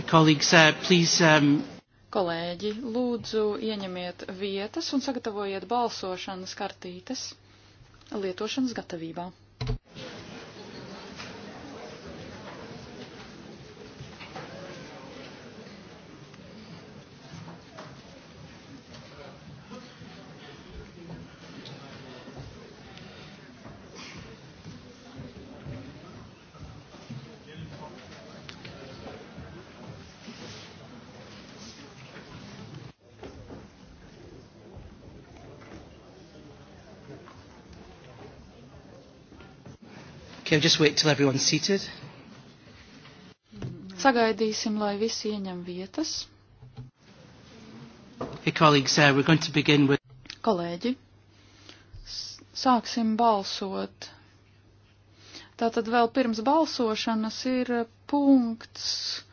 Uh, um, Kolēģi, lūdzu, ieņemiet vietas un sagatavojiet balsošanas kartītes lietošanas gatavībā. Okay, just wait till everyone's seated. Sagaidīsim, lai visi ieņem vietas. Hey, colleagues, uh, we're going to begin with... Kolēģi, sāksim balsot. Tātad vēl pirms balsošanas ir punkts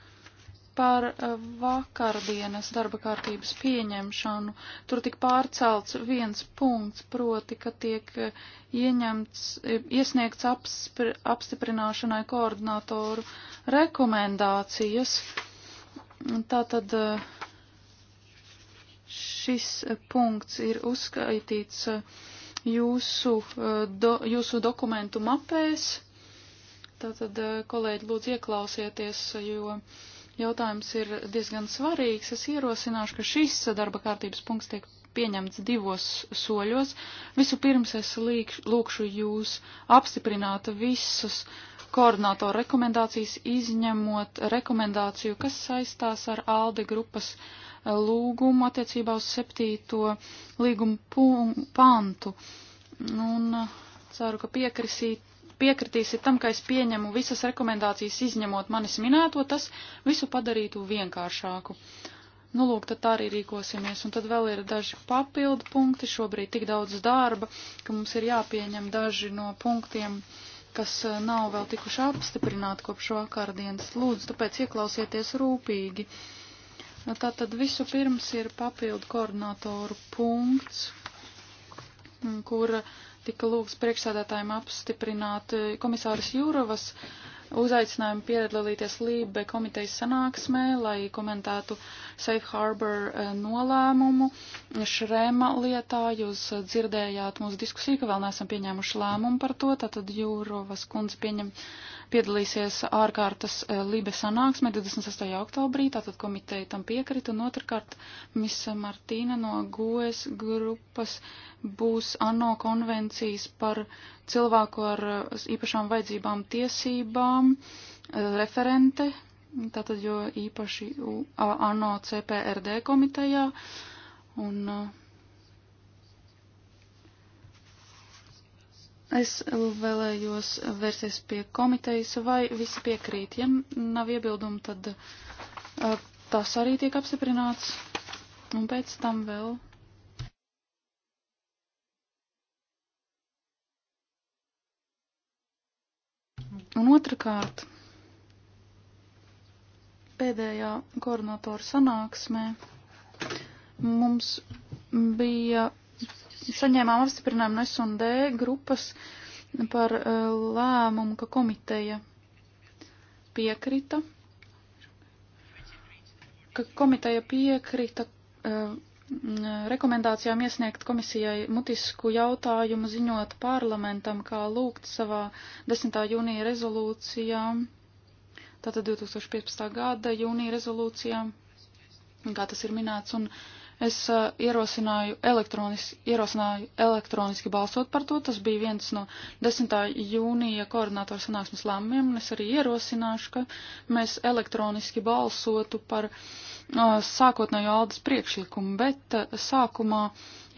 par eh, vakardienas darba kārtības pieņemšanu. Tur tik pārcelts viens punkts, proti, ka tiek eh, ieņemts, eh, iesniegts apspri, apstiprināšanai koordinātoru rekomendācijas. Tātad šis punkts ir uzskaitīts jūsu, do, jūsu dokumentu mapēs. Tātad, kolēģi, lūdzu ieklausieties, jo jautājums ir diezgan svarīgs. Es ierosināšu, ka šis darba kārtības punkts tiek pieņemts divos soļos. Vispirms es līkš, lūkšu jūs apstiprināt visus koordinātoru rekomendācijas, izņemot rekomendāciju, kas saistās ar ALDE grupas eh, lūgumu attiecībā uz septīto līgumu pantu. Un eh, ceru, ka piekrisīt piekritīsiet tam, ka es pieņemu visas rekomendācijas izņemot manis minēto, tas visu padarītu vienkāršāku. Nu, lūk, tad tā arī rīkosimies. Un tad vēl ir daži papildu punkti. Šobrīd tik daudz darba, ka mums ir jāpieņem daži no punktiem, kas eh, nav vēl tikuši apstiprināti kopš vakardienas. Lūdzu, tāpēc ieklausieties rūpīgi. Nu, tā tad visu pirms ir papildu koordinātoru punkts, mm, kur uh, tika lūgts priekšsēdētājiem apstiprināt eh, komisāras Jūrovas uzaicinājumu piedalīties Lībe komitejas sanāksmē, lai komentētu Safe Harbor eh, nolēmumu. Šrēma lietā jūs eh, dzirdējāt mūsu diskusiju, ka vēl neesam pieņēmuši lēmumu par to, tātad Jūrovas kundze pieņem piedalīsies ārkārtas e, Libe sanāksmē 26. oktobrī, tātad komiteja tam piekrita, un otrkārt Misa Martīna no GOES grupas būs ANO konvencijas par cilvēku ar e, īpašām vajadzībām tiesībām e, referente, tātad jo īpaši ANO CPRD komitejā, un uh, Es vēlējos vērsties pie komitejas, vai visi piekrīt. Ja nav iebildumu, tad tas arī tiek apstiprināts. Un pēc tam vēl Un otrkārt, pēdējā koordinatora sanāksmē mums bija saņēmām apstiprinājumu no S&D grupas par eh, lēmumu, ka komiteja piekrita, ka komiteja piekrita eh, rekomendācijām iesniegt komisijai mutisku jautājumu ziņot parlamentam, kā lūgt savā 10. jūnija rezolūcijā, tātad 2015. gada jūnija rezolūcijā, kā tas ir minēts, un uh, Es uh, ierosināju, elektronis, ierosināju elektroniski balsot par to. Tas bija viens no 10. jūnija koordinātoru sanāksmes lēmumiem. Es arī ierosināšu, ka mēs elektroniski balsotu par uh, sākotnējo aldas priekšlikumu, bet uh, sākumā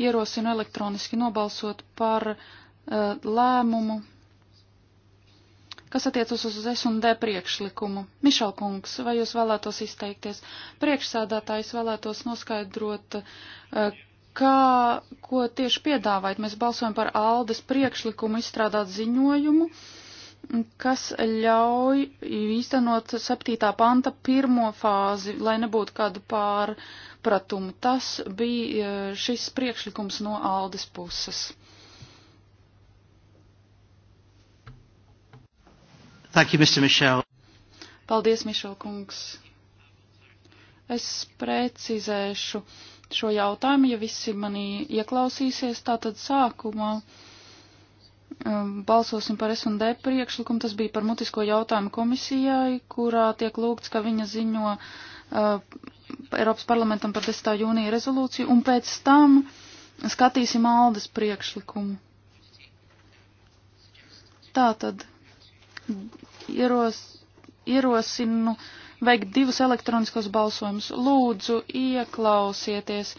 ierosinu elektroniski nobalsot par uh, lēmumu kas attiecas uz S&D priekšlikumu. Mišelkungs, vai jūs vēlētos izteikties? Priekšsēdētājs vēlētos noskaidrot, eh, kā, ko tieši piedāvājat. Mēs balsojam par Aldes priekšlikumu izstrādāt ziņojumu kas ļauj īstenot 7. panta pirmo fāzi, lai nebūtu kādu pārpratumu. Tas bija eh, šis priekšlikums no Aldes puses. Thank you, Mr. Michel. Paldies, Mišel kungs. Es precizēšu šo jautājumu, ja visi manī ieklausīsies. Tātad sākumā um, balsosim par S&D priekšlikumu. Tas bija par mutisko jautājumu komisijai, kurā tiek lūgts, ka viņa ziņo uh, Eiropas parlamentam par 10. jūnija rezolūciju, un pēc tam skatīsim Aldes priekšlikumu. Tātad Ieros, ierosinu veikt divus elektroniskos balsojumus. Lūdzu, ieklausieties.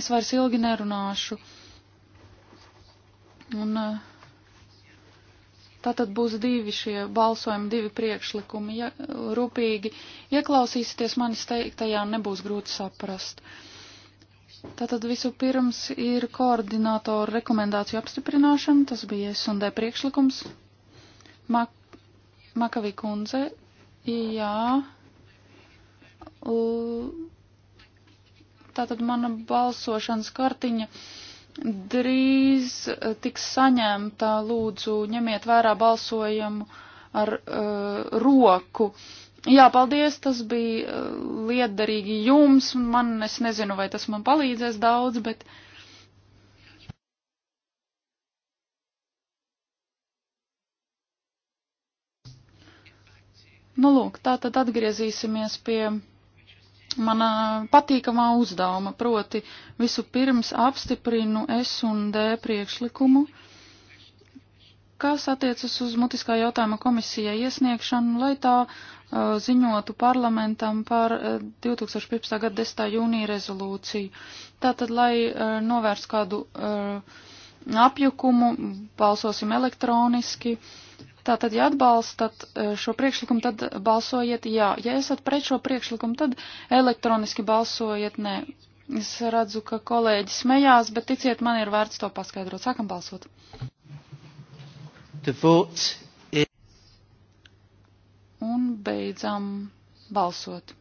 Es vairs ilgi nerunāšu. Un eh, tātad būs divi šie balsojumi, divi priekšlikumi. Ja rūpīgi ieklausīsieties manis teiktajā, nebūs grūti saprast. Tātad visu pirms ir koordinātoru rekomendāciju apstiprināšana, tas bija S&D priekšlikums. Mak Makavī kundze, jā. Tātad mana balsošanas kartiņa drīz eh, tiks saņemta. Lūdzu, ņemiet vērā balsojumu ar uh, roku. Jā, paldies, tas bija eh, liederīgi jums. Man, es nezinu, vai tas man palīdzēs daudz, bet uh, Nu, lūk, tā tad atgriezīsimies pie mana patīkamā uzdevuma, proti visu pirms apstiprinu S un D priekšlikumu, kas attiecas uz mutiskā jautājuma komisijai iesniegšanu, lai tā uh, ziņotu parlamentam par uh, 2015. gada 10. jūnija rezolūciju. Tātad, lai uh, novērstu kādu uh, apjukumu, balsosim elektroniski. Uh, Tātad, ja atbalstat e, šo priekšlikumu, tad balsojiet jā. Ja esat pret šo priekšlikumu, tad elektroniski balsojiet nē. Es redzu, ka kolēģi smējās, bet ticiet, man ir vērts to paskaidrot. Sākam balsot. Is... Un beidzam balsot.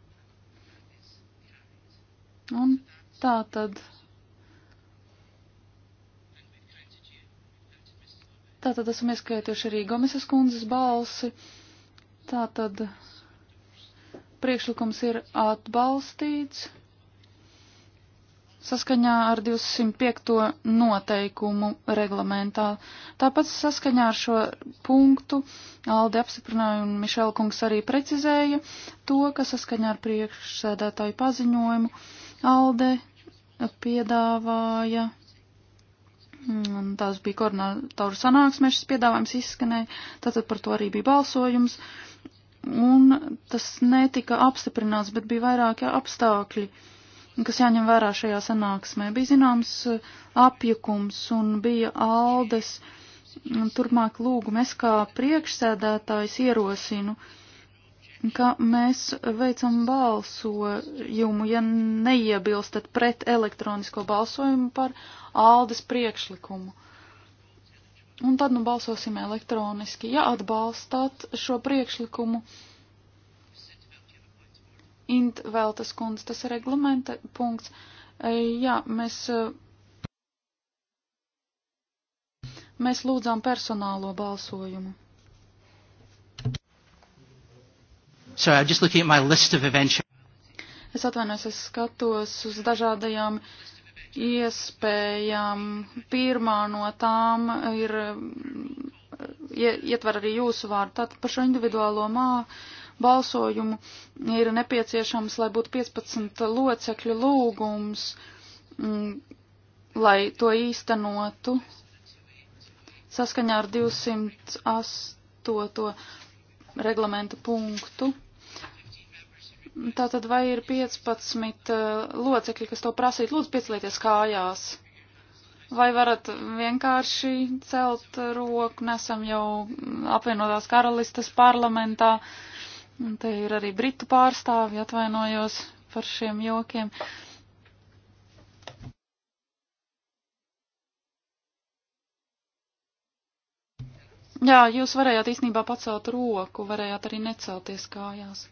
Un tā tad Tātad esam ieskaitojuši arī Gomesas kundzes balsi. Tātad priekšlikums ir atbalstīts saskaņā ar 205. noteikumu reglamentā. Tāpat saskaņā ar šo punktu Alde apstiprināja un Mišela kungs arī precizēja to, ka saskaņā ar priekšsēdētāju paziņojumu Alde piedāvāja Un tās bija koordinātoru sanāksmē, šis piedāvājums izskanēja, tātad par to arī bija balsojums. Un tas netika apstiprināts, bet bija vairāki apstākļi, kas jāņem vērā šajā sanāksmē. Bija zināms uh, apjukums un bija aldes. Un turpmāk lūgumu es kā priekšsēdētājs ierosinu uh, ka mēs veicam balsojumu, ja neiebilstat pret elektronisko balsojumu par Aldes priekšlikumu. Un tad nu balsosim elektroniski. Ja atbalstāt šo priekšlikumu, Int Veltes kundze, tas ir reglamenta punkts. E, jā, mēs, e, mēs lūdzām personālo balsojumu. Sorry, I'm just looking at my list of eventual. Es atvainojos, es skatos uz dažādajām iespējām. Pirmā no tām ir, mm, ietver arī jūsu vārdu, tātad par šo individuālo mā balsojumu ir nepieciešams, lai būtu 15 locekļu lūgums, m, mm, lai to īstenotu saskaņā ar 208. reglamentu punktu. Tātad vai ir 15 eh, locekļi, kas to prasīt, lūdzu piecelieties kājās? Vai varat vienkārši celt roku, nesam jau apvienotās karalistas parlamentā, un te ir arī britu pārstāvi, atvainojos par šiem jokiem. Jā, jūs varējāt īstenībā pacelt roku, varējāt arī necelties kājās.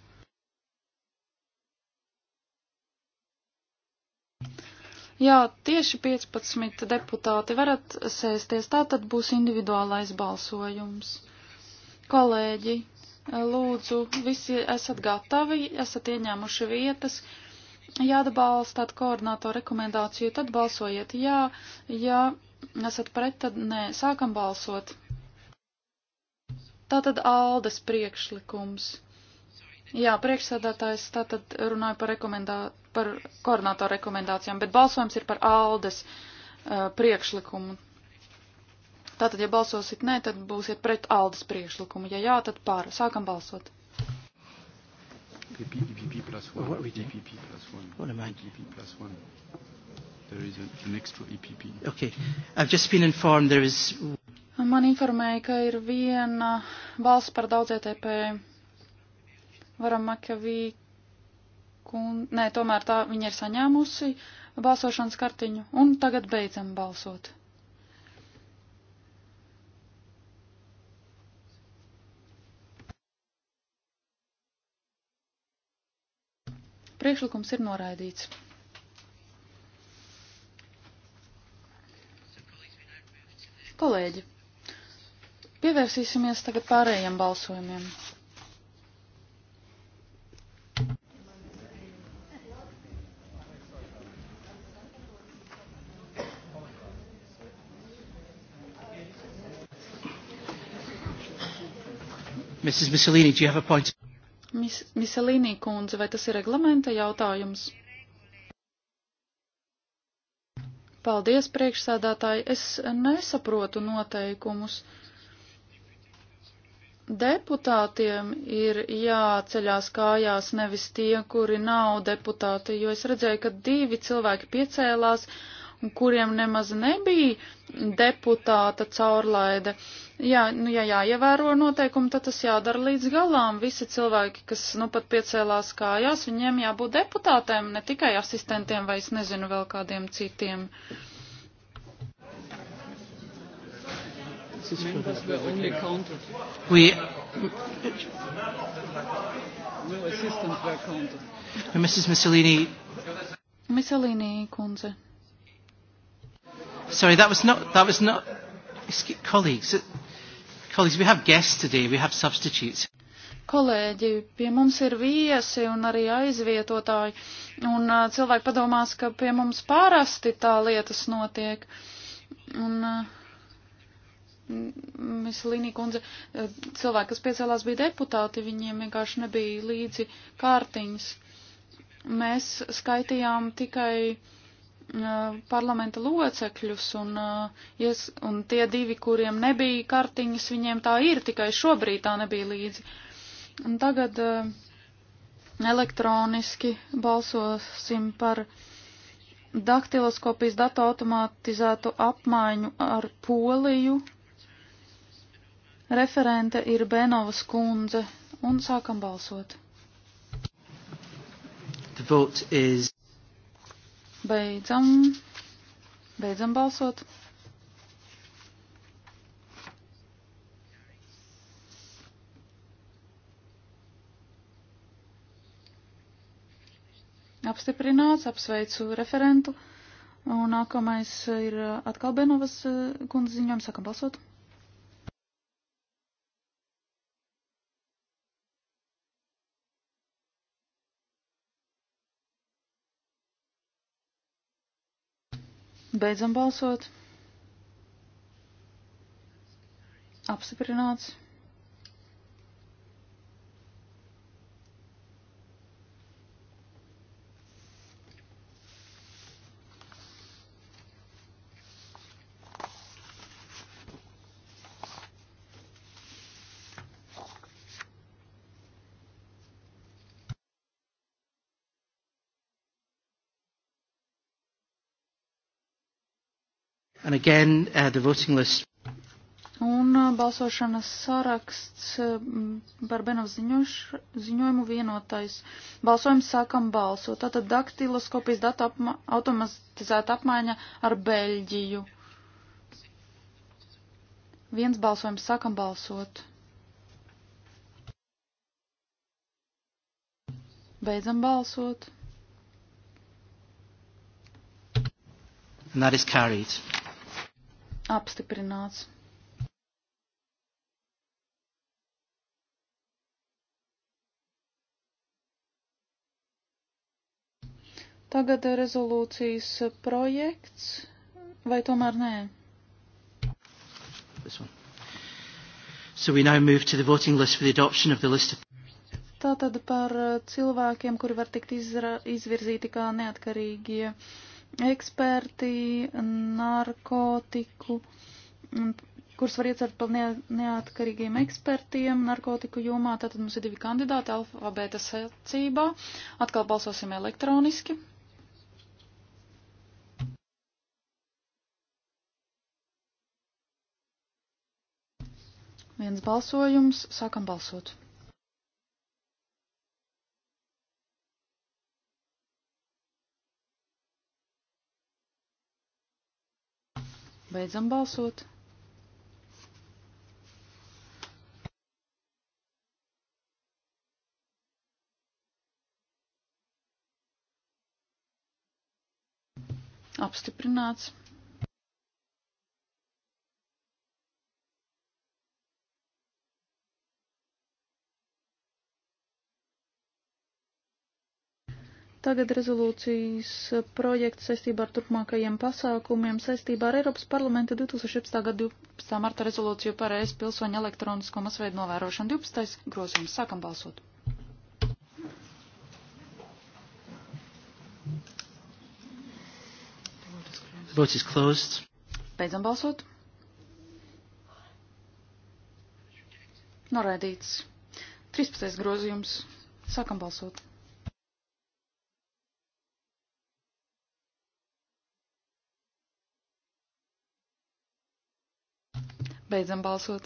Jā, tieši 15 deputāti varat sēsties, tā tad būs individuālais balsojums. Kolēģi, lūdzu, visi esat gatavi, esat ieņēmuši vietas, jāatbalstāt koordinātoru rekomendāciju, tad balsojiet jā, ja esat pret, tad nē, sākam balsot. Tātad Aldes priekšlikums. Jā, priekšsēdētājs tātad runāja par, rekomendā... par koordinātoru rekomendācijām, bet balsojums ir par Aldes uh, priekšlikumu. Tātad, ja balsosit nē, tad būsiet pret Aldes priekšlikumu. Ja jā, tad pār. Sākam balsot. PP, EPP plus one. What we do? EPP plus one. What am I? EPP plus one. There is an, an extra EPP. Okay. I've just been informed there is... Man informēja, ka ir viena balss par daudz ETP Varam Makavī, kun... nē, tomēr tā viņa ir saņēmusi balsošanas kartiņu, un tagad beidzam balsot. Priekšlikums ir noraidīts. Kolēģi, pievērsīsimies tagad pārējiem balsojumiem. Mrs. Misselini, do you have a point? Mis Misselini kundze, vai tas ir reglamenta jautājums? Paldies, priekšsēdētāji. Es nesaprotu noteikumus. Deputātiem ir jāceļās kājās nevis tie, kuri nav deputāti, jo es redzēju, ka divi cilvēki piecēlās, uh, un kuriem nemaz nebija deputāta caurlaide. Jā, nu, ja jāievēro noteikumi, tad tas jādara līdz galām. Visi cilvēki, kas nu pat piecēlās kājās, viņiem jābūt deputātēm, ne tikai asistentiem vai es nezinu vēl kādiem citiem. Oui. Mrs. Mussolini. Mussolini, kundze. Sorry, that was not. That was not. Excuse, colleagues, uh, colleagues, we have guests today. We have substitutes. Kolēģi, pie mums ir viesi un arī aizvietotāji, un uh, cilvēki padomās, ka pie mums parasti tā lietas notiek. Un uh, Mislīnī kundze, uh, cilvēki, kas piecēlās, bija deputāti, viņiem vienkārši nebija līdzi kārtiņas. Mēs skaitījām tikai uh, parlamenta locekļus, un, ies, un tie divi, kuriem nebija kartiņas, viņiem tā ir, tikai šobrīd tā nebija līdzi. Un tagad uh, elektroniski balsosim par daktiloskopijas datu automātizētu apmaiņu ar Poliju. Referente ir Benovas kundze, un sākam balsot. The vote is Beidzam. Beidzam balsot. Apstiprināts, apsveicu referentu. Un nākamais ir atkal Benovas eh, kundze ziņojums, sākam balsot. Beidzam balsot. Apstiprināts. And again, uh, the voting list. Un uh, balsošanas saraksts uh, par Benovs ziņojumu vienotais. Balsojums sākam balsot. Tātad daktiloskopijas datu apma automatizēta apmaiņa ar Beļģiju. Viens balsojums sākam balsot. Beidzam balsot. And that is carried apstiprināts. Tagad rezolūcijas projekts, vai tomēr nē? So we now move to the voting list for the adoption of the list of Tātad par cilvēkiem, kuri var tikt izra, izvirzīti kā neatkarīgie uh, eksperti, narkotiku, kurus var iecert par neatkarīgiem ekspertiem narkotiku jomā. Tātad mums ir divi kandidāti alfabēta secībā. Atkal balsosim elektroniski. Viens balsojums, sākam balsot. Beidzam balsot. Apstiprināts. Tagad rezolūcijas projekts saistībā ar turpmākajiem pasākumiem saistībā ar Eiropas parlamenta 2017. gada 12. marta rezolūciju par ES pilsoņu elektronisko masveidu novērošanu 12. grozījums. Sākam balsot. Vote is closed. Beidzam balsot. Noraidīts. 13. grozījums. Sākam balsot. Beidzam balsot.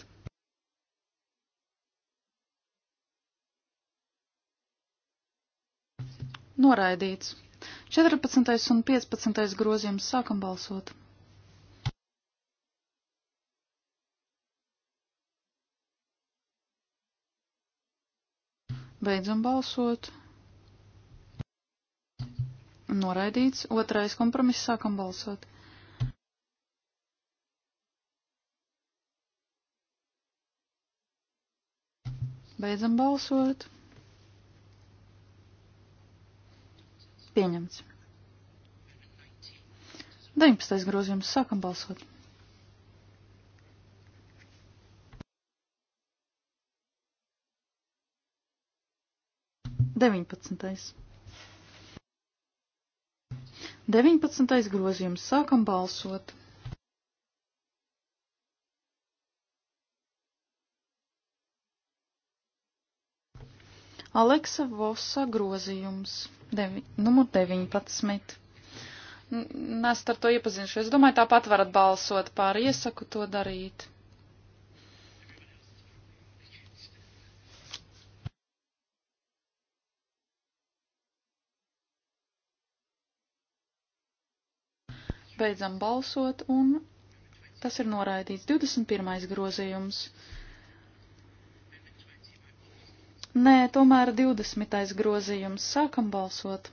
Noraidīts. 14. un 15. grozījums sākam balsot. Beidzam balsot. Noraidīts. Otrais kompromiss sākam balsot. Beidzam balsot. Pieņemts. 19. grozījums. Sākam balsot. Deviņpadsmitais. Deviņpadsmitais grozījums. Sākam balsot. Aleksa Vosa grozījums, devi, numur 19. Nest ar to iepazinušies. Es domāju, tāpat varat balsot pār iesaku to darīt. Beidzam balsot un tas ir noraidīts. 21. grozījums. Nē, tomēr 20. grozījums. Sākam balsot.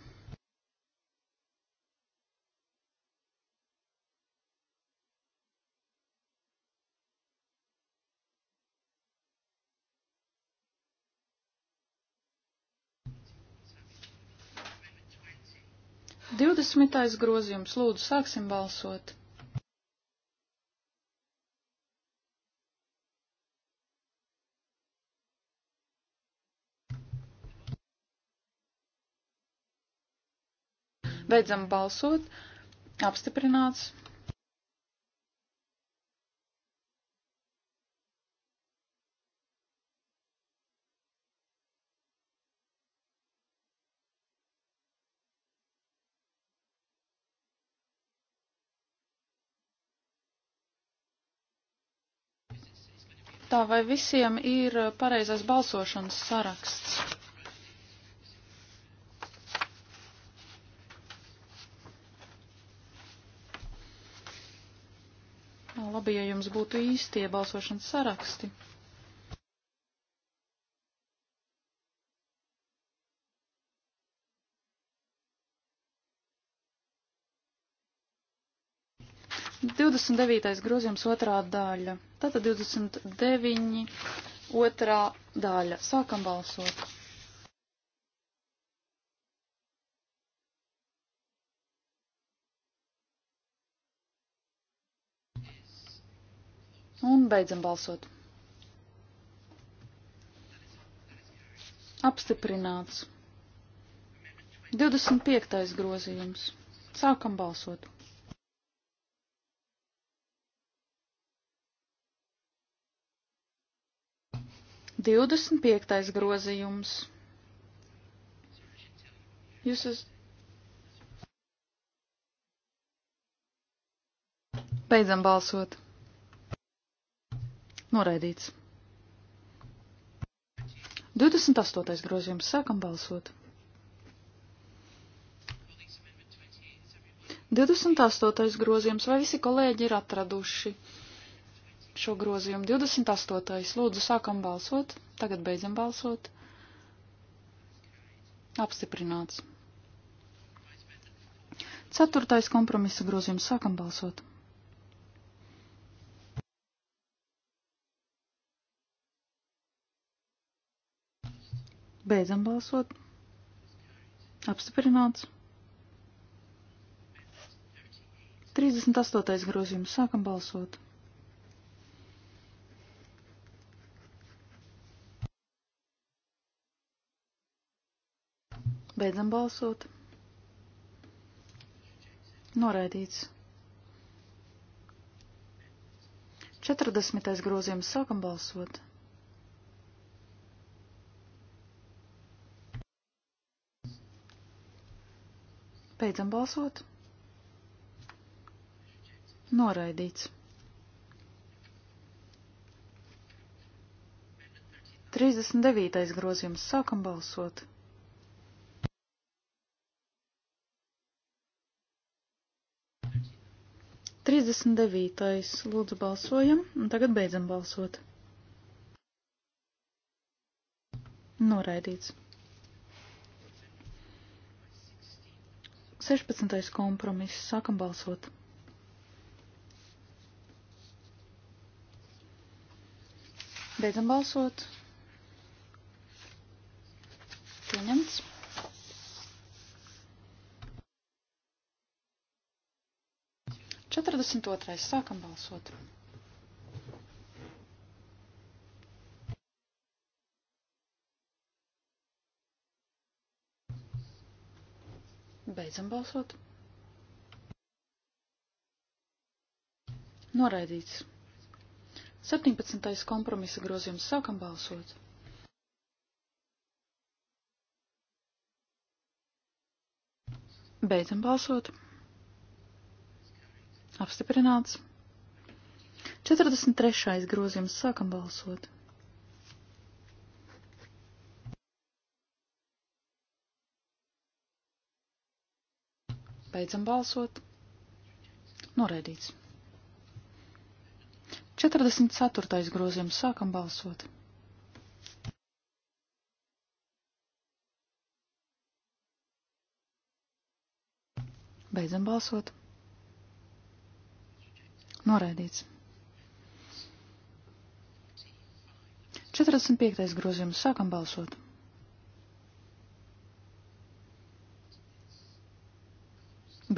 Divdesmitais grozījums. Lūdzu, sāksim balsot. Beidzam balsot. Apstiprināts. Tā vai visiem ir pareizais balsošanas saraksts? labi, ja jums būtu īstie balsošanas saraksti. Divdesmit devītais grozījums otrā daļa. Tātad divdesmit deviņi otrā daļa. Sākam balsot. Un beidzam balsot. Apstiprināts. 25. grozījums. Sākam balsot. Divdesmit piektais grozījums. Jūs esat. Beidzam balsot. Noraidīts. 28. grozījums. Sākam balsot. 28. grozījums. Vai visi kolēģi ir atraduši šo grozījumu? 28. Lūdzu, sākam balsot. Tagad beidzam balsot. Apstiprināts. Ceturtais kompromisa grozījums. Sākam balsot. Beidzam balsot. Apstiprināts. 38. grozījums. Sākam balsot. Beidzam balsot. Noraidīts. 40. grozījums. Sākam balsot. Beidzam balsot. Noraidīts. 39. grozījums. Sākam balsot. Trīsdesmit devītais. Lūdzu, balsojam, un tagad beidzam balsot. Noraidīts. 16. kompromiss. Sākam balsot. Beidzam balsot. Pieņemts. Četrdesmit otrais. Sākam balsot. Beidzam balsot. Noraidīts. 17. kompromisa grozījums sākam balsot. Beidzam balsot. Apstiprināts. 43. grozījums sākam balsot. Beidzam balsot. Noraidīts. 44. grozījums. Sākam balsot. Beidzam balsot. Noraidīts. 45. grozījums. Sākam balsot.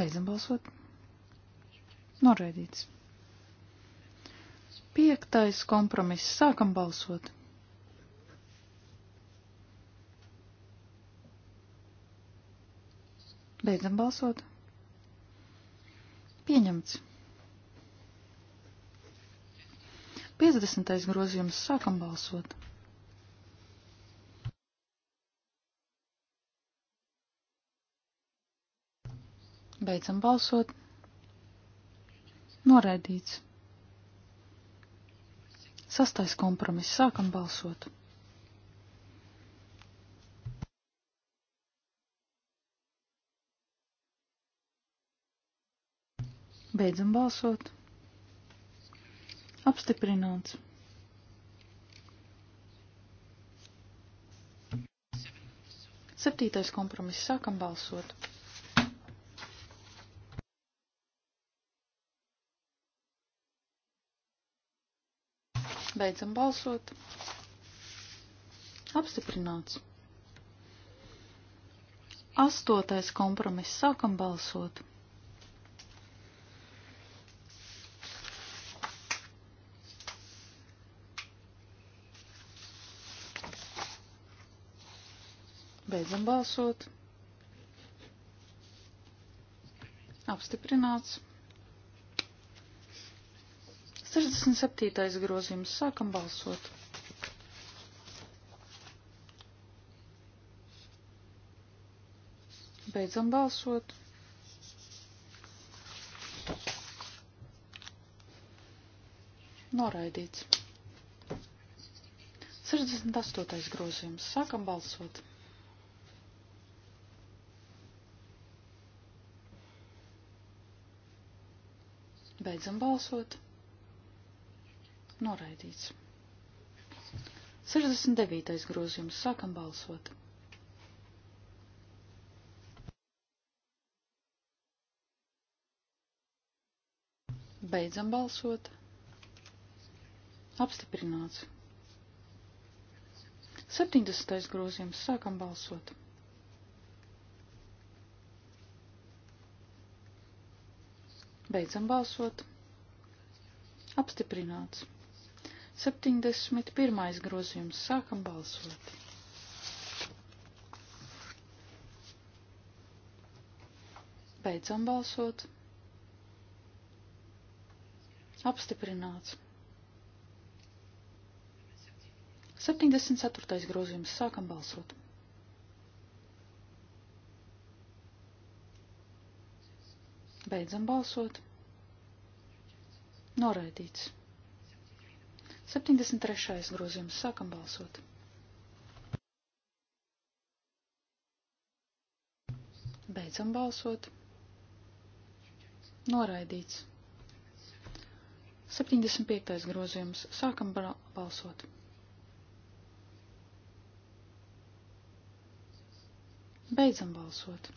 Beidzam balsot. Noraidīts. Piektais kompromiss. Sākam balsot. Beidzam balsot. Pieņemts. 50. grozījums. Sākam balsot. Beidzam balsot. Noraidīts. Sastais kompromiss. Sākam balsot. Beidzam balsot. Apstiprināts. Septītais kompromiss. Sākam balsot. Beidzam balsot. Apstiprināts. Astotais kompromiss. Sākam balsot. Beidzam balsot. Apstiprināts. 67. grozījums. Sākam balsot. Beidzam balsot. Noraidīts. 68. grozījums. Sākam balsot. Beidzam balsot. Noraidīts. 69. grozījums. Sākam balsot. Beidzam balsot. Apstiprināts. 70. grozījums. Sākam balsot. Beidzam balsot. Apstiprināts. 71. grozījums. Sākam balsot. Beidzam balsot. Apstiprināts. 74. grozījums. Sākam balsot. Beidzam balsot. Noraidīts. 73. grozījums. Sākam balsot. Beidzam balsot. Noraidīts. 75. grozījums. Sākam balsot. Beidzam balsot.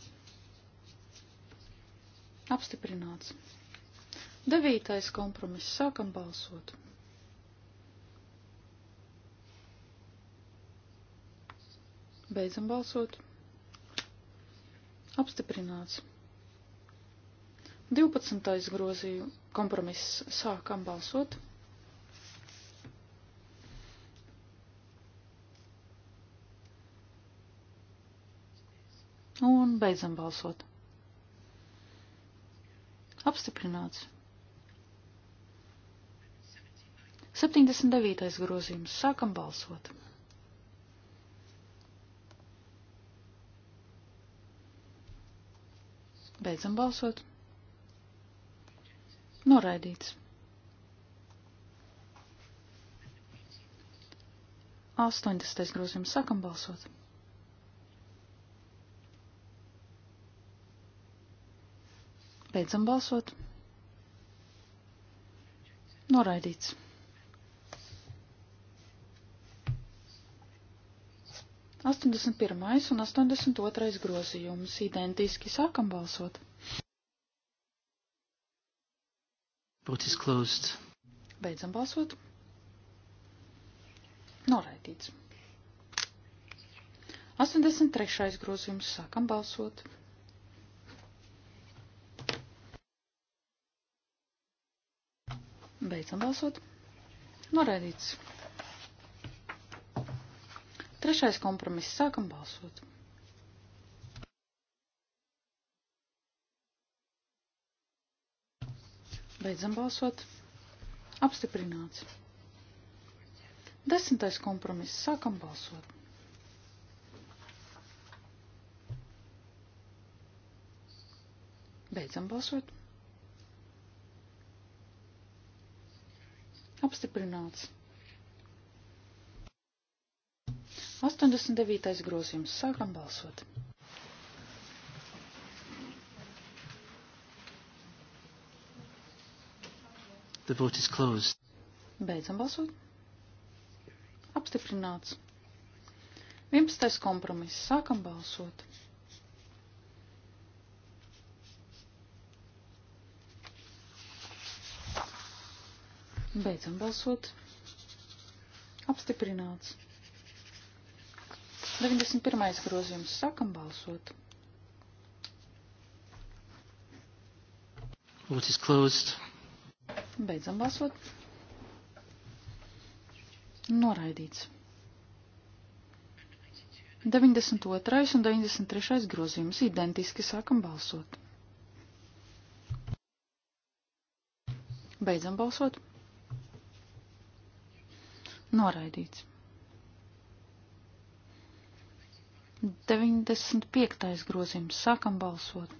Apstiprināts. Devītais kompromiss. Sākam balsot. Beidzam balsot. Apstiprināts. 12. grozīju kompromiss sākam balsot. Un beidzam balsot. Apstiprināts. 79. grozījums. Sākam balsot. Beidzam balsot. Noraidīts. 80. grozījums sākam balsot. Beidzam balsot. Noraidīts. 81. un 82. grozījums identiski sākam balsot. Vote is closed. Beidzam balsot. Noraidīts. 83. grozījums sākam balsot. Beidzam balsot. Noraidīts. Trešais kompromiss. Sākam balsot. Beidzam balsot. Apstiprināts. Desmitais kompromiss. Sākam balsot. Beidzam balsot. Apstiprināts. 89. grozījums. Sākam balsot. The vote is closed. Beidzam balsot. Apstiprināts. 11. kompromiss. Sākam balsot. Beidzam balsot. Apstiprināts. 91. grozījums. Sākam balsot. Vote is closed. Beidzam balsot. Noraidīts. 92. un 93. grozījums identiski sākam balsot. Beidzam balsot. Noraidīts. 95. grozījums. Sākam balsot.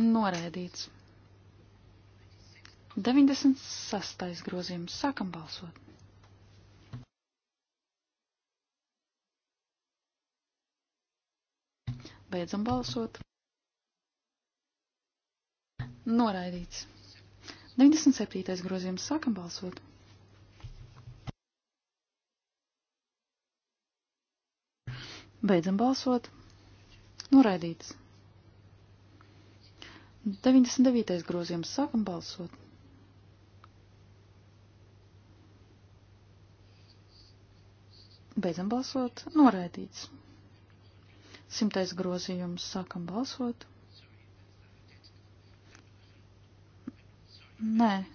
Noraidīts. 96. grozījums. Sākam balsot. Beidzam balsot. Noraidīts. 97. grozījums sākam balsot. Beidzam balsot. Noraidīts. 99. grozījums sākam balsot. Beidzam balsot. Noraidīts. 100. grozījums sākam balsot. Nē.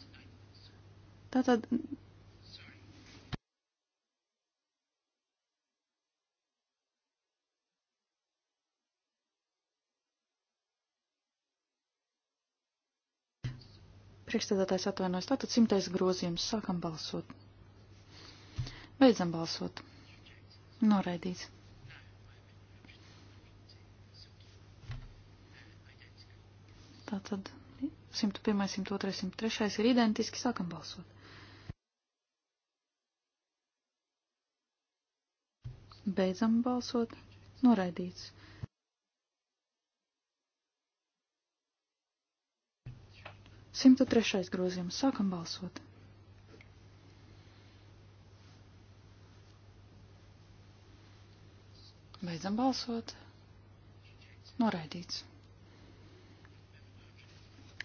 Tātad. Priekšstādātājs atvainojas. Tātad simtais grozījums. Sākam balsot. Beidzam balsot. Noraidīts. Tātad. 101, 102, 103 ir identiski, sākam balsot. Beidzam balsot. Noraidīts. Simta trešais grozījums. Sākam balsot. Beidzam balsot. Noraidīts.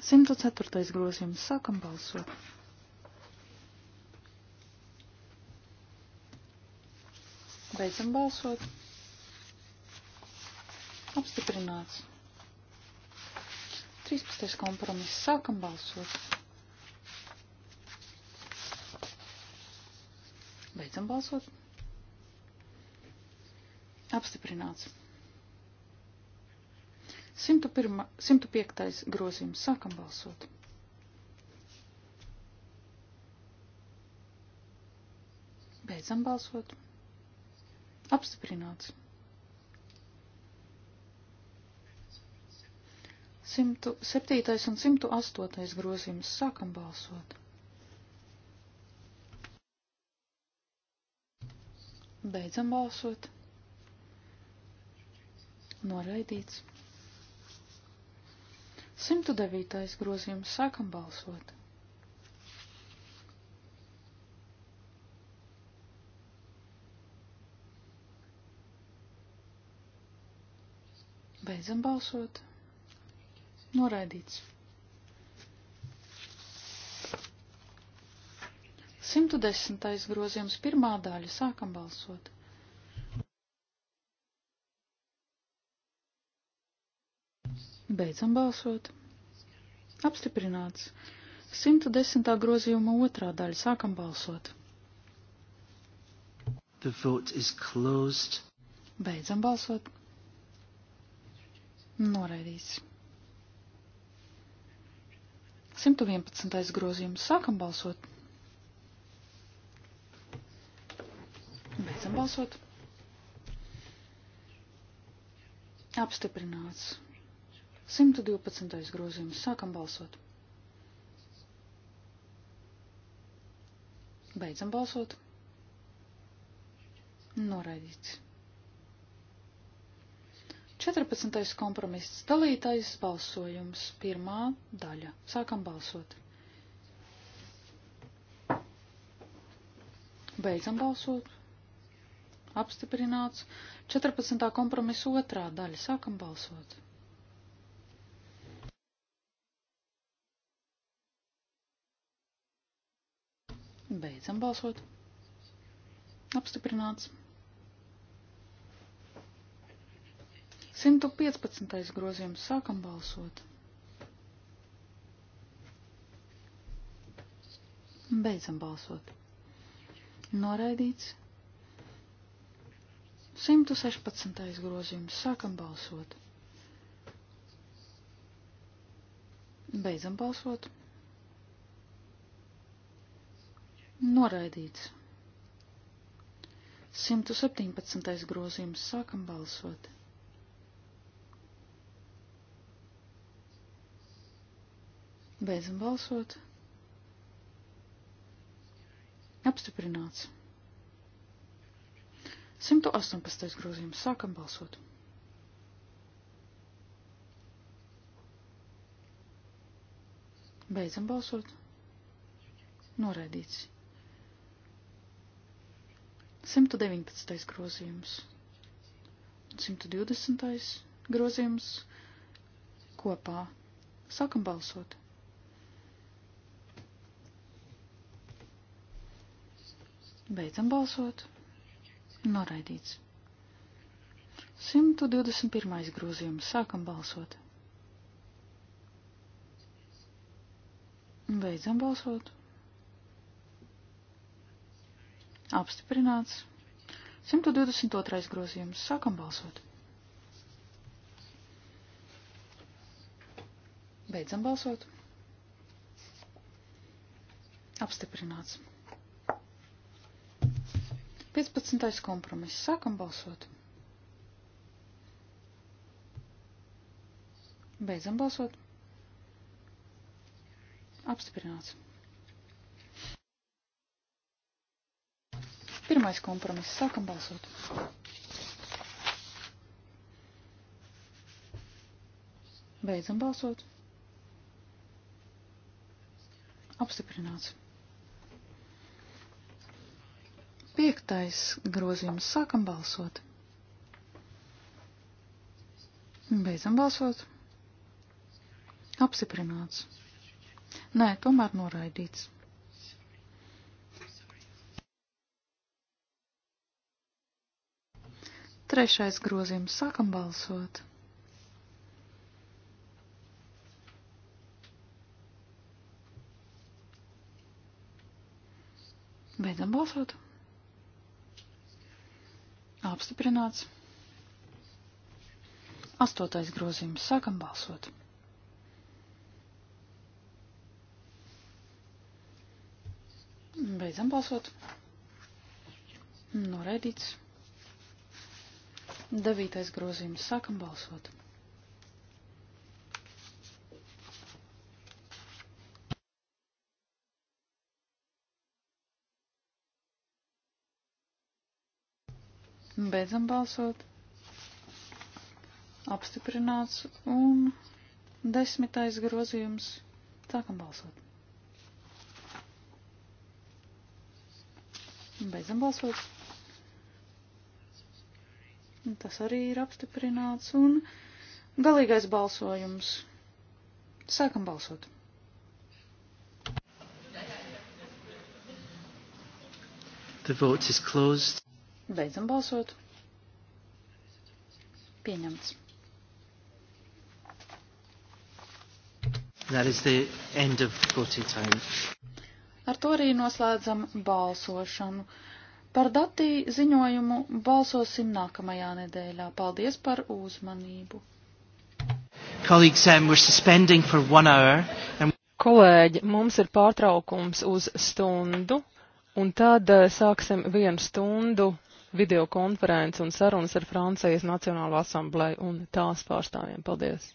104. grozījums. Sākam balsot. Beidzam balsot. Apstiprināts. 13. kompromiss. Sākam balsot. Beidzam balsot. Apstiprināts. 101, 105. grozījums. Sākam balsot. Beidzam balsot. Apstiprināts. 107. un 108. grozījums. Sākam balsot. Beidzam balsot. Noraidīts. 109. grozījums sākam balsot. Beidzam balsot. Noraidīts. 110. grozījums pirmā daļa sākam balsot. Beidzam balsot. Apstiprināts. 110. grozījuma otrā daļa. Sākam balsot. The vote is closed. Beidzam balsot. Noraidīts. 111. grozījums. Sākam balsot. Beidzam balsot. Apstiprināts. 112. grozījums. Sākam balsot. Beidzam balsot. Noraidīts. 14. kompromiss dalītais balsojums. Pirmā daļa. Sākam balsot. Beidzam balsot. Apstiprināts. 14. kompromiss otrā daļa. Sākam balsot. Beidzam balsot. Apstiprināts. 115. grozījums. Sākam balsot. Beidzam balsot. Noraidīts. 116. grozījums. Sākam balsot. Beidzam balsot. Noraidīts. 117. grozījums. Sākam balsot. Beidzam balsot. Apstiprināts. 118. grozījums. Sākam balsot. Beidzam balsot. Noraidīts. 119. grozījums un 120. grozījums kopā. Sākam balsot. Beidzam balsot. Noraidīts. 121. grozījums. Sākam balsot. Beidzam balsot. Apstiprināts. 122. grozījums. Sākam balsot. Beidzam balsot. Apstiprināts. 15. kompromiss. Sākam balsot. Beidzam balsot. Apstiprināts. Pirmais kompromiss. Sākam balsot. Beidzam balsot. Apstiprināts. Piektais grozījums. Sākam balsot. Beidzam balsot. Apstiprināts. Nē, tomēr noraidīts. Trešais grozījums. Sākam balsot. Beidzam balsot. Apstiprināts. Astotais grozījums. Sākam balsot. Beidzam balsot. Noraidīts. Devītais grozījums. Sākam balsot. Beidzam balsot. Apstiprināts un desmitais grozījums. Sākam balsot. Beidzam balsot. Tas arī ir apstiprināts. Un galīgais balsojums. Sākam balsot. The vote is closed. Beidzam balsot. Pieņemts. That is the end of voting time. Ar to arī noslēdzam balsošanu. Par datī ziņojumu balsosim nākamajā nedēļā. Paldies par uzmanību! Colleagues, um, we're suspending for one hour. And... Kolēģi, mums ir pārtraukums uz stundu, un tad uh, sāksim vienu stundu videokonferenci un sarunas ar Francijas Nacionālo asambleju un tās pārstāvjiem. Paldies!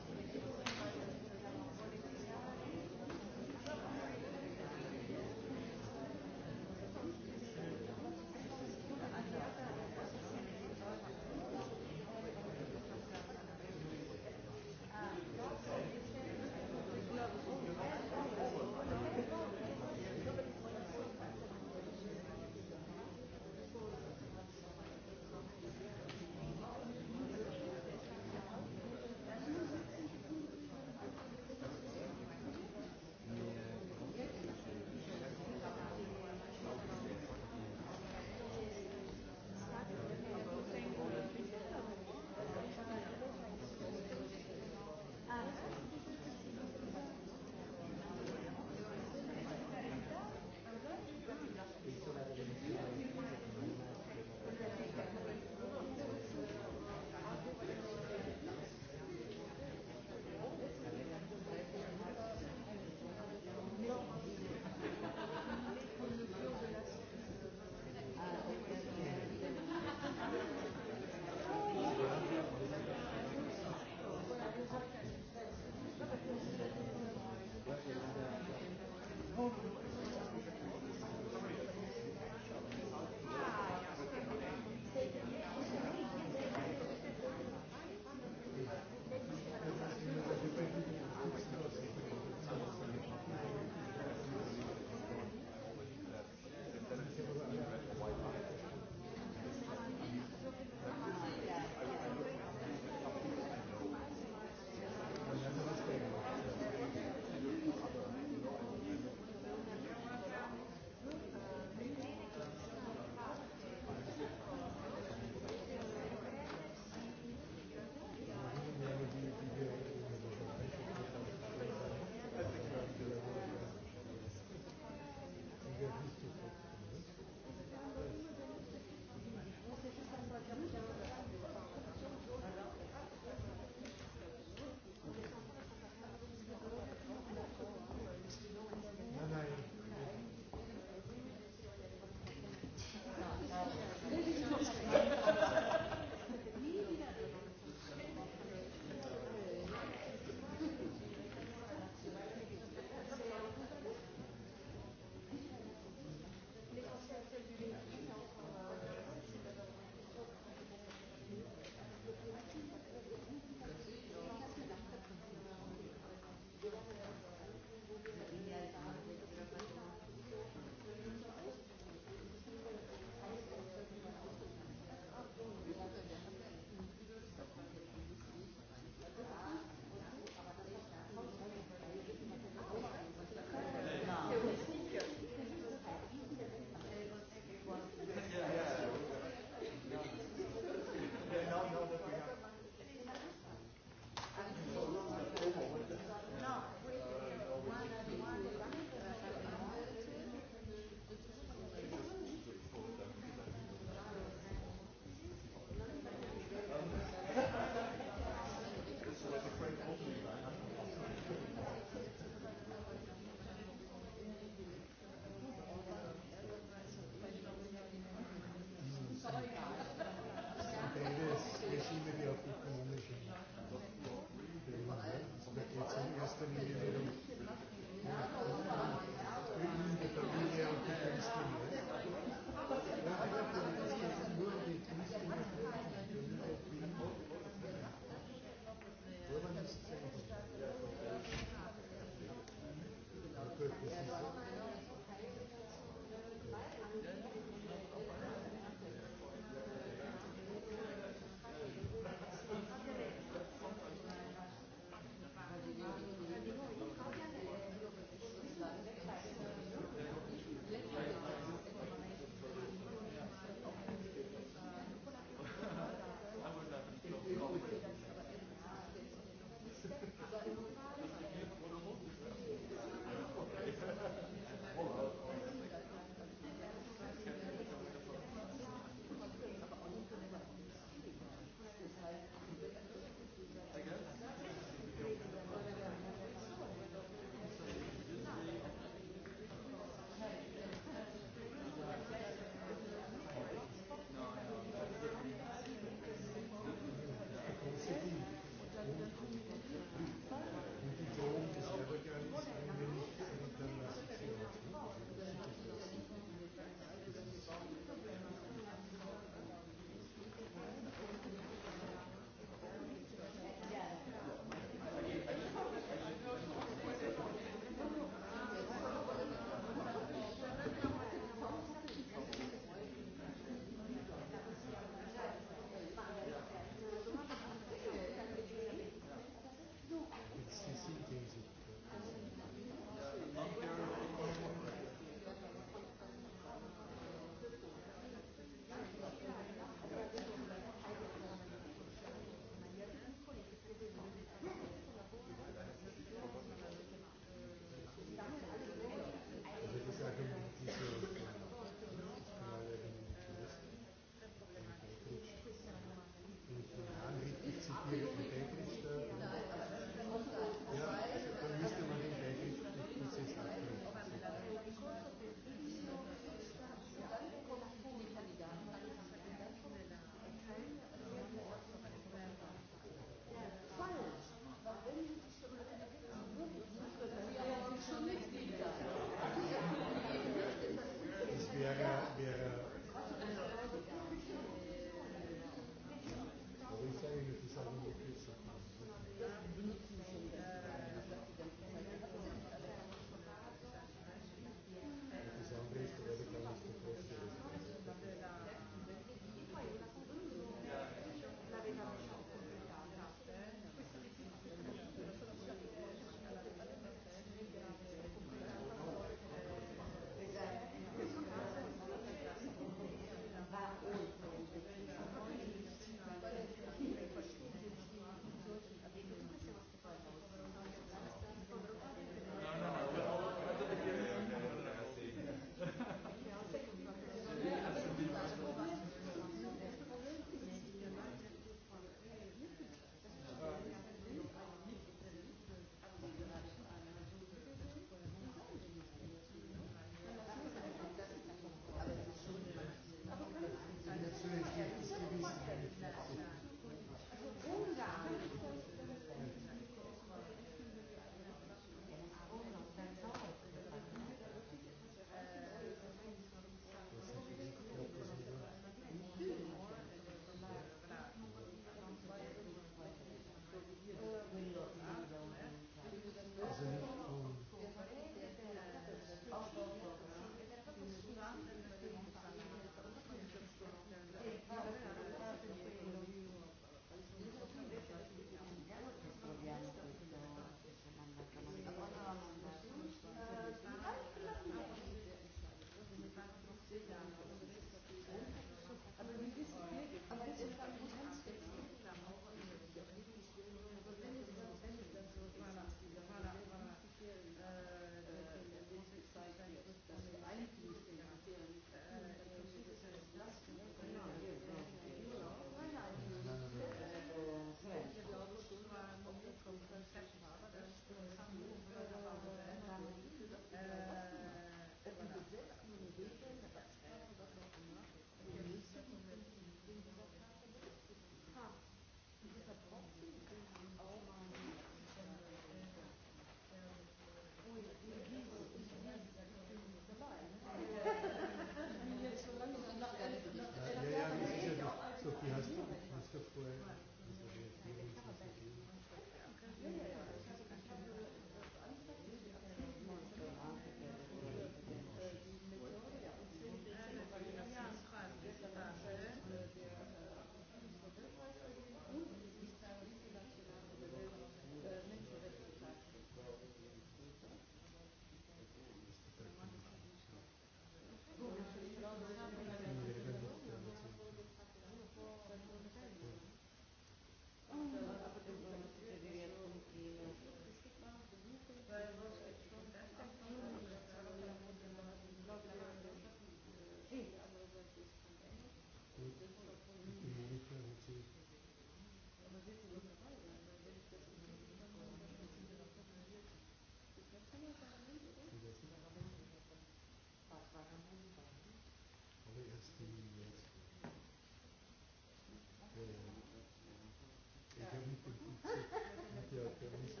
questo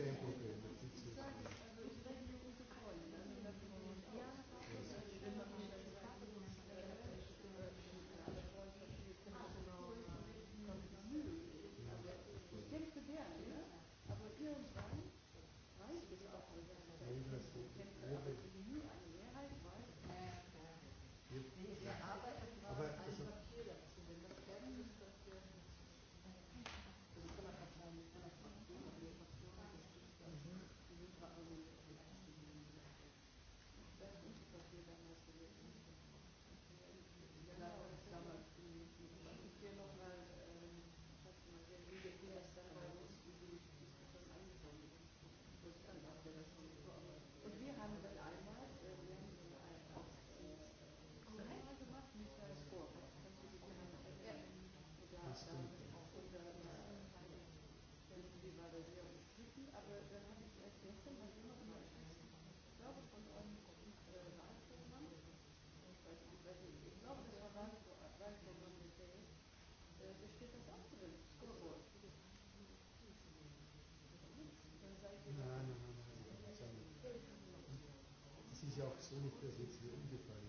è importante. so nicht, dass jetzt hier umgefallen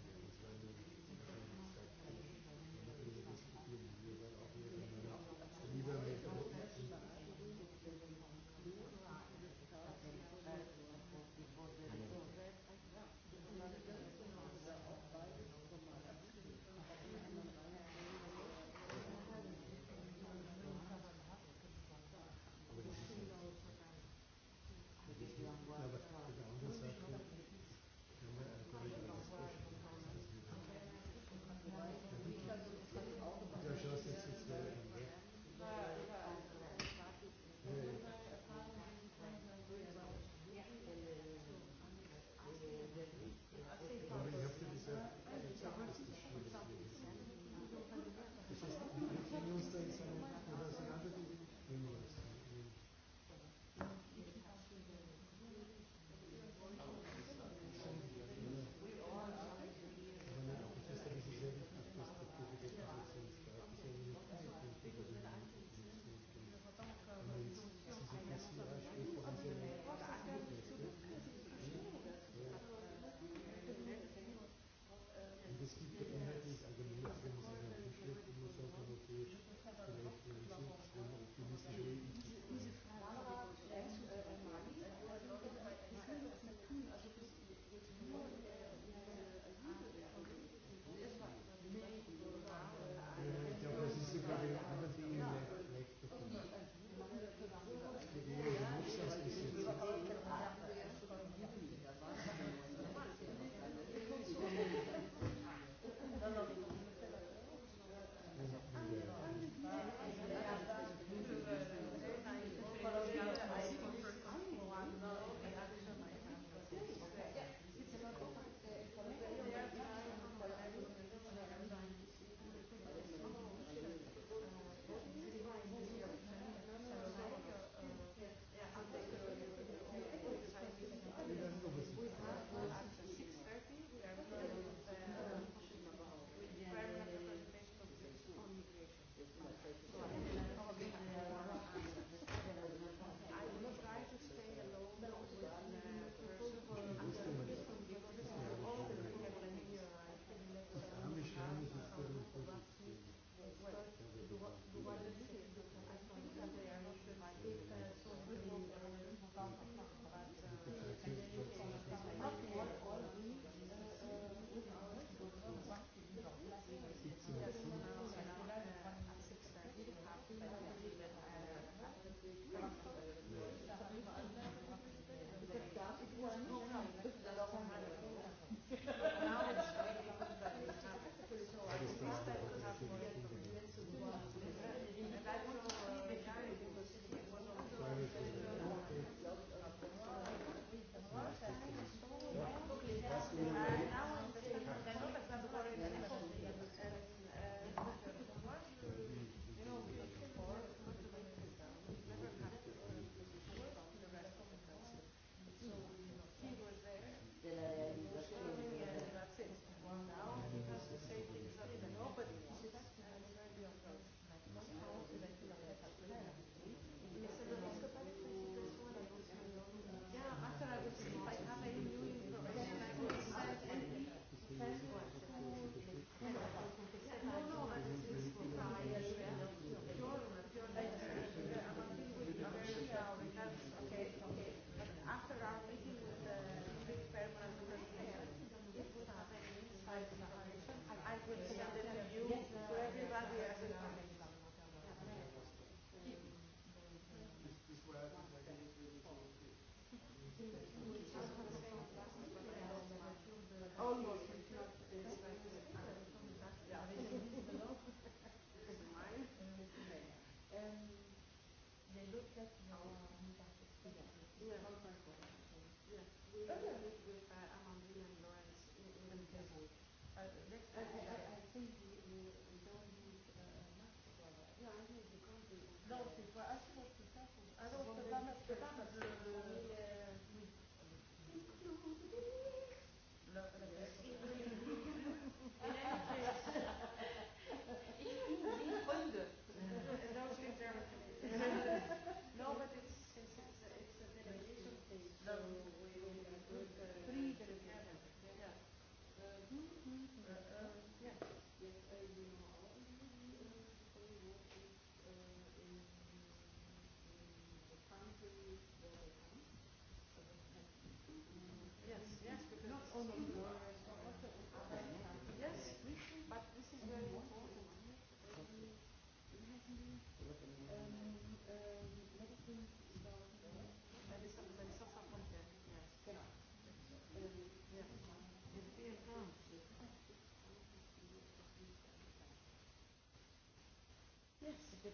No, de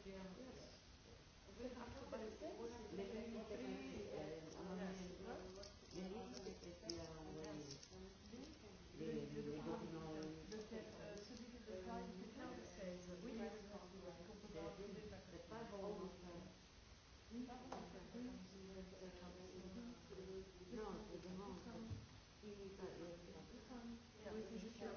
demande. Et, euh, et, et, et, et, et, et, et,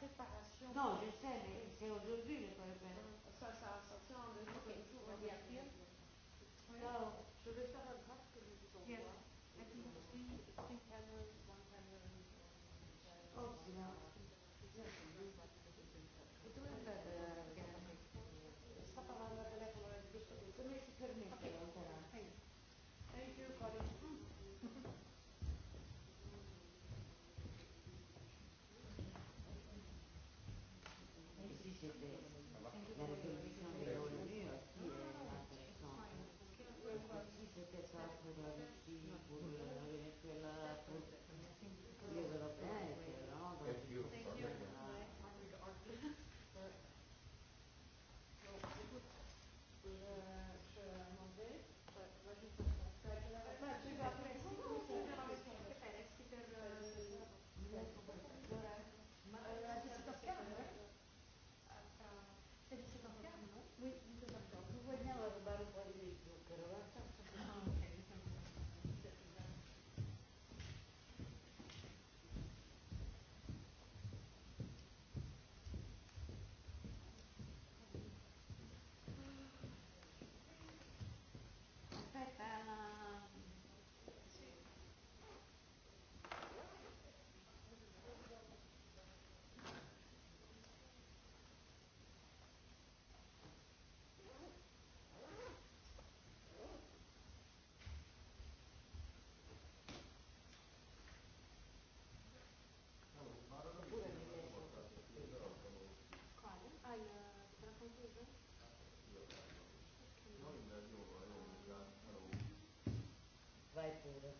préparation. Non, je sais, mais c'est aujourd'hui le problème. Ça, ça, ça tient en deux jours. Okay. Je vais faire un draft que je vous envoie. Yes. pure.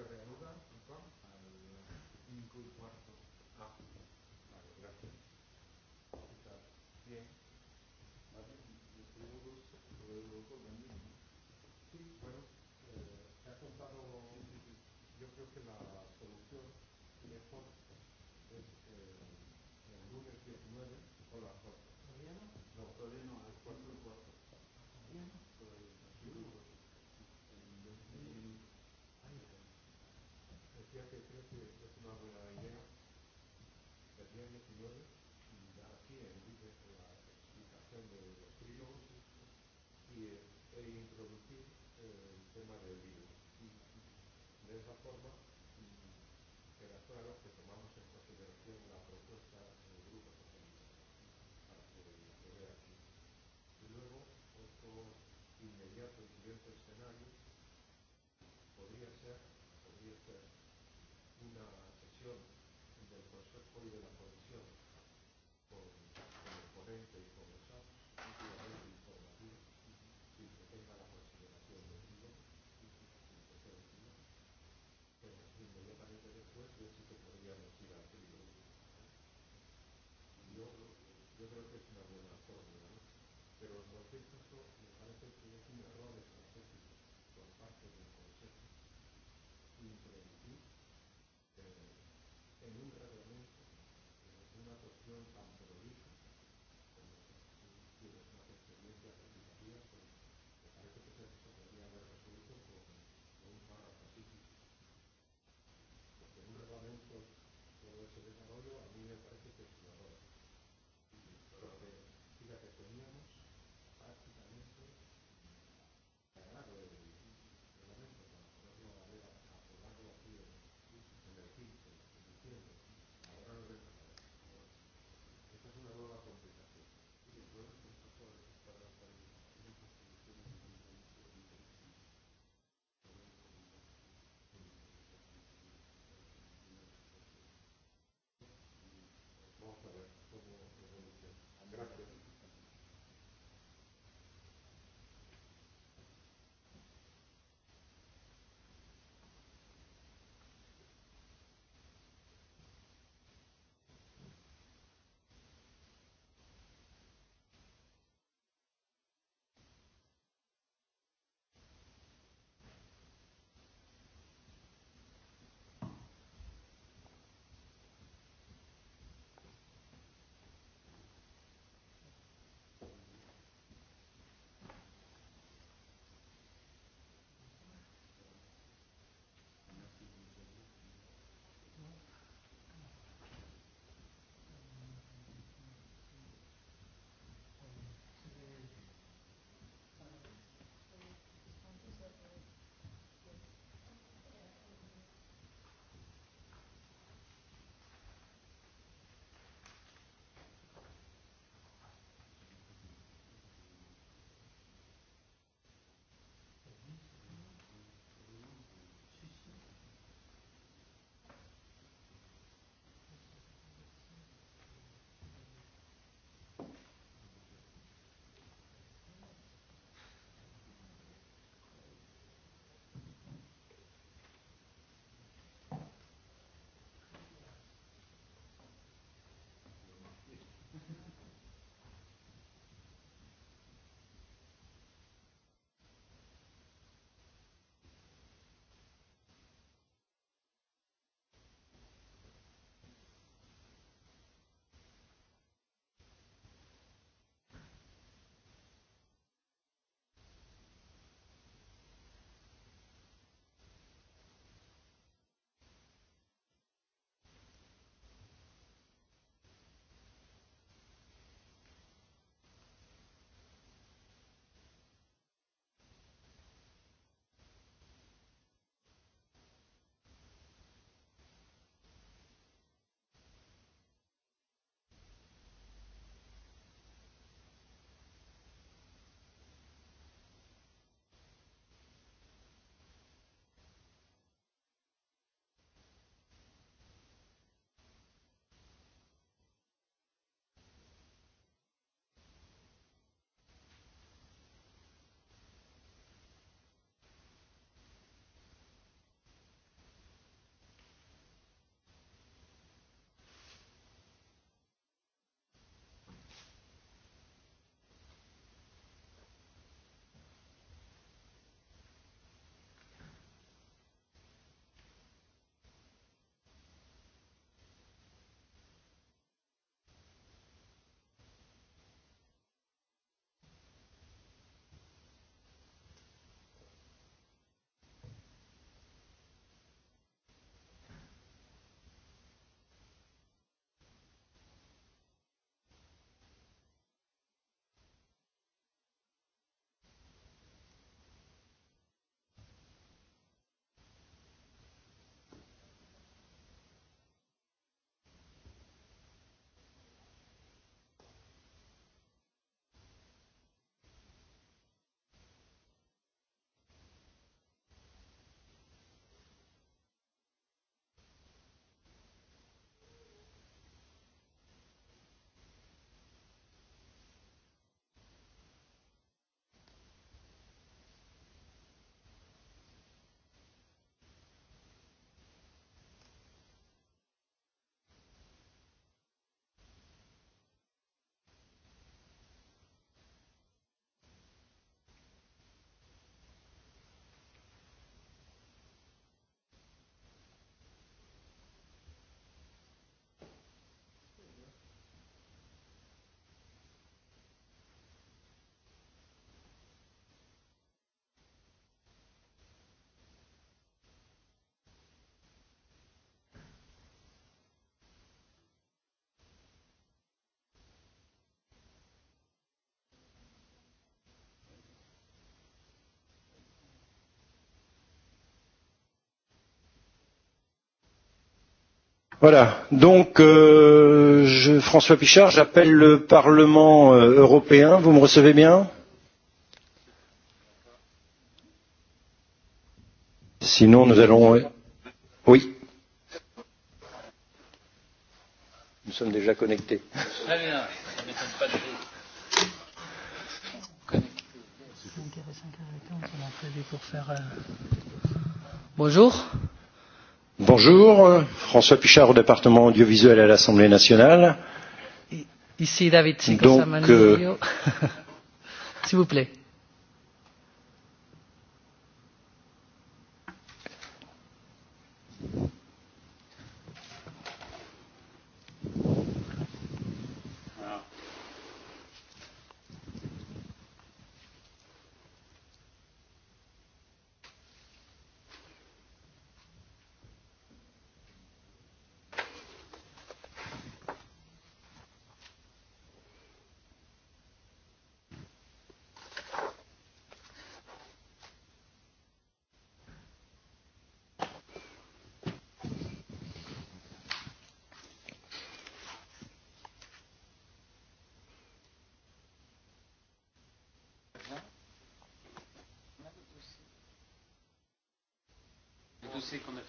se reanuda, perdón, al 5 y cuarto. Ah, vale, gracias. Está bien. Vale, yo tengo dos, luego con la misma. Sí, bueno, eh, ha contado, yo creo que la solución mejor es eh, el lunes 19 o las 4. ¿Todavía no? No, todavía no, al 4 y cuarto. ¿Todavía no? decía que creo que es una buena idea del día 19 dar aquí en vídeo la explicación de los trílogos y, e introducir el tema del virus. De esa forma queda claro que tomamos en consideración la propuesta del grupo socialista para que lo vea aquí. Y luego otro inmediato y siguiente escenario podría ser, podría ser una sesión del Consejo y de la Comisión con, con el ponente y con los SAP, últimamente informativa, sin que tenga la consideración de tiro, sin que sea tiro, pero inmediatamente después yo sí que podríamos ir al tiro. Yo, yo creo que es una buena fórmula, ¿no? pero en cualquier caso me parece que es un error estratégico por parte del Consejo impredecible en un reglamento, en una cuestión tan prolija, como tienes más experiencia legislativa, pues me parece que se podría haber resuelto con, con un párrafo pacífico. Porque en un reglamento todo ese desarrollo a mí me parece que es una hora. Voilà. Donc, euh, je, François Pichard, j'appelle le Parlement euh, européen. Vous me recevez bien Sinon, nous allons. Euh, oui. Nous sommes déjà connectés. Très bien. Ça m'étonne pas du tout. C'est intéressant qu'on a prévu pour faire. Euh... Bonjour. Bonjour. Bonjour, François Pichard au département audiovisuel à l'Assemblée nationale. Ici David Sicosamani. Donc, euh, S'il vous plaît.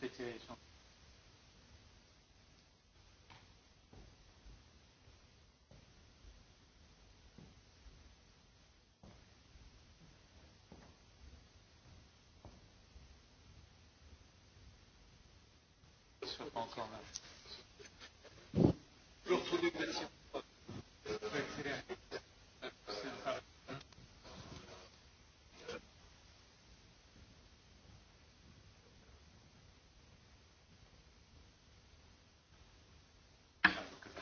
situation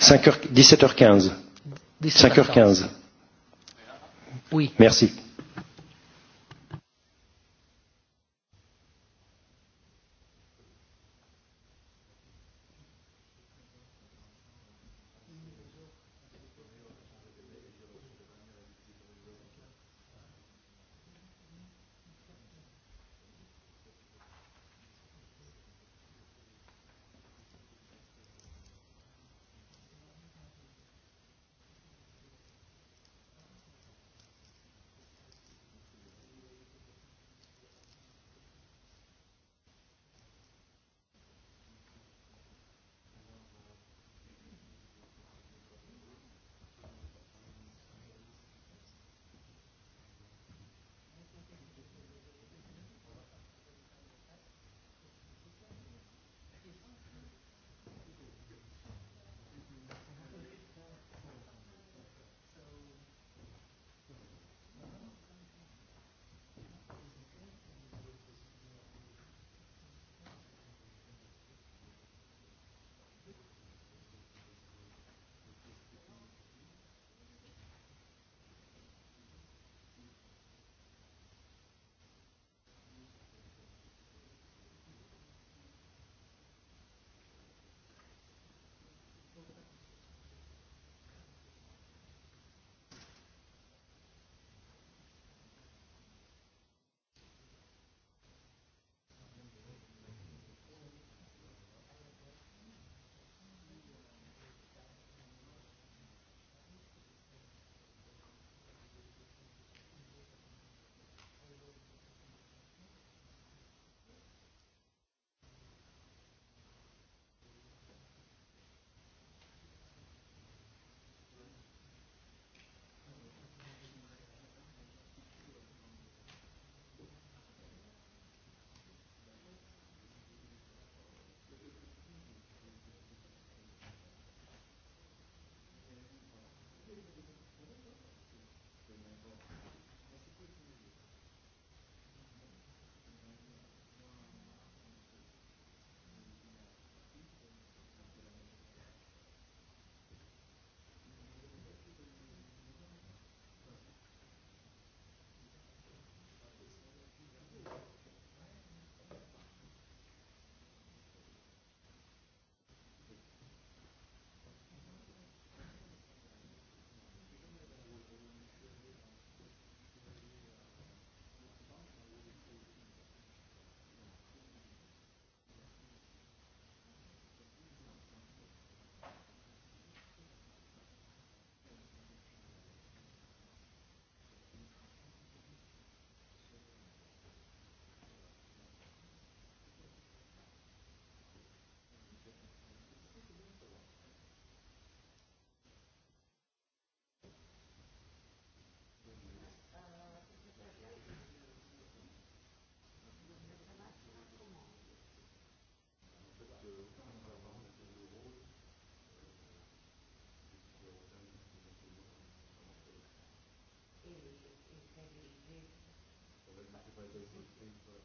5h, 17h15. 17h15. 5h15. Oui. Merci.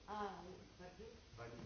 Ah oui. Vadim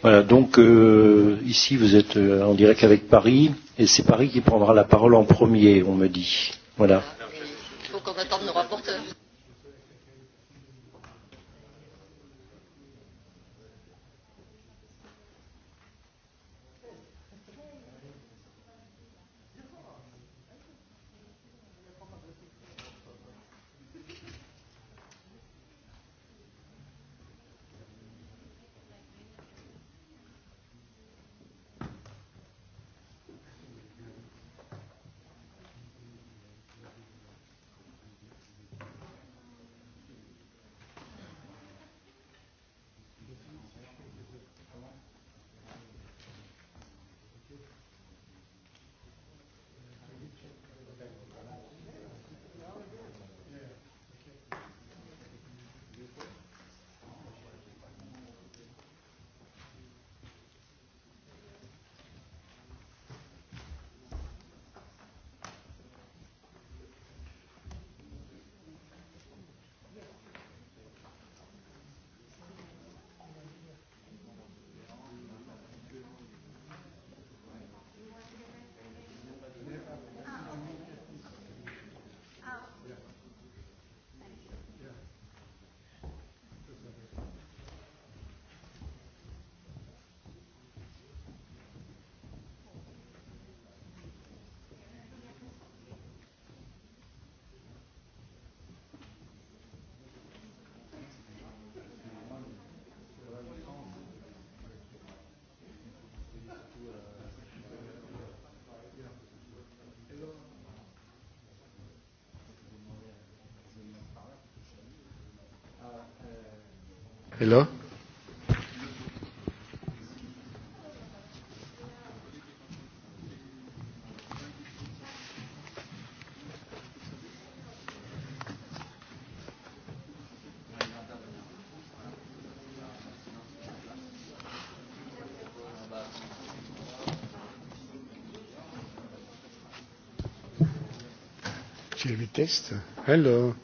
Voilà, donc euh, ici vous êtes euh, en direct avec Paris, et c'est Paris qui prendra la parole en premier, on me dit. Voilà. Hello? Hello.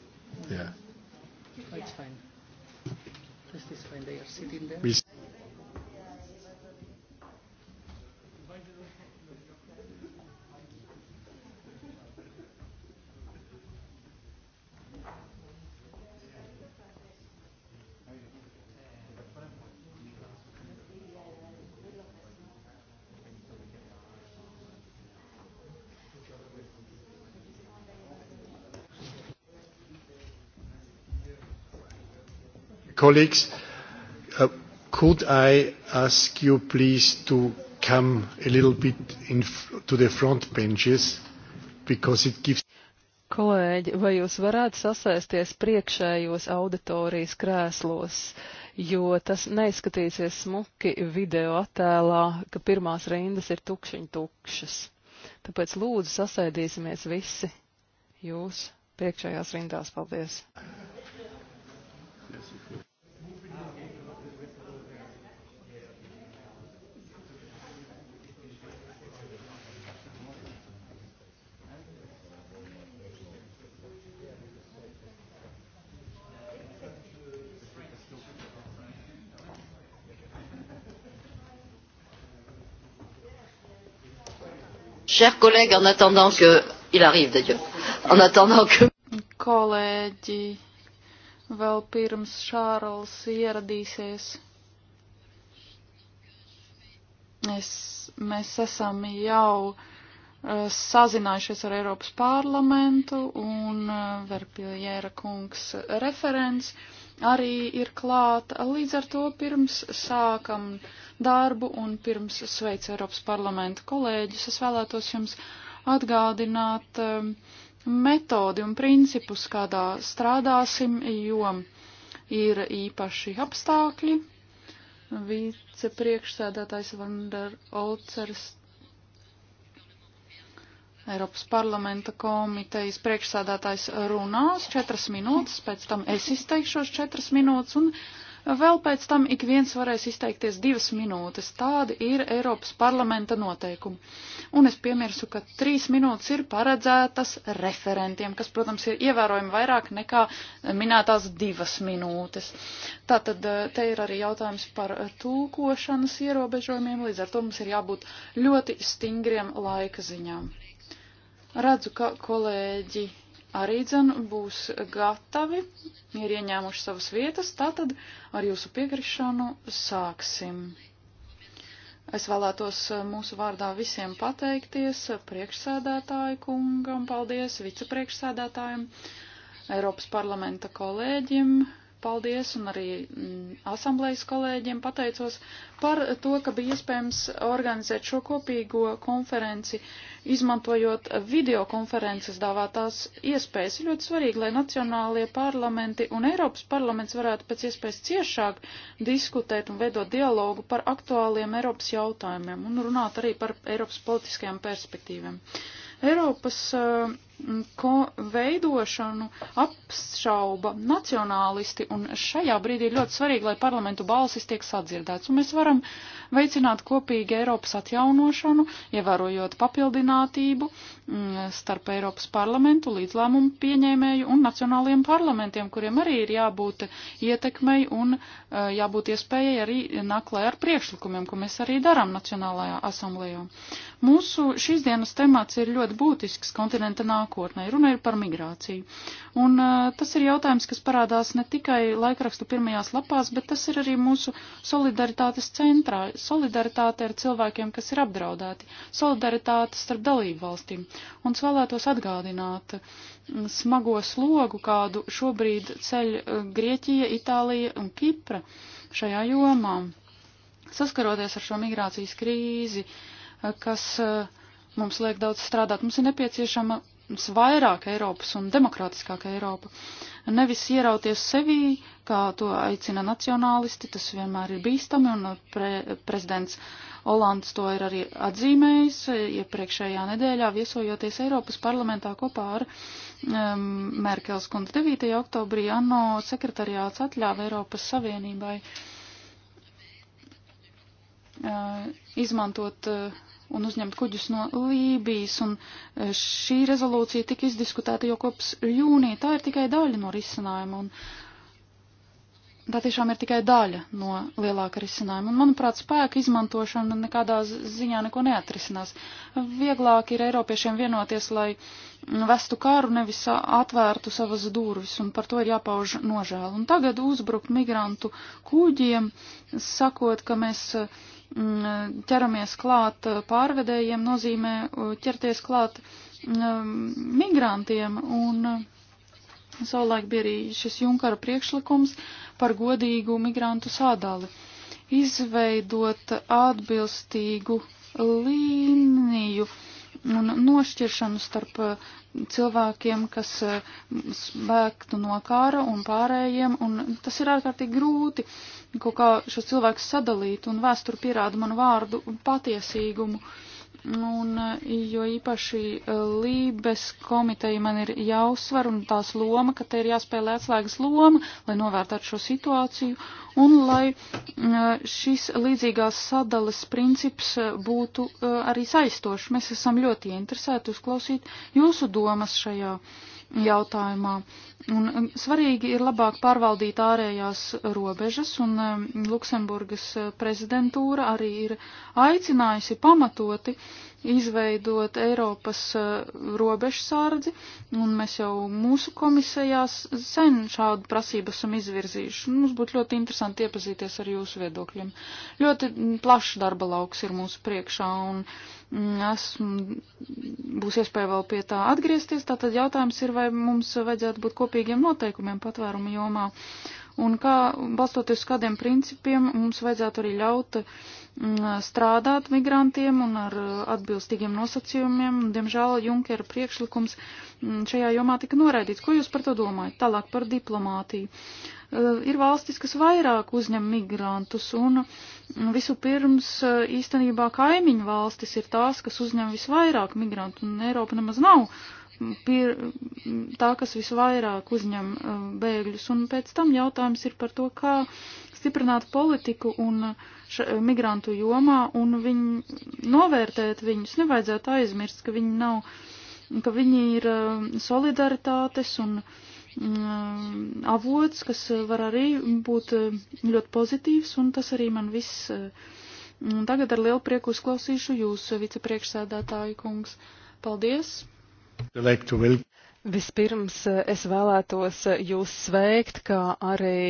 colleagues, uh, could I ask you please to come a little bit in to the front benches because it gives Kolēģi, vai jūs varētu sasēsties priekšējos auditorijas krēslos, jo tas neizskatīsies smuki video attēlā, ka pirmās rindas ir tukšiņ tukšas. Tāpēc lūdzu sasēdīsimies visi jūs priekšējās rindās. Paldies! Chers collègues, en attendant que. Il arrive d'ailleurs. En attendant que. Kolēģi, vēl pirms Šārls ieradīsies, es, mēs esam jau uh, sazinājušies ar Eiropas parlamentu un uh, eh, Verpiljēra kungs referents. Uh, arī ir klāta. Līdz ar to pirms sākam darbu un pirms sveicu Eiropas parlamenta kolēģis, es vēlētos jums atgādināt um, metodi un principus, kādā strādāsim, jo ir īpaši apstākļi. Vicepriekšsēdētājs Vandar Olcers Eiropas parlamenta komitejas priekšsādātājs runās četras minūtes, pēc tam es izteikšos četras minūtes un vēl pēc tam ik viens varēs izteikties divas minūtes. Tādi ir Eiropas parlamenta noteikumi. Un es piemirsu, ka trīs minūtes ir paredzētas referentiem, kas, protams, ir ievērojami vairāk nekā minētās divas minūtes. Tātad eh, te ir arī jautājums par tūkošanas ierobežojumiem, līdz ar to mums ir jābūt ļoti stingriem laika ziņām. Redzu, ka kolēģi arī dzen būs gatavi, ir ieņēmuši savas vietas, tātad ar jūsu piekrišanu sāksim. Es vēlētos eh, mūsu vārdā visiem pateikties priekšsēdētāju kungam, paldies vicepriekšsēdētājiem, Eiropas parlamenta kolēģim, paldies un arī mm, asamblejas kolēģiem pateicos par to, ka bija iespējams organizēt šo kopīgo konferenci uh, izmantojot videokonferences dāvātās iespējas. Ir ļoti svarīgi, lai nacionālie parlamenti un Eiropas parlaments varētu pēc iespējas ciešāk diskutēt un veidot dialogu par aktuāliem Eiropas jautājumiem un runāt arī par Eiropas politiskajām perspektīvām. Eiropas uh, ko veidošanu apšauba nacionālisti, un šajā brīdī ir ļoti svarīgi, lai parlamentu balsis tiek sadzirdēts, un mēs varam veicināt kopīgi Eiropas atjaunošanu, ievērojot papildinātību mm, starp Eiropas parlamentu, līdzlēmumu pieņēmēju un nacionāliem parlamentiem, kuriem arī ir jābūt ietekmei un e, jābūt iespējai arī naklē ar priekšlikumiem, ko mēs arī darām Nacionālajā asamblējā. Mūsu šīs dienas temats ir ļoti būtisks kontinenta nākotnē nākotnē. Runa ir par migrāciju. Un uh, tas ir jautājums, kas parādās ne tikai laikrakstu pirmajās lapās, bet tas ir arī mūsu solidaritātes centrā. Solidaritāte ar cilvēkiem, kas ir apdraudēti. Solidaritāte starp dalību valstīm. Un es vēlētos atgādināt smago slogu, kādu šobrīd ceļ Grieķija, Itālija un Kipra šajā jomā. Saskaroties ar šo migrācijas krīzi, kas mums liek daudz strādāt, mums ir nepieciešama vairāk Eiropas un demokrātiskāka Eiropa. Nevis ierauties sevī, kā to aicina nacionālisti, tas vienmēr ir bīstami, un pre prezidents Olands to ir arī atzīmējis iepriekšējā nedēļā, viesojoties Eiropas parlamentā kopā ar um, Merkels kundzi 9. oktobrī. ANO sekretariāts atļāva Eiropas Savienībai uh, izmantot. Uh, un uzņemt kuģus no Lībijas, un e, šī rezolūcija tika izdiskutēta jau kops jūnija. Tā ir tikai daļa no risinājuma, un tā tiešām ir tikai daļa no lielāka risinājuma. Un, manuprāt, spēka izmantošana nekādā ziņā neko neatrisinās. Vieglāk ir Eiropiešiem vienoties, lai vestu kāru, nevis atvērtu savas durvis, un par to ir jāpauž nožēla. Un tagad uzbrukt migrantu kuģiem, sakot, ka mēs. Uh, Mm, ķeramies klāt eh, pārvedējiem, nozīmē eh, ķerties klāt mm, mm, migrantiem. Un eh, savulaik bija arī šis Junkara priekšlikums par godīgu migrantu sādali. Izveidot atbilstīgu līniju un nošķiršanu starp uh, cilvēkiem, kas bēgtu uh, no kara un pārējiem, un tas ir ārkārtīgi grūti kaut kā šos cilvēkus sadalīt, un vēstur pierāda manu vārdu patiesīgumu. Uh, Un, eh, jo īpaši eh, Lībes komiteja man ir jāuzsver un tās loma, ka te ir jāspēlē atslēgas loma, lai novērtētu šo situāciju un lai eh, šis līdzīgās sadales princips būtu arī saistošs. Mēs esam ļoti interesēti uzklausīt jūsu domas šajā jautājumā jautājumā. Un um, svarīgi ir labāk pārvaldīt ārējās robežas, un um, Luksemburgas uh, prezidentūra arī ir aicinājusi pamatoti izveidot Eiropas uh, robežsārdzi, un mēs jau mūsu komisijās sen šādu prasību esam izvirzījuši. Mums būtu ļoti interesanti iepazīties ar jūsu viedokļiem. Ļoti plašs darba lauks ir mūsu priekšā, un Mm, esmu, būs iespēja vēl pie tā atgriezties. Tātad jautājums ir, vai mums vajadzētu būt kopīgiem noteikumiem patvērumu jomā. Uh, un kā balstoties uz kādiem principiem mums vajadzētu arī ļaut mm, strādāt migrantiem un ar uh, atbilstīgiem nosacījumiem. Diemžēl Junkera priekšlikums mm, šajā jomā tika noraidīts. Ko jūs par to domājat? Tālāk par diplomātiju. Uh, ir valstis, kas vairāk uzņem migrantus, un mm, visu pirms uh, īstenībā kaimiņu valstis ir tās, kas uzņem visvairāk migrantu, un Eiropa nemaz nav uh, pir, tā, kas visvairāk uzņem um, bēgļus. Un pēc tam jautājums ir par to, kā stiprināt politiku un uh, ša, uh, migrantu jomā un viņu novērtēt viņus. Nevajadzētu aizmirst, ka viņi nav, ka viņi ir um, solidaritātes un mm, avots, kas var arī būt ļoti pozitīvs, un tas arī man viss. Uh, un tagad ar lielu prieku uzklausīšu jūs, vicepriekšsēdētāju kungs. Paldies! Vispirms eh, es vēlētos eh, jūs sveikt, kā arī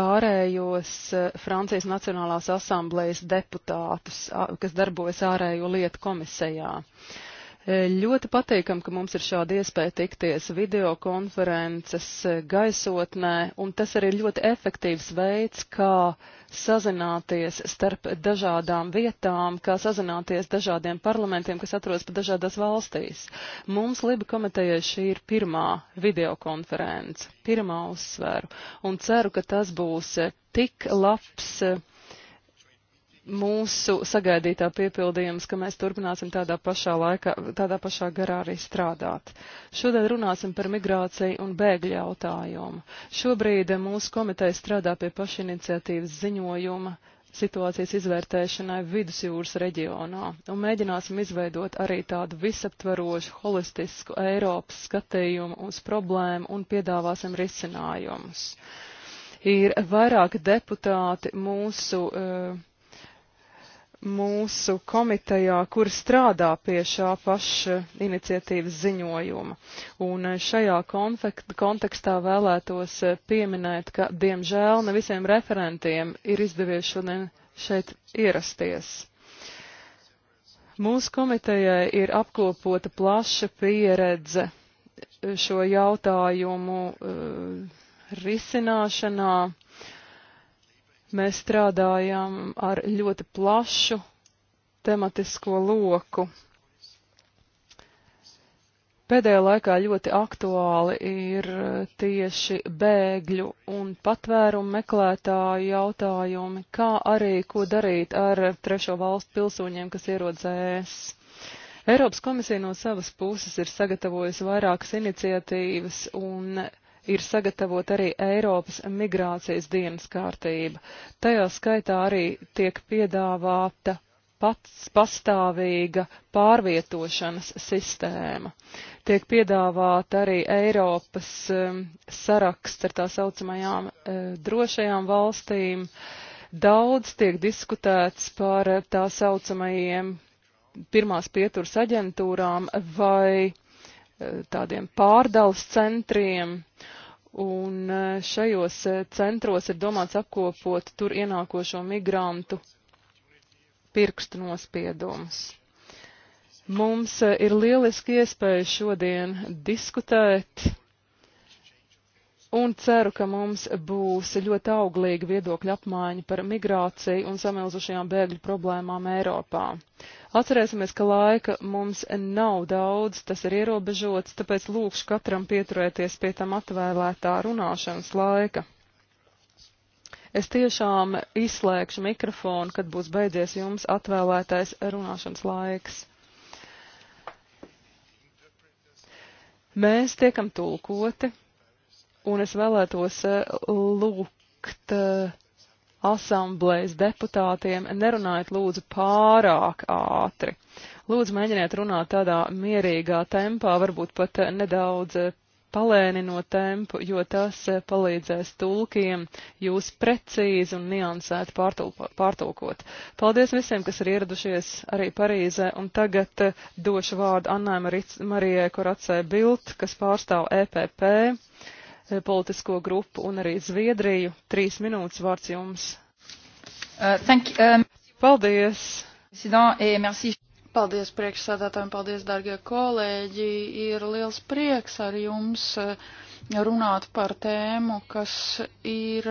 pārējos eh, Francijas Nacionālās asamblējas deputātus, kas darbojas ārējo lietu komisijā. Uh, Ļoti patīkam, ka mums ir šāda iespēja tikties videokonferences e, gaisotnē, un tas arī ir ļoti efektīvs veids, kā sazināties starp dažādām vietām, kā sazināties dažādiem parlamentiem, kas atrodas pa dažādās valstīs. Mums Liba komitejai šī ir pirmā videokonference, pirmā uzsveru, un ceru, ka tas būs e, tik labs e, mūsu sagaidītā piepildījums, ka mēs turpināsim tādā pašā laikā, tādā pašā garā arī strādāt. Šodien runāsim par migrāciju un bēgļu jautājumu. Šobrīd mūsu komiteja strādā pie pašiniciatīvas ziņojuma situācijas izvērtēšanai vidusjūras reģionā un mēģināsim izveidot arī tādu visaptvarošu, holistisku Eiropas skatījumu uz problēmu un piedāvāsim risinājumus. Ir vairāki deputāti mūsu uh, mūsu komitejā, kur strādā pie šā paša iniciatīvas ziņojuma. Un eh, šajā kontekstā vēlētos eh, pieminēt, ka diemžēl ne visiem referentiem ir izdevies šodien šeit ierasties. Mūsu komitejai ir apkopota plaša pieredze eh, šo jautājumu uh, risināšanā. Uh, Mēs strādājam ar ļoti plašu tematisko loku. Pēdējā laikā ļoti aktuāli ir eh, tieši bēgļu un patvērumu meklētāju jautājumi, kā arī ko darīt ar trešo valstu pilsoņiem, kas ierodas ES. Eiropas komisija no savas puses ir sagatavojusi vairākas iniciatīvas un ir sagatavot arī Eiropas migrācijas dienas kārtība. Tajā skaitā arī tiek piedāvāta pats pastāvīga pārvietošanas sistēma. Tiek piedāvāta arī Eiropas um, saraksts ar tā saucamajām uh, drošajām valstīm. Daudz tiek diskutēts par tā saucamajiem pirmās pieturas aģentūrām vai uh, tādiem pārdales centriem. Un e, šajos e, centros ir domāts apkopot tur ienākošo migrantu pirkstu nospiedumus. Mums e, ir lieliski iespēja šodien diskutēt un ceru, ka mums būs ļoti auglīga viedokļa apmaiņa par migrāciju un samilzušajām bēgļu problēmām Eiropā. Atcerēsimies, ka laika mums nav daudz, tas ir ierobežots, tāpēc lūkšu katram pieturēties pie tam atvēlētā runāšanas laika. Es tiešām izslēgšu mikrofonu, kad būs beidzies jums atvēlētais runāšanas laiks. Mēs tiekam tulkoti un es vēlētos eh, lūgt eh, asamblējas deputātiem, nerunājiet lūdzu pārāk ātri. Lūdzu, mēģiniet runāt tādā mierīgā tempā, varbūt pat nedaudz eh, palēninot tempu, jo tas palīdzēs tulkiem jūs precīzi un niansēti pārtulkot. Paldies visiem, kas ir ieradušies arī Parīzē, un tagad došu vārdu Annai Marijai Koracē Bilt, kas pārstāv EPP politisko grupu un arī Zviedriju. Trīs minūtes vārds jums. Uh, thank, um, paldies! Paldies priekšsēdētājiem, paldies, dārgie kolēģi! Ir liels prieks ar jums uh, runāt par tēmu, kas ir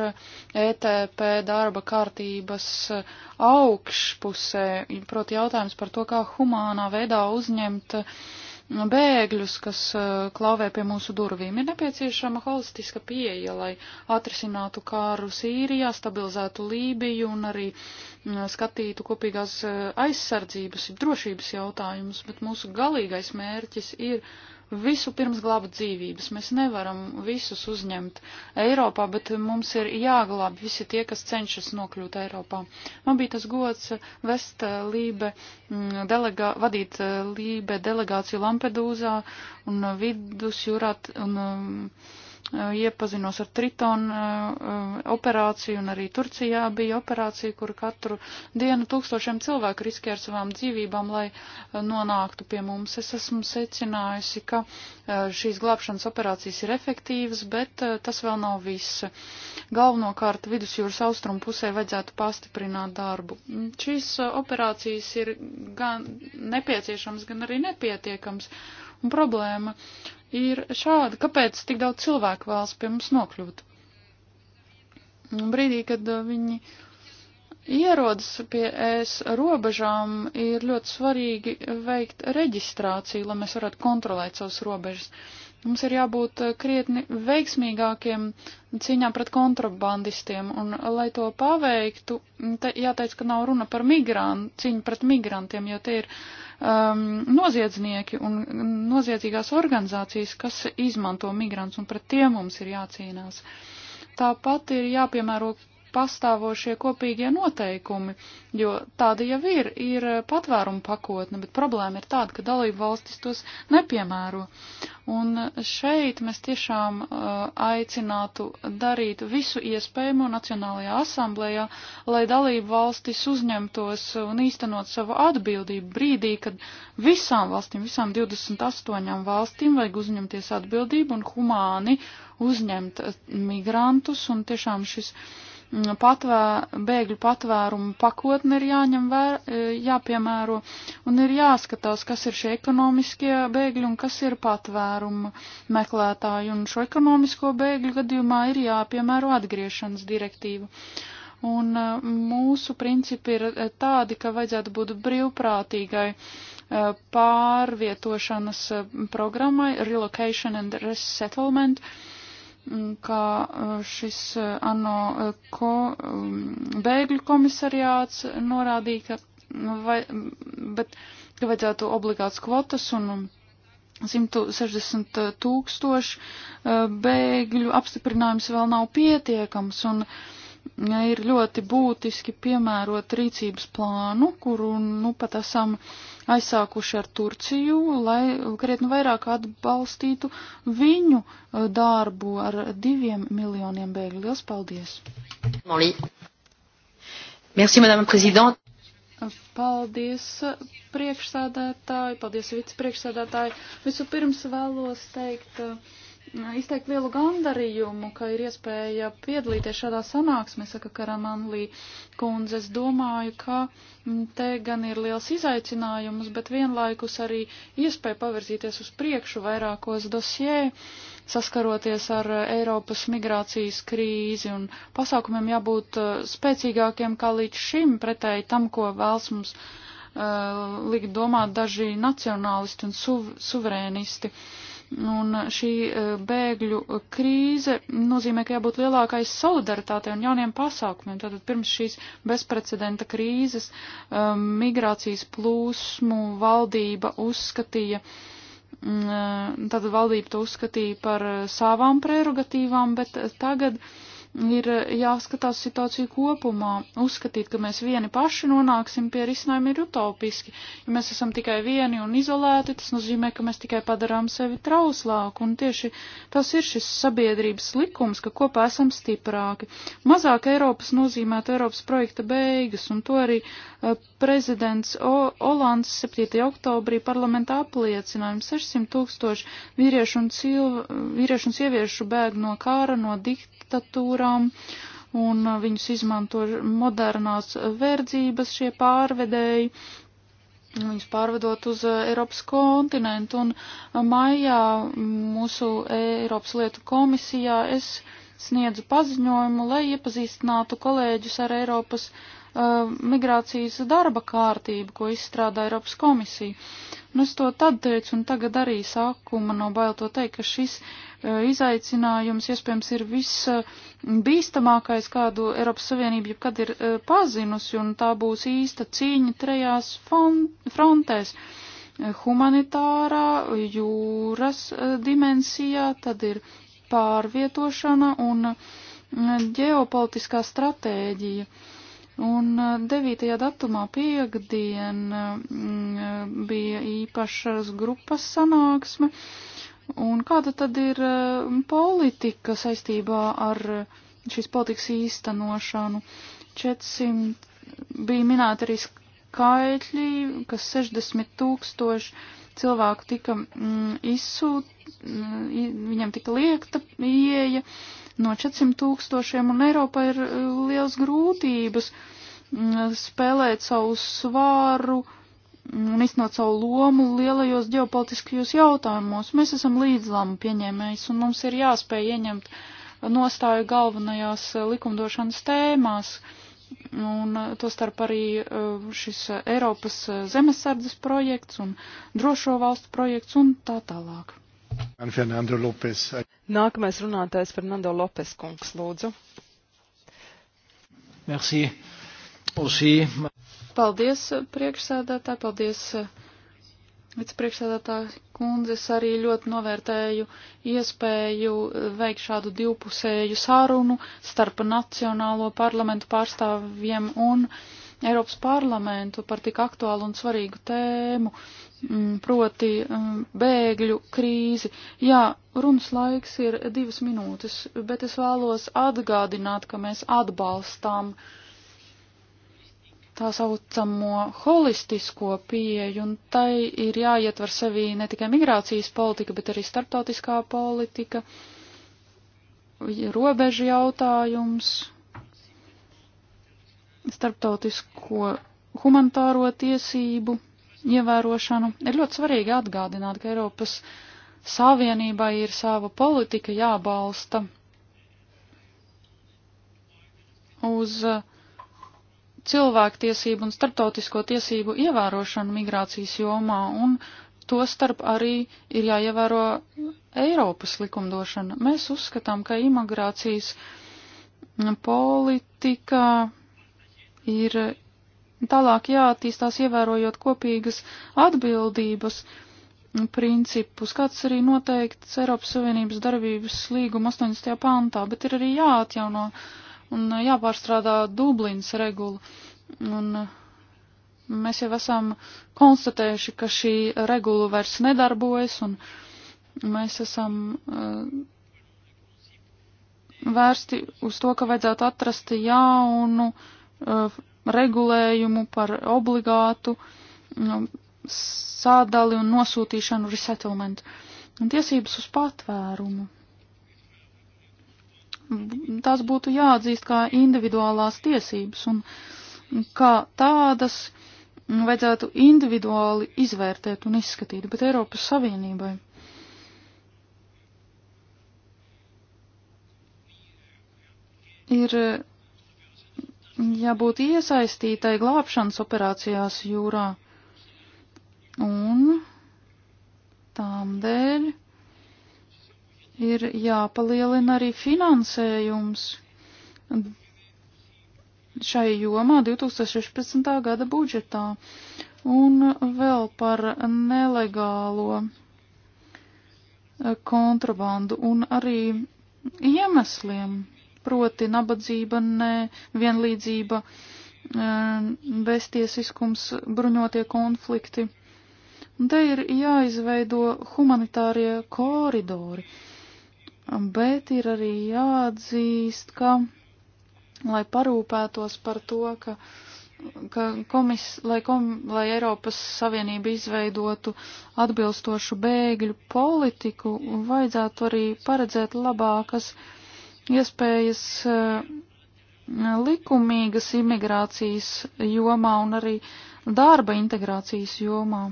ETP darba kārtības uh, augšpusē, proti jautājums par to, kā humānā veidā uzņemt uh, bēgļus, kas eh, klauvē pie mūsu durvīm. Ir nepieciešama holistiska pieeja, lai atrisinātu kāru Sīrijā, stabilizētu Lībiju un arī mm, skatītu kopīgās eh, aizsardzības, drošības jautājumus, bet mūsu galīgais mērķis ir visu pirms glābt dzīvības. Mēs nevaram visus uzņemt Eiropā, bet mums ir jāglāb visi tie, kas cenšas nokļūt Eiropā. Man bija tas gods vest eh, Lībe, mm, delegā, vadīt eh, Lībe delegāciju Lampedūzā un eh, Vidusjūrā un mm, Eh, iepazinos ar Tritonu eh, eh, operāciju un arī Turcijā bija operācija, kur katru dienu tūkstošiem cilvēku riskē ar savām dzīvībām, lai nonāktu pie mums. Es esmu secinājusi, ka šīs glābšanas operācijas ir efektīvas, bet tas vēl nav viss. Galvenokārt vidusjūras austrumu pusē vajadzētu pastiprināt darbu. Mm, šīs operācijas ir gan nepieciešams, gan arī nepietiekams. Un problēma ir šāda. Kāpēc tik daudz cilvēku vēlas pie mums nokļūt? Brīdī, kad uh, viņi ierodas pie ēs robežām, ir ļoti svarīgi veikt reģistrāciju, lai mēs varētu kontrolēt savus robežas. Mums ir jābūt uh, krietni veiksmīgākiem cīņā pret kontrabandistiem, un, uh, lai to paveiktu, te, jāteic, ka nav runa par migrantu, cīņu pret migrantiem, jo tie ir uh, um, noziedznieki un noziedzīgās organizācijas, kas izmanto migrants, un pret tiem mums ir jācīnās. Tāpat ir jāpiemēro pastāvošie kopīgie noteikumi, jo tāda jau ir, ir patvēruma pakotne, bet problēma ir tāda, ka dalību valstis tos nepiemēro. Un šeit mēs tiešām uh, aicinātu darīt visu iespējamo Nacionālajā asamblējā, lai dalību valstis uzņemtos un īstenot savu atbildību brīdī, kad visām valstīm, visām 28 valstīm vajag uzņemties atbildību un humāni uzņemt migrantus un tiešām šis uh, patvē, bēgļu patvērumu pakotni ir jāņem vērā, e, jāpiemēro un ir jāskatās, kas ir šie ekonomiskie bēgļi un kas ir patvērumu meklētāji. Un šo ekonomisko bēgļu gadījumā ir jāpiemēro atgriešanas direktīva. Un e, mūsu principi ir e, tādi, ka vajadzētu būt brīvprātīgai pārvietošanas programmai, relocation and resettlement. Uh, kā uh, šis uh, ANO uh, ko, um, bēgļu komisariāts norādīja, ka, nu, vai, bet, ka vajadzētu obligāts kvotas un 160 um, tūkstoši bēgļu apstiprinājums vēl nav pietiekams un ir ļoti būtiski piemērot rīcības plānu, kuru nu pat esam uh, aizsākuši ar Turciju, lai krietni vairāk atbalstītu viņu uh, darbu ar diviem miljoniem bēgļu. Liels paldies! Merci, Madame Présidente. Paldies priekšsēdētāji, paldies vicepriekšsēdētāji. Vispirms vēlos teikt uh, izteikt lielu gandarījumu, ka ir iespēja piedalīties šādā sanāksmē, saka Karamanlī kundze. Es domāju, ka mm, te gan ir liels izaicinājums, bet vienlaikus arī iespēja pavirzīties uz priekšu vairākos dosjē, saskaroties ar Eiropas migrācijas krīzi un pasākumiem jābūt eh, spēcīgākiem kā līdz šim pretēji tam, ko vēls mums uh, likt domāt daži nacionālisti un suv suverēnisti. Uh, Un šī e, bēgļu krīze nozīmē, ka jābūt lielākai solidaritātei un jauniem pasākumiem. Tātad pirms šīs bezprecedenta krīzes um, migrācijas plūsmu valdība uzskatīja. Um, tātad valdība to uzskatīja par savām prerogatīvām, bet tagad uh, ir eh, jāskatās situāciju kopumā. Uzskatīt, ka mēs vieni paši nonāksim pie risinājuma ir utopiski. Ja mēs esam tikai vieni un izolēti, tas nozīmē, ka mēs tikai padarām sevi trauslāku, un tieši tas ir šis sabiedrības likums, ka kopā esam stiprāki. Mazāk Eiropas nozīmētu Eiropas projekta beigas, un to arī uh, prezidents o Olands 7. oktobrī parlamentā apliecināja. 600 tūkstoši vīriešu un, cilv, vīriešu un sieviešu bēg no kāra, no diktatūra, biržām, un uh, viņus izmanto modernās verdzības šie pārvedēji, viņus pārvedot uz uh, Eiropas kontinentu. Un uh, maijā mm, mūsu Eiropas lietu komisijā es sniedzu paziņojumu, lai iepazīstinātu kolēģus ar Eiropas uh, migrācijas darba kārtību, ko izstrādā Eiropas komisija. Un nu, es to tad teicu, un tagad arī sākuma no bail to teikt, ka šis uh, izaicinājums iespējams ir viss uh, bīstamākais, kādu Eiropas Savienība jebkad ir uh, pazinusi, un tā būs īsta cīņa trejās frontēs e, - humanitārā, jūras dimensijā, tad ir pārvietošana un ģeopolitiskā stratēģija. Uh, Un 9. Uh, datumā piekdien mm, uh, bija īpašas grupas sanāksme. Un kāda tad ir uh, politika saistībā ar šīs politikas īstenošanu? 400 bija minēti arī skaitļi, kas 60 tūkstoši cilvēku tika mm, izsūt, mm, viņam tika liekta ieeja. Ja no 400 tūkstošiem, un Eiropā ir e, liels grūtības spēlēt savu svāru un iznot savu lomu lielajos ģeopolitiskajos jautājumos. Mēs esam līdzlāmu pieņēmējs, un mums ir jāspēj ieņemt nostāju galvenajās e, likumdošanas tēmās un e, to starp arī šis Eiropas zemesardzes projekts un drošo valstu projekts un tā tālāk. Nākamais runātājs Fernando Lopes kungs, lūdzu. Merci. Aussi. Paldies, priekšsēdētāji, paldies, vicepriekšsēdētāji kundze. Es arī ļoti novērtēju iespēju veikt šādu divpusēju sārunu starp nacionālo parlamentu pārstāvjiem un Eiropas parlamentu par tik aktuālu un svarīgu tēmu. Uh, Mm, proti mm, bēgļu krīzi. Jā, runas laiks ir divas minūtes, bet es vēlos atgādināt, ka mēs atbalstām tā saucamo holistisko pieeju, un tai ir jāietver sevī ne tikai migrācijas politika, bet arī starptautiskā politika, robežu jautājums, starptautisko humanitāro tiesību ievērošanu. Ir ļoti svarīgi atgādināt, ka Eiropas Savienībai ir sava politika jābalsta uz uh, cilvēktiesību un starptautisko tiesību ievērošanu migrācijas jomā, un to starp arī ir jāievēro Eiropas likumdošana. Mēs uzskatām, ka imigrācijas politika ir Tālāk jāattīstās ievērojot kopīgas atbildības principus, kāds arī noteikts Eiropas Savienības darbības līguma 18. pantā, bet ir arī jāatjauno un jāpārstrādā Dublins regula. Un uh, mēs jau esam konstatējuši, ka šī regula vairs nedarbojas, un mēs esam uh, vērsti uz to, ka vajadzētu atrast jaunu uh, regulējumu par obligātu nu, sādali un nosūtīšanu resettlement un tiesības uz patvērumu. Tās būtu jāatzīst kā individuālās tiesības un kā tādas vajadzētu individuāli izvērtēt un izskatīt, bet Eiropas Savienībai. Ir jābūt iesaistītai glābšanas operācijās jūrā. Un tām dēļ ir jāpalielina arī finansējums šai jomā 2016. gada budžetā. Un vēl par nelegālo kontrabandu un arī iemesliem proti nabadzība, nevienlīdzība, e, beztiesiskums, bruņotie konflikti. Un te ir jāizveido humanitārie koridori, bet ir arī jāatzīst, ka, lai parūpētos par to, ka, ka komis, lai, kom, lai Eiropas Savienība izveidotu atbilstošu bēgļu politiku, vajadzētu arī paredzēt labākas uh, iespējas eh, likumīgas imigrācijas jomā un arī darba integrācijas jomā.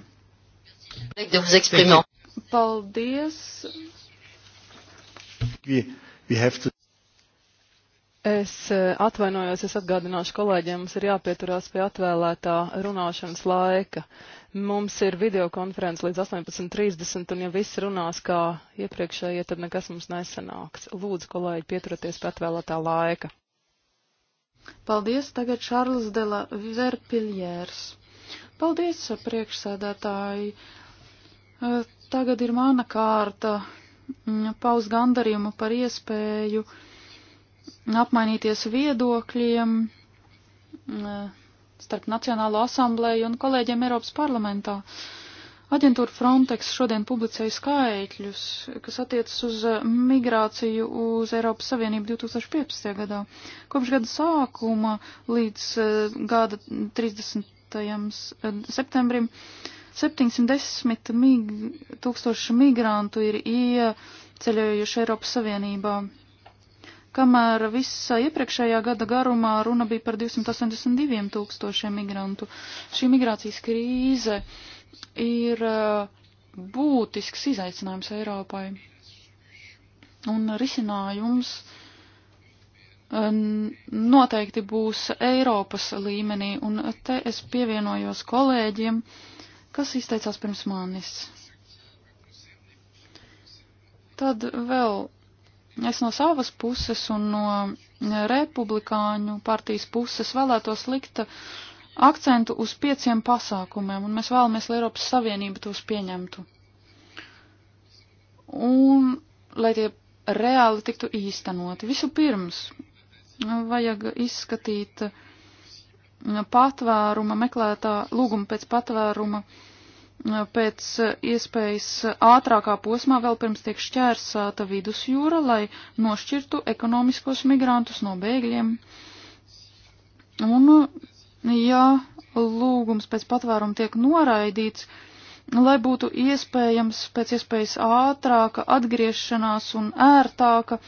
Paldies! Es eh, atvainojos, es atgādināšu kolēģiem, mums ir jāpieturās pie atvēlētā runāšanas laika. Mums ir videokonference līdz 18.30, un ja viss runās kā iepriekšējie, tad nekas mums nesanāks. Lūdzu, kolēģi, pieturieties pat vēlētā laika. Paldies, tagad Šārls de la Verpiljērs. Paldies, priekšsēdētāji. E, tagad ir mana kārta mm, paust gandarījumu par iespēju apmainīties viedokļiem mm, starp Nacionālo asamblēju un kolēģiem Eiropas parlamentā. Aģentūra Frontex šodien publicēja skaitļus, kas attiecas uz eh, migrāciju uz Eiropas Savienību 2015. gadā. Kopš gada sākuma līdz eh, gada 30. Eh, septembrim 710 mig tūkstoši migrantu ir ieceļojuši Eiropas Savienībā kamēr visā iepriekšējā gada garumā runa bija par 282 tūkstošiem migrantu. Šī migrācijas krīze ir uh, būtisks izaicinājums Eiropai. Un risinājums uh, noteikti būs Eiropas līmenī, un te es pievienojos kolēģiem, kas izteicās pirms manis. Tad vēl Es no savas puses un no republikāņu partijas puses vēlētos likt akcentu uz pieciem pasākumiem, un mēs vēlamies, lai Eiropas Savienība tos pieņemtu. Un, lai tie reāli tiktu īstenoti. Vispirms vajag izskatīt patvēruma meklētā, lūguma pēc patvēruma uh, pēc iespējas ātrākā posmā vēl pirms tiek šķērsāta vidusjūra, lai nošķirtu ekonomiskos migrantus no bēgļiem. Un, ja lūgums pēc patvērumu tiek noraidīts, lai būtu iespējams pēc iespējas ātrāka atgriešanās un ērtāka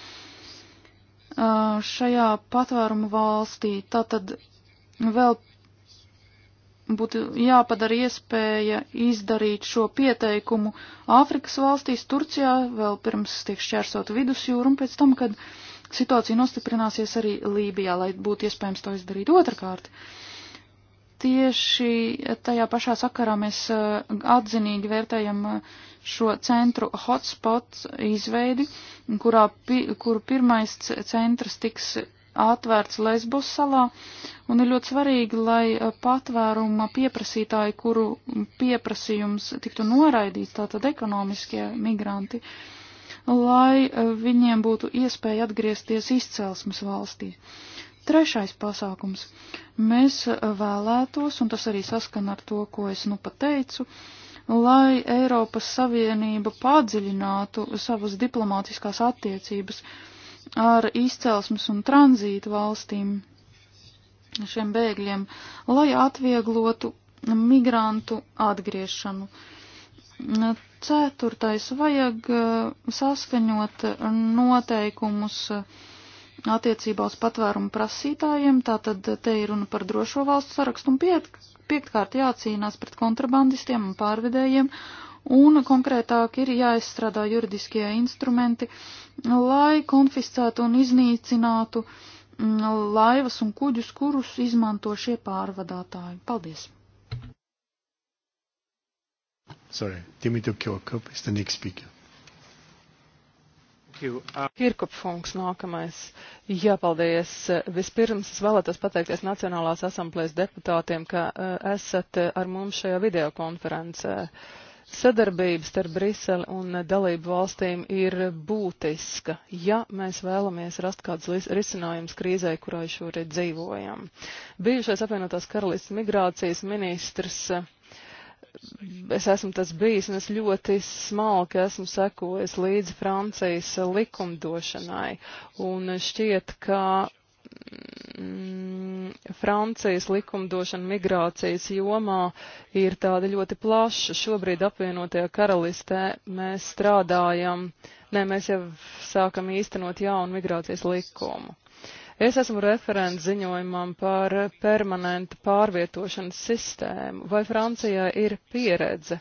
šajā patvērumu valstī, tātad vēl būtu jāpadara iespēja izdarīt šo pieteikumu Āfrikas valstīs, Turcijā, vēl pirms tiek šķērsot vidusjūru un pēc tam, kad situācija nostiprināsies arī Lībijā, lai būtu iespējams to izdarīt otrkārt. Tieši tajā pašā sakarā mēs eh, atzinīgi vērtējam eh, šo centru hotspot izveidi, kurā, pi, kuru pirmais centrs tiks atvērts Lesbos salā, un ir ļoti svarīgi, lai eh, patvēruma pieprasītāji, kuru pieprasījums tiktu noraidīts, tātad ekonomiskie migranti, lai eh, viņiem būtu iespēja atgriezties izcelsmes valstī. Trešais pasākums. Mēs eh, vēlētos, un tas arī saskana ar to, ko es nu pateicu, lai Eiropas Savienība padziļinātu savas diplomātiskās attiecības ar izcelsmes un tranzītu valstīm šiem bēgļiem, lai atvieglotu migrantu atgriešanu. Ceturtais vajag uh, saskaņot noteikumus attiecībā uz patvērumu prasītājiem, tātad te ir runa par drošo valstu sarakstu un piekt, piektkārt jācīnās pret kontrabandistiem un pārvedējiem un konkrētāk ir jāizstrādā juridiskie instrumenti, lai konfiscētu un iznīcinātu mm, laivas un kuģus, kurus izmanto šie pārvadātāji. Paldies! Sorry, Dimitri Kirkup is the next speaker. Uh, Kirkupfunks nākamais. Jā, paldies. Vispirms es vēlētos pateikties Nacionālās asamblēs deputātiem, ka uh, esat uh, ar mums šajā videokonferencē. Uh, Sadarbības starp Briseli un dalību valstīm ir būtiska, ja mēs vēlamies rast kāds risinājums krīzē, kurā šoreiz dzīvojam. Bijušais apvienotās karalists migrācijas ministrs es esmu tas bijis, un es ļoti smalki esmu sekojis līdzi Francijas likumdošanai. Un šķiet, ka Mm, Francijas likumdošana migrācijas jomā ir tāda ļoti plaša. Šobrīd apvienotajā karalistē mēs strādājam, nē, mēs jau sākam īstenot jaunu migrācijas likumu. Es esmu referents ziņojumam par permanentu pārvietošanas sistēmu. Vai Francijā ir pieredze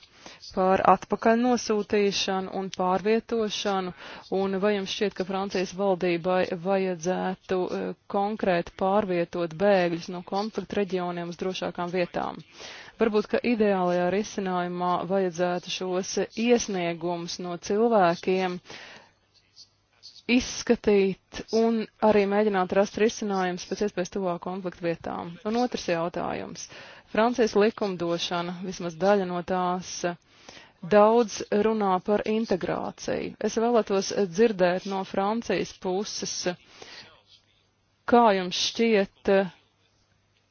par atpakaļ nosūtīšanu un pārvietošanu, un vai jums šķiet, ka Francijas valdībai vajadzētu e, konkrēti pārvietot bēgļus no konflikta reģioniem uz drošākām vietām? Varbūt, ka ideālajā risinājumā vajadzētu šos iesniegumus no cilvēkiem, uh, izskatīt un arī mēģināt rast risinājumus pēc iespējas tuvāk konfliktu vietām. Un otrs jautājums. Francijas likumdošana, vismaz daļa no tās, daudz runā par integrāciju. Es vēlētos dzirdēt no Francijas puses, kā jums šķiet,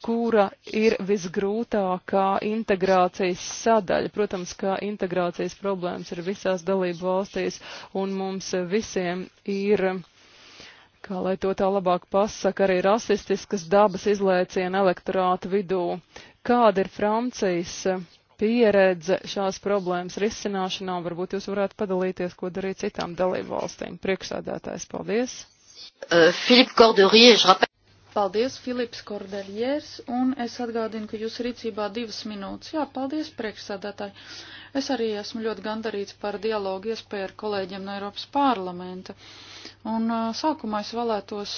kura ir visgrūtākā integrācijas sadaļa. Protams, ka integrācijas problēmas ir visās dalību valstīs, un mums visiem ir, kā lai to tā labāk pasaka, arī rasistiskas dabas izlēciena elektorāta vidū. Kāda ir Francijas pieredze šās problēmas risināšanā? Varbūt jūs varētu padalīties, ko darīt citām dalību valstīm. Priekšsādātājs, paldies! Uh, Philippe Corderie, je rappelle. Paldies, Filips Kordeļiers, un es atgādinu, ka jūs rīcībā divas minūtes. Jā, paldies, priekšsādātāji. Es arī esmu ļoti gandarīts par dialogu iespēju ar kolēģiem no Eiropas parlamenta. Un sākumā es vēlētos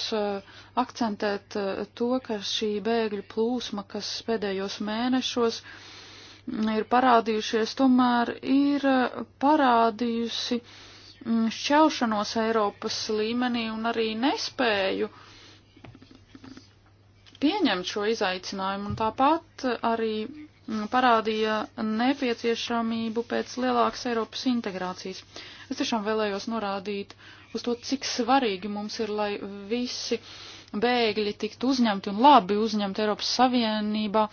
akcentēt to, ka šī bēgļu plūsma, kas pēdējos mēnešos ir parādījušies, tomēr ir parādījusi šķelšanos Eiropas līmenī un arī nespēju uh, pieņemt šo izaicinājumu un tāpat arī mm, parādīja nepieciešamību pēc lielākas Eiropas integrācijas. Es tiešām vēlējos norādīt uz to, cik svarīgi mums ir, lai visi bēgļi tiktu uzņemti un labi uzņemti Eiropas Savienībā,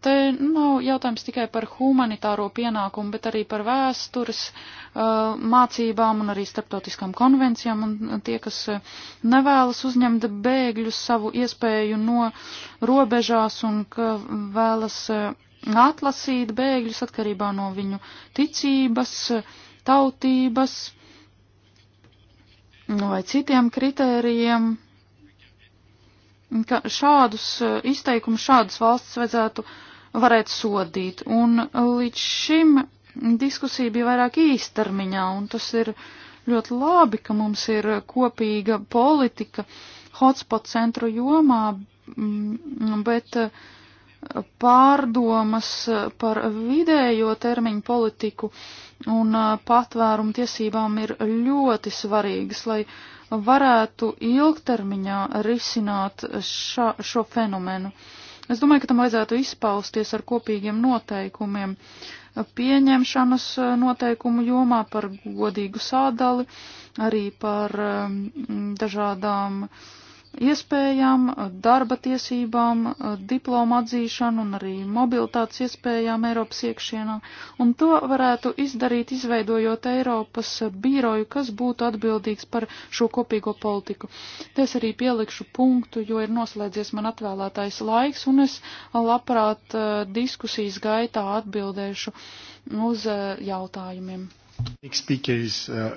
Te nav jautājums tikai par humanitāro pienākumu, bet arī par vēstures uh, mācībām un arī starptautiskām konvencijām. Un uh, tie, kas uh, nevēlas uzņemt bēgļus savu iespēju no robežās un ka vēlas uh, atlasīt bēgļus atkarībā no viņu ticības, tautības nu, vai citiem kritērijiem, ka šādus izteikumus, šādas valsts vajadzētu varētu sodīt. Un līdz šim diskusija bija vairāk īstermiņā, un tas ir ļoti labi, ka mums ir kopīga politika hotspot centru jomā, mm, bet eh, pārdomas par vidējo termiņu politiku un eh, patvērumu tiesībām ir ļoti svarīgas, lai varētu ilgtermiņā risināt ša, šo fenomenu. Uh, Es domāju, ka tam vajadzētu izpausties ar kopīgiem noteikumiem pieņemšanas e, noteikumu jomā par godīgu sādali, arī par e, dažādām uh, iespējām, darba tiesībām, diplomu atzīšanu un arī mobilitātes iespējām Eiropas iekšienā, un to varētu izdarīt, izveidojot Eiropas bīroju, kas būtu atbildīgs par šo kopīgo politiku. Te es arī pielikšu punktu, jo ir noslēdzies man atvēlētais laiks, un es labprāt eh, diskusijas gaitā atbildēšu uz eh, jautājumiem. Next speaker is uh,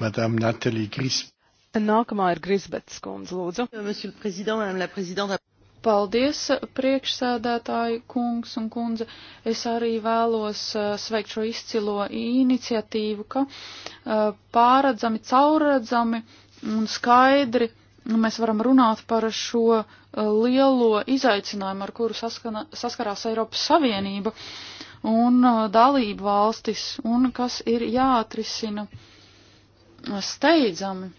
Madame Nathalie Grisp. Nākamā ir Grisbets kundze, lūdzu. Euh, Paldies, uh, priekšsēdētāji kungs un kundze. Es arī vēlos uh, sveikt šo izcilo iniciatīvu, ka uh, pāredzami, caurredzami un skaidri mēs varam runāt par šo lielo izaicinājumu, ar kuru saskana, saskarās Eiropas Savienība un dalību valstis, un kas ir jāatrisina steidzami.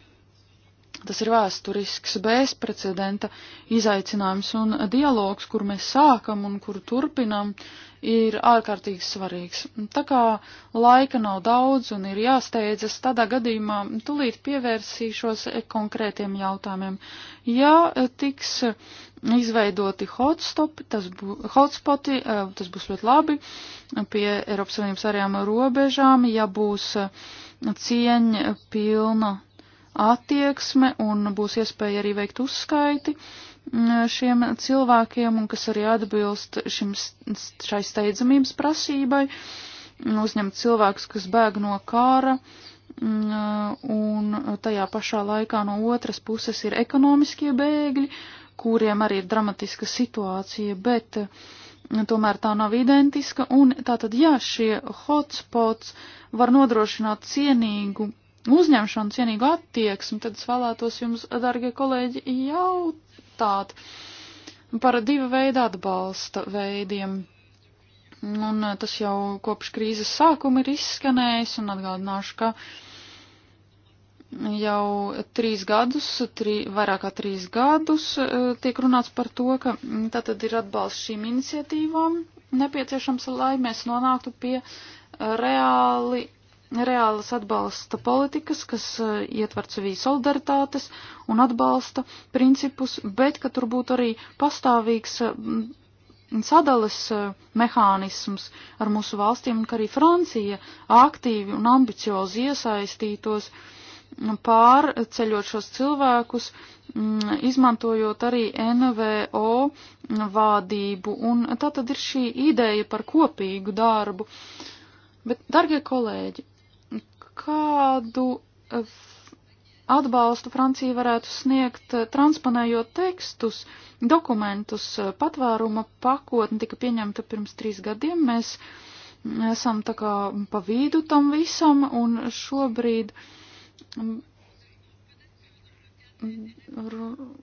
Tas ir vēsturisks bezprecedenta izaicinājums un dialogs, kur mēs sākam un kur turpinam, ir ārkārtīgi svarīgs. Tā kā laika nav daudz un ir jāsteidzas, tādā gadījumā tulīt pievērsīšos konkrētiem jautājumiem. Ja tiks izveidoti hotstopi, tas, bū, hotspoti, eh, tas būs ļoti labi pie Eiropas Savienības arējām robežām, ja būs cieņa pilna attieksme un būs iespēja arī veikt uzskaiti mm, šiem cilvēkiem un kas arī atbilst šim, šai steidzamības prasībai, mm, uzņemt cilvēkus, kas bēg no kāra mm, un tajā pašā laikā no otras puses ir ekonomiskie bēgļi, kuriem arī ir dramatiska situācija, bet tomēr tā nav identiska un tātad jā, šie hotspots var nodrošināt cienīgu uzņemšanu, cienīgu attieksmi, tad es vēlētos jums, dargie kolēģi, jautāt par divu veidu atbalsta veidiem. Un eh, tas jau kopš krīzes sākuma ir izskanējis, un atgādināšu, ka jau trīs gadus, trī, vairāk kā trīs gadus eh, tiek runāts par to, ka mm, tātad ir atbalsts šīm iniciatīvām nepieciešams, lai mēs nonāktu pie eh, reāli reālas atbalsta politikas, kas eh, ietver sevī solidaritātes un atbalsta principus, bet ka tur būtu arī pastāvīgs eh, sadales eh, mehānisms ar mūsu valstīm un ka arī Francija aktīvi un ambiciozi iesaistītos pārceļot šos cilvēkus, izmantojot arī NVO vādību. Un tā tad ir šī ideja par kopīgu darbu. Bet, dargie kolēģi, kādu eh, atbalstu Francija varētu sniegt, eh, transponējot tekstus, dokumentus. Eh, patvēruma pakotne tika pieņemta pirms trīs gadiem. Mēs mm, esam tā kā pa vidu tam visam un šobrīd mm,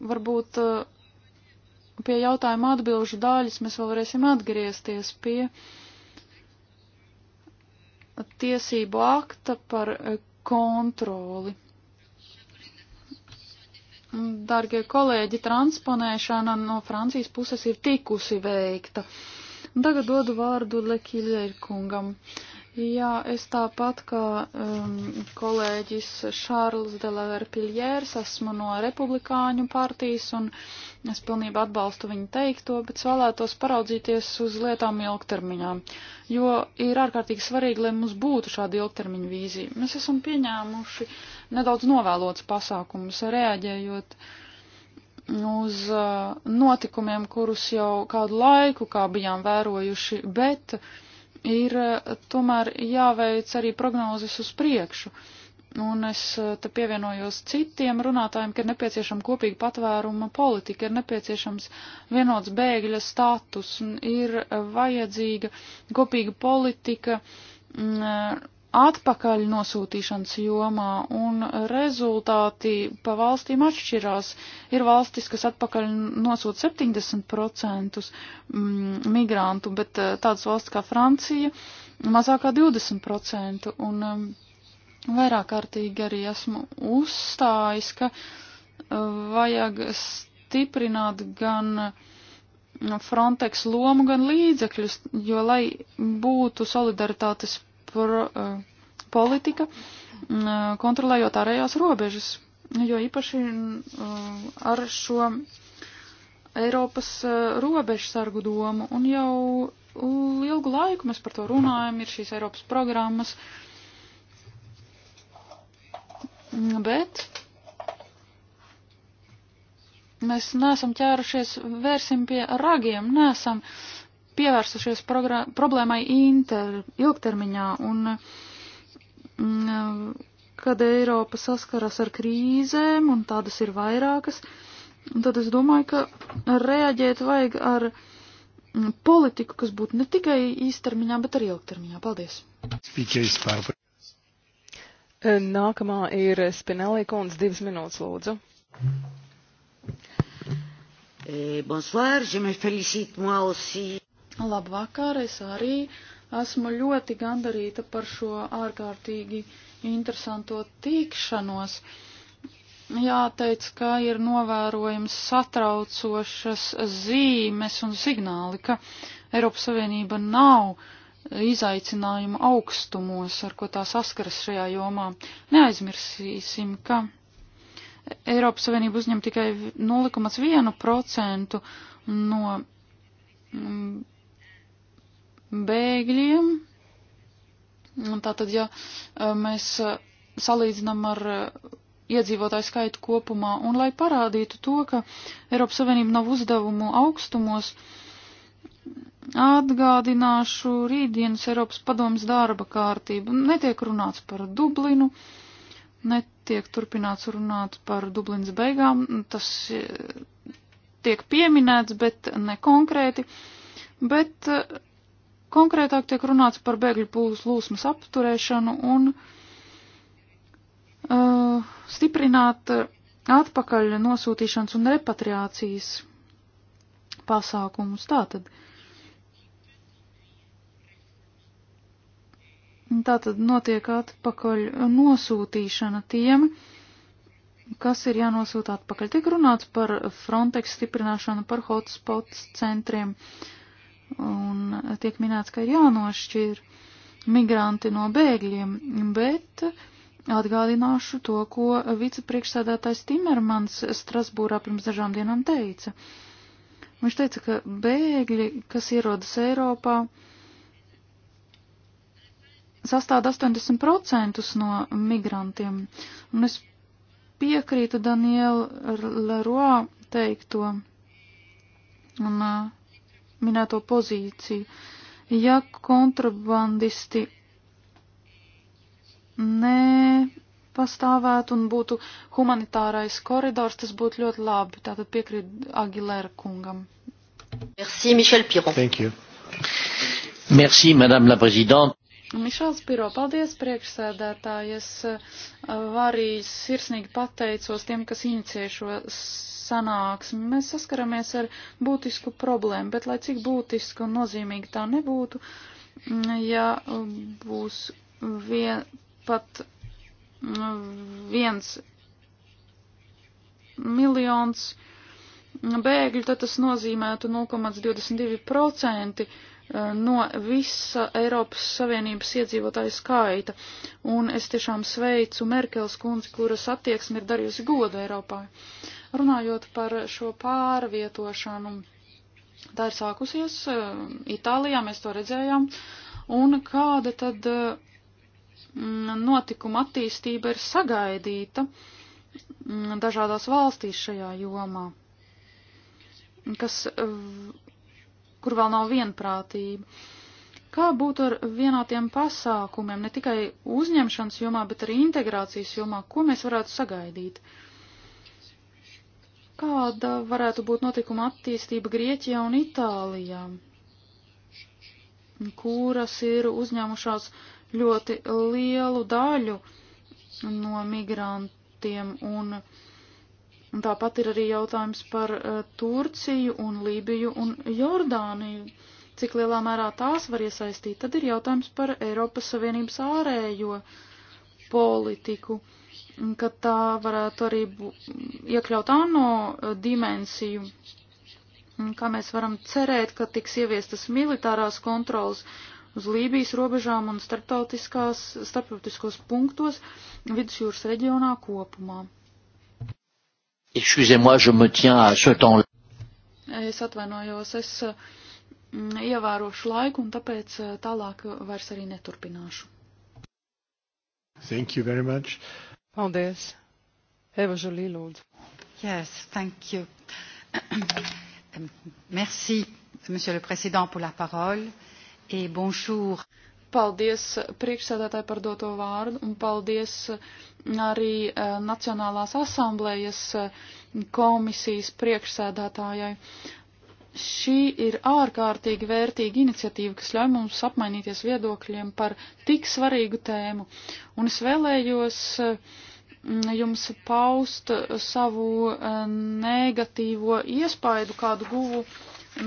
varbūt pie jautājuma atbilžu daļas mēs vēl varēsim atgriezties pie uh, tiesību akta par e, kontroli. Dargie kolēģi, transponēšana no Francijas puses ir tikusi veikta. Tagad dodu vārdu Lekiļai kungam. Uh, Jā, es tāpat kā um, kolēģis Šārls de la Verpiljērs esmu no republikāņu partijas un es pilnībā atbalstu viņu teikto, bet vēlētos paraudzīties uz lietām ilgtermiņā, jo ir ārkārtīgi svarīgi, lai mums būtu šāda ilgtermiņa vīzija. Mēs esam pieņēmuši nedaudz novēlots pasākumus, reaģējot uz uh, notikumiem, kurus jau kādu laiku kā bijām vērojuši, bet uh, ir e, tomēr jāveic arī prognozes uz priekšu. Un es e, te pievienojos citiem runātājiem, ka ir nepieciešama kopīga patvēruma politika, ir nepieciešams vienots bēgļa status, ir vajadzīga kopīga politika. Mm, atpakaļ nosūtīšanas jomā, un rezultāti pa valstīm atšķirās. Ir valstis, kas atpakaļ nosūt 70% mm, migrantu, bet eh, tādas valsts kā Francija mazākā 20%, un mm, vairāk kārtīgi arī esmu uzstājis, ka eh, vajag stiprināt gan mm, Frontex lomu, gan līdzekļus, jo lai būtu solidaritātes pro, e, politika, e, kontrolējot ārējās robežas, jo īpaši e, ar šo Eiropas robežsargu domu, un jau ilgu laiku mēs par to runājam, ir šīs Eiropas programmas, bet mēs neesam ķērušies, vērsim pie ragiem, neesam uh, pievērsušies problēmai inter, ilgtermiņā un mm, kad Eiropa saskaras ar krīzēm, un tādas ir vairākas, tad es domāju, ka reaģēt vajag ar mm, politiku, kas būtu ne tikai īstermiņā, bet arī ilgtermiņā. Paldies! E, nākamā ir Spinelli kundze, divas minūtes lūdzu. E, bonsoir, je me félicite moi aussi. Labvakar, es arī esmu ļoti gandarīta par šo ārkārtīgi interesanto tikšanos. Jāteic, ka ir novērojams satraucošas zīmes un signāli, ka Eiropas Savienība nav izaicinājuma augstumos, ar ko tā saskaras šajā jomā. Neaizmirsīsim, ka Eiropas Savienība uzņem tikai 0,1% no mm, bēgļiem. Tātad, ja e, mēs e, salīdzinām ar e, iedzīvotāju skaitu kopumā, un lai parādītu to, ka Eiropas Savienība nav uzdevumu augstumos, atgādināšu rītdienas Eiropas padomas darba kārtību. Netiek runāts par Dublinu, netiek turpināts runāt par Dublinas beigām, tas tiek pieminēts, bet ne konkrēti. Bet Konkrētāk tiek runāts par bēgļu plūsmas apturēšanu un uh, stiprināt atpakaļ nosūtīšanas un repatriācijas pasākumus. Tātad, tātad notiek atpakaļ nosūtīšana tiem, kas ir jānosūta atpakaļ. Tiek runāts par Frontex stiprināšanu, par hotspots centriem. Uh, un tiek minēts, ka ir jānošķir migranti no bēgļiem, bet atgādināšu to, ko vicepriekšsēdētājs Timermans Strasbūrā pirms dažām dienām teica. Viņš teica, ka bēgļi, kas ierodas Eiropā, sastāv 80% no migrantiem. Un es piekrītu Daniela Leroy teikto. Un uh, minēto pozīciju. Ja kontrabandisti nepastāvētu un būtu humanitārais koridors, tas būtu ļoti labi. Tātad piekrīt Agilēra kungam. Merci, Michel Piro. Thank you. Merci, Madame la Présidente. Mišels Piro, paldies priekšsēdētāji. Es eh, arī sirsnīgi pateicos tiem, kas inicē šo sanāksmi, mēs saskaramies ar būtisku problēmu, bet lai cik būtiska un nozīmīga tā nebūtu, mm, ja um, būs vien, pat mm, viens miljons bēgļu, tad tas nozīmētu 0,22% eh, no visa Eiropas Savienības iedzīvotāju skaita. Un es tiešām sveicu Merkels kundzi, kuras attieksme ir darījusi godu Eiropā. Uh, Runājot par šo pārvietošanu, tā ir sākusies eh, Itālijā, mēs to redzējām, un kāda tad mm, notikuma attīstība ir sagaidīta mm, dažādās valstīs šajā jomā, kas, eh, kur vēl nav vienprātība. Kā būtu ar vienotiem pasākumiem, ne tikai uzņemšanas jomā, bet arī integrācijas jomā, ko mēs varētu sagaidīt? Uh, Kāda varētu būt notikuma attīstība Grieķijā un Itālijā, kuras ir uzņēmušās ļoti lielu daļu no migrantiem un Un tāpat ir arī jautājums par uh, Turciju un Lībiju un Jordāniju. Cik lielā mērā tās var iesaistīt? Tad ir jautājums par Eiropas Savienības ārējo politiku. Uh, ka tā varētu arī iekļaut ANO eh, dimensiju, kā mēs varam cerēt, ka tiks ieviestas militārās kontrolas uz Lībijas robežām un starptautiskos punktos vidusjūras reģionā kopumā. Es atvainojos, es mm, ievērošu laiku un tāpēc eh, tālāk vairs arī neturpināšu. Thank you very much. Paldies. Eva Žulī, lūdzu. Yes, thank you. Merci, Monsieur le Président, pour la parole et bonjour. Paldies priekšsēdētāji par doto vārdu un paldies arī eh, Nacionālās asamblējas eh, komisijas priekšsēdētājai. Uh, Šī ir ārkārtīgi vērtīga iniciatīva, kas ļauj mums apmainīties viedokļiem par tik svarīgu tēmu. Un es vēlējos mm, jums paust savu eh, negatīvo iespaidu, kādu guvu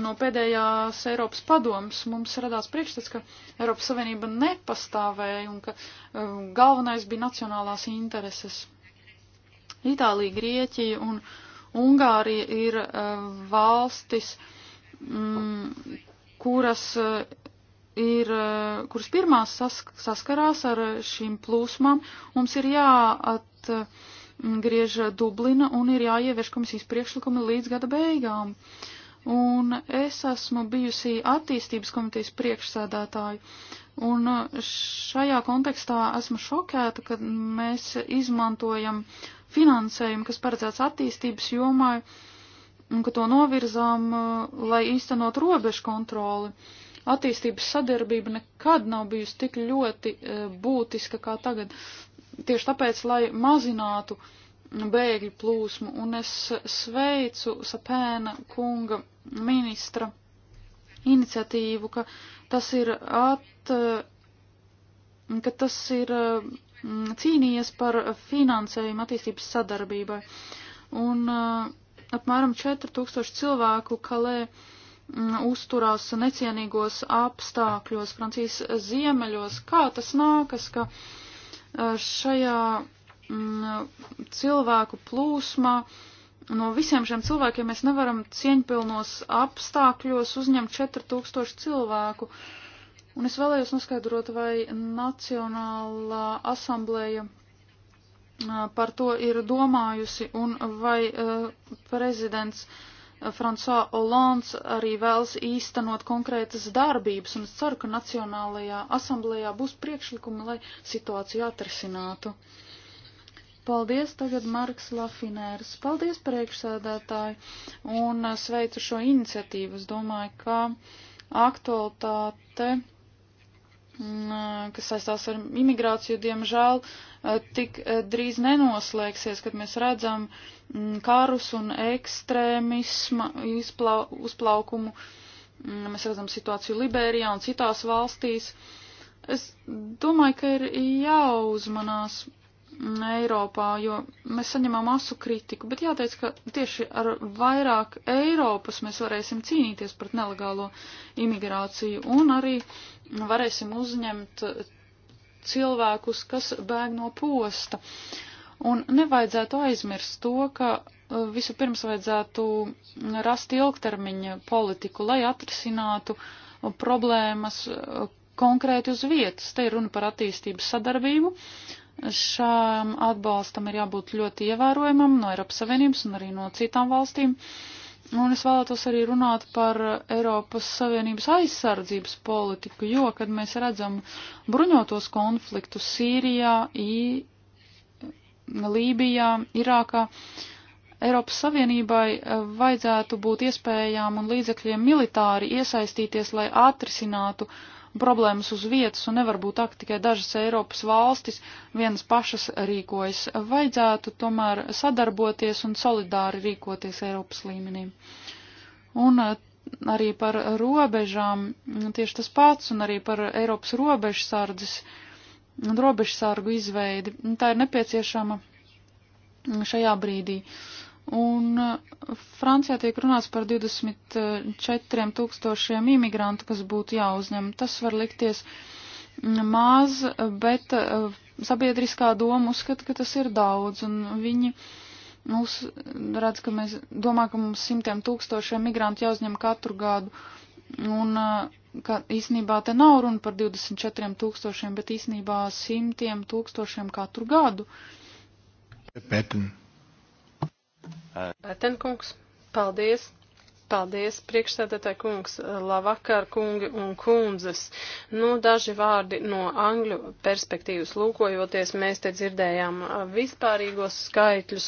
no pēdējās Eiropas padomas mums radās priekšstats, ka Eiropas Savienība nepastāvēja un ka um, galvenais bija nacionālās intereses. Itālija, Grieķija un Ungārija ir uh, valstis, uh, Mm, kuras eh, ir, eh, kuras pirmās sask saskarās ar eh, šīm plūsmām, mums ir jāatgriež Dublina un ir jāievieš komisijas priekšlikumi līdz gada beigām. Un es esmu bijusi attīstības komitejas priekšsēdētāju, un šajā kontekstā esmu šokēta, kad mēs izmantojam finansējumu, kas paredzēts attīstības jomai, uh, un ka to novirzām, eh, lai īstenot robežu kontroli. Attīstības sadarbība nekad nav bijusi tik ļoti eh, būtiska kā tagad. Tieši tāpēc, lai mazinātu bēgļu plūsmu, un es sveicu Sapēna kunga ministra iniciatīvu, ka tas ir at, eh, ka tas ir cīnījies par finansējumu attīstības sadarbībai. Un uh, apmēram 4000 cilvēku kalē mm, uzturās necienīgos apstākļos Francijas ziemeļos. Kā tas nākas, ka e, šajā mm, cilvēku plūsmā no visiem šiem cilvēkiem mēs nevaram cieņpilnos apstākļos uzņemt 4000 cilvēku? Un es vēlējos noskaidrot, vai Nacionālā asamblēja par to ir domājusi un vai prezidents François Hollands arī vēlas īstenot konkrētas darbības un es ceru, ka Nacionālajā asamblējā būs priekšlikumi, lai situāciju atrisinātu. Paldies tagad Marks Lafinērs. Paldies priekšsēdētāji un sveicu šo iniciatīvu. Es domāju, ka aktualitāte Mm, kas saistās ar imigrāciju, diemžēl tik drīz nenoslēgsies, kad mēs redzam mm, karus un ekstrēmisma izplau, uzplaukumu. Mm, mēs redzam situāciju Liberijā un citās valstīs. Es domāju, ka ir jāuzmanās Eiropā, jo mēs saņemam asu kritiku, bet jāteic, ka tieši ar vairāk Eiropas mēs varēsim cīnīties pret nelegālo imigrāciju un arī varēsim uzņemt cilvēkus, kas bēg no posta. Un nevajadzētu aizmirst to, ka e, visu pirms vajadzētu rast ilgtermiņa politiku, lai atrisinātu problēmas e, konkrēti uz vietas. Te ir runa par attīstības sadarbību, Šām atbalstam ir jābūt ļoti ievērojamam no Eiropas Savienības un arī no citām valstīm. Un es vēlētos arī runāt par Eiropas Savienības aizsardzības politiku, jo, kad mēs redzam bruņotos konfliktus Sīrijā, I, Lībijā, Irākā, Eiropas Savienībai vajadzētu būt iespējām un līdzekļiem militāri iesaistīties, lai atrisinātu uh, problēmas uz vietas un nevar būt tā, ka tikai dažas Eiropas valstis vienas pašas rīkojas. Vajadzētu tomēr sadarboties un solidāri rīkoties Eiropas līmenī. Un eh, arī par robežām tieši tas pats un arī par Eiropas robežsardzes un robežsargu izveidi. Tā ir nepieciešama šajā brīdī. Uh, Un uh, Francijā tiek runāts par 24 uh, tūkstošiem imigrantu, kas būtu jāuzņem. Tas var likties mm, maz, bet uh, sabiedriskā doma uzskata, ka tas ir daudz, un viņi mūs redz, ka mēs domā, ka mums simtiem tūkstošiem migrantu jāuzņem katru gadu, un ka īsnībā te nav runa par 24 tūkstošiem, bet īsnībā simtiem tūkstošiem katru gadu. Pētin. Pētenkungs, paldies! Paldies, priekšsēdētāji kungs, labvakar, kungi un kundzes. Nu, daži vārdi no angļu perspektīvas lūkojoties, mēs te dzirdējām vispārīgos skaitļus,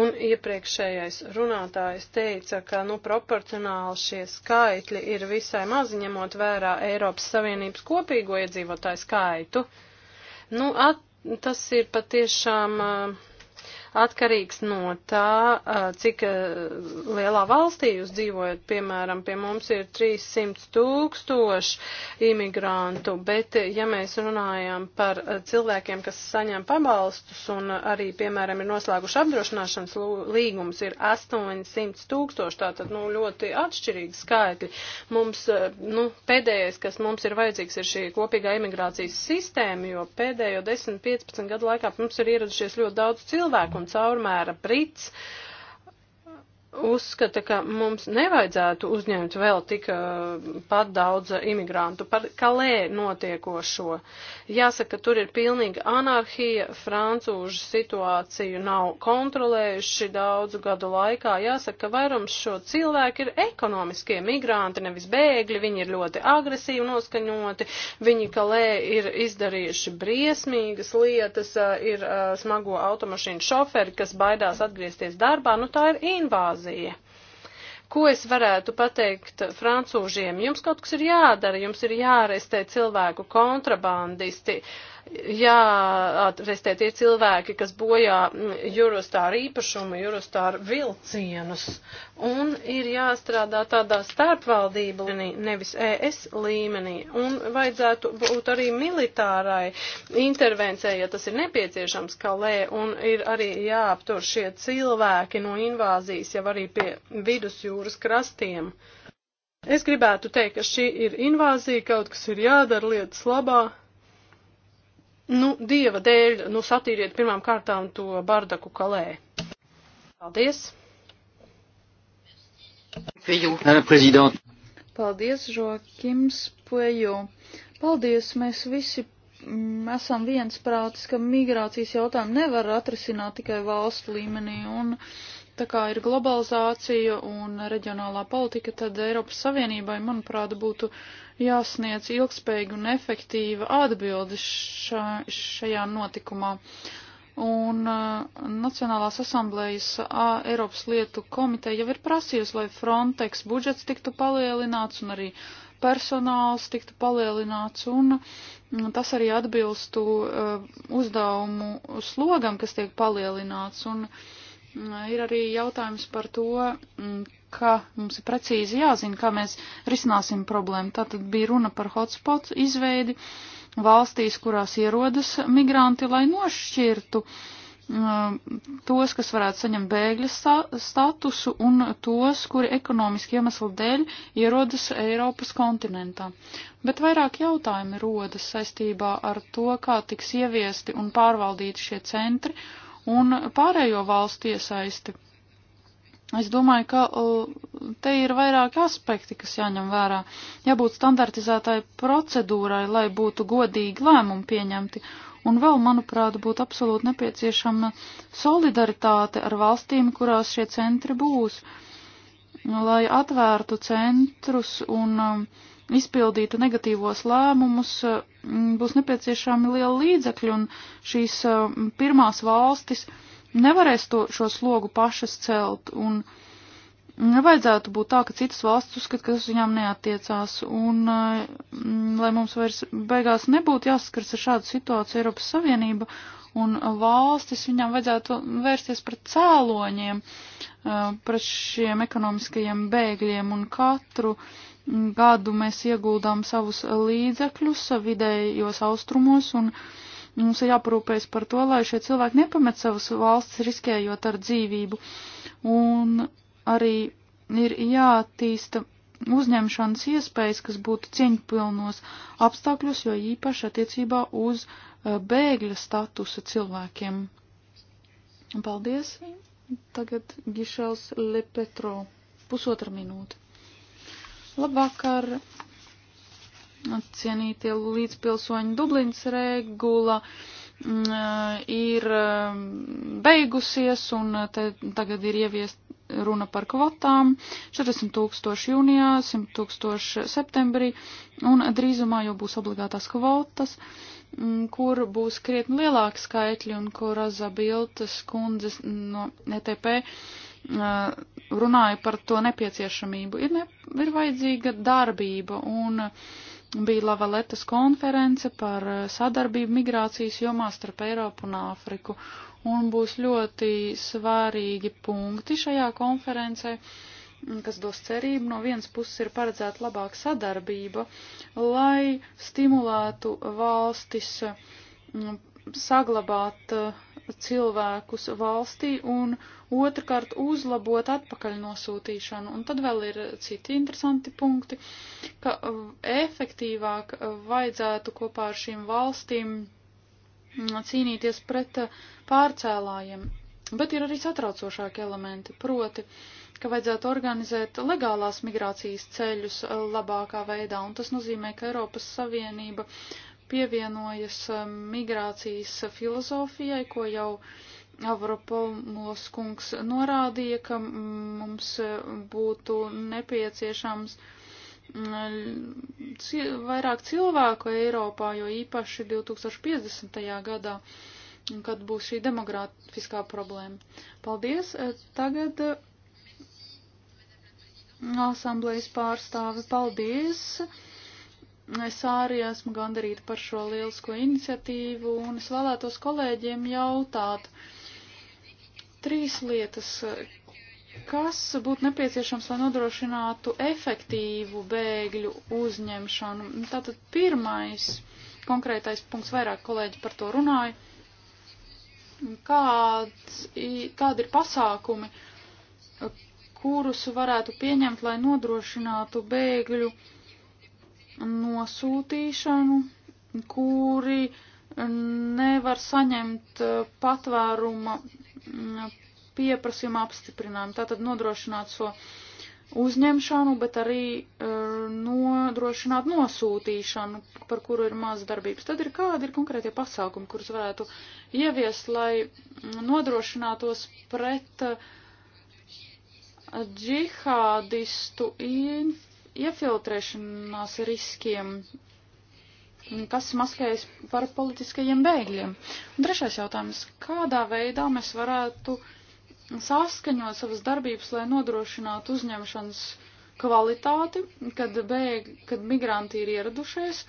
un iepriekšējais runātājs teica, ka, nu, proporcionāli šie skaitļi ir visai mazi, ņemot vērā Eiropas Savienības kopīgo iedzīvotāju skaitu. Nu, at, tas ir patiešām. Uh, atkarīgs no tā, cik lielā valstī jūs dzīvojat. Piemēram, pie mums ir 300 tūkstoši imigrantu, bet ja mēs runājam par cilvēkiem, kas saņem pabalstus un arī, piemēram, ir noslēguši apdrošināšanas līgumus, ir 800 tūkstoši, tātad, nu, ļoti atšķirīgi skaitļi. Mums, nu, pēdējais, kas mums ir vajadzīgs, ir šī kopīgā imigrācijas sistēma, jo pēdējo 10-15 gadu laikā mums ir ieradušies ļoti daudz cilvēku un caurmēra brits. Uh, uzskata, ka mums nevajadzētu uzņemt vēl tik pat daudz imigrantu par kalē notiekošo. Jāsaka, tur ir pilnīga anarhija, francūži situāciju nav kontrolējuši daudzu gadu laikā. Jāsaka, ka vairums šo cilvēku ir ekonomiskie migranti, nevis bēgļi, viņi ir ļoti agresīvi noskaņoti, viņi kalē ir izdarījuši briesmīgas lietas, ir smago automašīnu šoferi, kas baidās atgriezties darbā, nu tā ir invāzija Grozija. Ko es varētu pateikt francūžiem? Jums kaut kas ir jādara, jums ir jārestē cilvēku kontrabandisti. Uh, jāatrestē tie cilvēki, kas bojā Eurostāra īpašumu, Eurostāra vilcienus, un ir jāstrādā tādā starpvaldība līmenī, nevis ES līmenī, un vajadzētu būt arī militārai intervencijai, ja tas ir nepieciešams kalē, un ir arī jāaptur šie cilvēki no invāzijas, jau arī pie vidusjūras krastiem. Es gribētu teikt, ka šī ir invāzija, kaut kas ir jādara lietas labā, Nu, dieva dēļ, nu, satīriet pirmām kārtām to bardaku kalē. Paldies! Paldies, Žokims Puejo. Paldies, mēs visi mm, esam viensprātis, ka migrācijas jautājumu nevar atrisināt tikai valstu līmenī, un tā kā ir globalizācija un reģionālā politika, tad Eiropas Savienībai, manuprāt, būtu jāsniedz ilgspējīga un efektīva atbildi ša, šajā notikumā. Un uh, Nacionālās asamblējas uh, Eiropas lietu komiteja jau ir prasījusi, lai Frontex budžets tiktu palielināts un arī personāls tiktu palielināts, un mm, tas arī atbilstu uh, uzdevumu slogam, kas tiek palielināts. Un, uh, ir arī jautājums par to, mm, ka mums ir precīzi jāzina, kā mēs risināsim problēmu. Tātad bija runa par hotspot izveidi valstīs, kurās ierodas migranti, lai nošķirtu mm, tos, kas varētu saņemt bēgļa statusu un tos, kuri ekonomiski iemeslu dēļ ierodas Eiropas kontinentā. Bet vairāk jautājumi rodas saistībā ar to, kā tiks ieviesti un pārvaldīti šie centri un pārējo valstu iesaisti. Es domāju, ka uh, te ir vairāki aspekti, kas jāņem vērā. Jābūt standartizētai procedūrai, lai būtu godīgi lēmumi pieņemti. Un vēl, manuprāt, būtu absolūti nepieciešama solidaritāte ar valstīm, kurās šie centri būs, lai atvērtu centrus un um, izpildītu negatīvos lēmumus, mm, būs nepieciešami liela līdzekļa, un šīs mm, pirmās valstis nevarēs to, šo slogu pašas celt, un nevajadzētu būt tā, ka citas valsts uzskata, ka tas viņām neatiecās, un mm, lai mums vairs beigās nebūtu jāsaskars ar šādu situāciju Eiropas Savienība, un valstis viņām vajadzētu vērsties pret cēloņiem, eh, pret šiem ekonomiskajiem bēgļiem un katru uh, gadu mēs ieguldām savus līdzekļus vidējos austrumos un mums ir jāparūpējas par to, lai šie cilvēki nepamet savas valsts riskējot ar dzīvību. Un arī ir jātīsta uzņemšanas iespējas, kas būtu cieņpilnos apstākļos, jo īpaši attiecībā uz eh, bēgļa statusa cilvēkiem. Paldies! Tagad Gišels Lepetro. Pusotra minūte. Labvakar, cienītie līdzpilsoņi Dublins regula mm, eh, ir eh, beigusies un eh, te tagad ir ieviest runa par kvotām 40 tūkstoši jūnijā, 100 tūkstoši septembrī un drīzumā jau būs obligātās kvotas, mm, kur būs krietni lielāki skaitļi un kur Azabiltas kundzes no ETP Uh, runāju par to nepieciešamību. Ir, ne, ir vajadzīga darbība un bija Lavaletas konference par uh, sadarbību migrācijas jomā starp Eiropu un Āfriku. Un būs ļoti svārīgi punkti šajā konferencē, kas dos cerību. No vienas puses ir paredzēta labāka sadarbība, lai stimulētu valstis mm, saglabāt uh, cilvēkus valstī un otrkārt uzlabot atpakaļ nosūtīšanu. Un tad vēl ir citi interesanti punkti, ka uh, efektīvāk uh, vajadzētu kopā ar šīm valstīm mm, cīnīties pret uh, pārcēlājiem. Bet ir arī satraucošāki elementi, proti, ka vajadzētu organizēt legālās migrācijas ceļus labākā veidā, un tas nozīmē, ka Eiropas Savienība uh, pievienojas um, migrācijas filozofijai, ko jau Avropomos kungs norādīja, ka mums būtu nepieciešams mm, vairāk cilvēku Eiropā, jo īpaši 2050. gadā, kad būs šī demografiskā problēma. Paldies! Eh, tagad eh, asamblējas pārstāve, paldies! Es arī esmu gandarīta par šo lielisko iniciatīvu, un es vēlētos kolēģiem jautāt trīs lietas, kas būtu nepieciešams, lai nodrošinātu efektīvu bēgļu uzņemšanu. Tātad pirmais konkrētais punkts, vairāk kolēģi par to runāja, kāds, kādi ir pasākumi, kurus varētu pieņemt, lai nodrošinātu bēgļu uzņemšanu nosūtīšanu, kuri nevar saņemt eh, patvēruma mm, pieprasījuma apstiprinājumu. Tātad nodrošināt šo uzņemšanu, bet arī eh, nodrošināt nosūtīšanu, par kuru ir maz darbības. Tad ir kādi ir konkrētie pasākumi, kurus varētu ieviest, lai mm, nodrošinātos pret eh, džihādistu infekciju iefiltrēšanās riskiem, kas maskējas par politiskajiem bēgļiem. Un trešais jautājums - kādā veidā mēs varētu saskaņot savas darbības, lai nodrošinātu uzņemšanas kvalitāti, kad, bēg, kad migranti ir ieradušies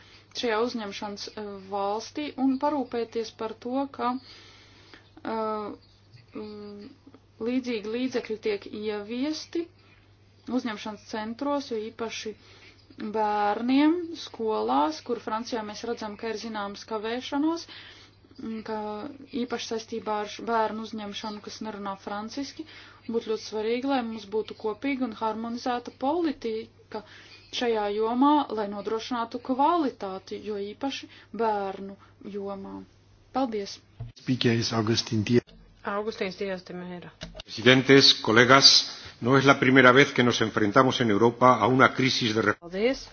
šajā uzņemšanas eh, valstī un parūpēties par to, ka uh, līdzīgi līdzekļi tiek ieviesti uzņemšanas centros, jo īpaši bērniem skolās, kur Francijā mēs redzam, ka ir zināmas kavēšanos, ka īpaši saistībā ar bērnu uzņemšanu, kas nerunā franciski, būtu ļoti svarīgi, lai mums būtu kopīga un harmonizēta politika šajā jomā, lai nodrošinātu kvalitāti, jo īpaši bērnu jomā. Paldies! Spīkējais Augustīns Dievs. Augustīns Dievs, Demēra. Presidentes, kolegas. No es la primera vez que nos enfrentamos en Europa a una crisis de Paldies.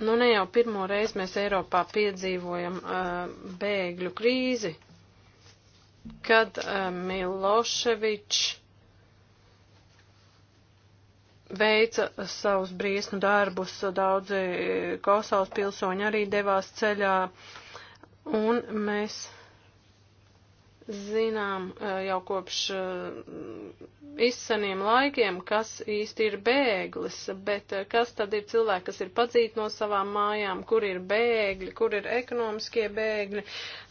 Nu, ne jau pirmo reizi mēs Eiropā piedzīvojam uh, bēgļu krīzi, kad uh, Miloševičs veica savus briesmu darbus, daudzi Kosovas pilsoņi arī devās ceļā, un mēs zinām eh, jau kopš eh, izseniem laikiem, kas īsti ir bēglis, bet eh, kas tad ir cilvēki, kas ir padzīti no savām mājām, kur ir bēgļi, kur ir ekonomiskie bēgļi,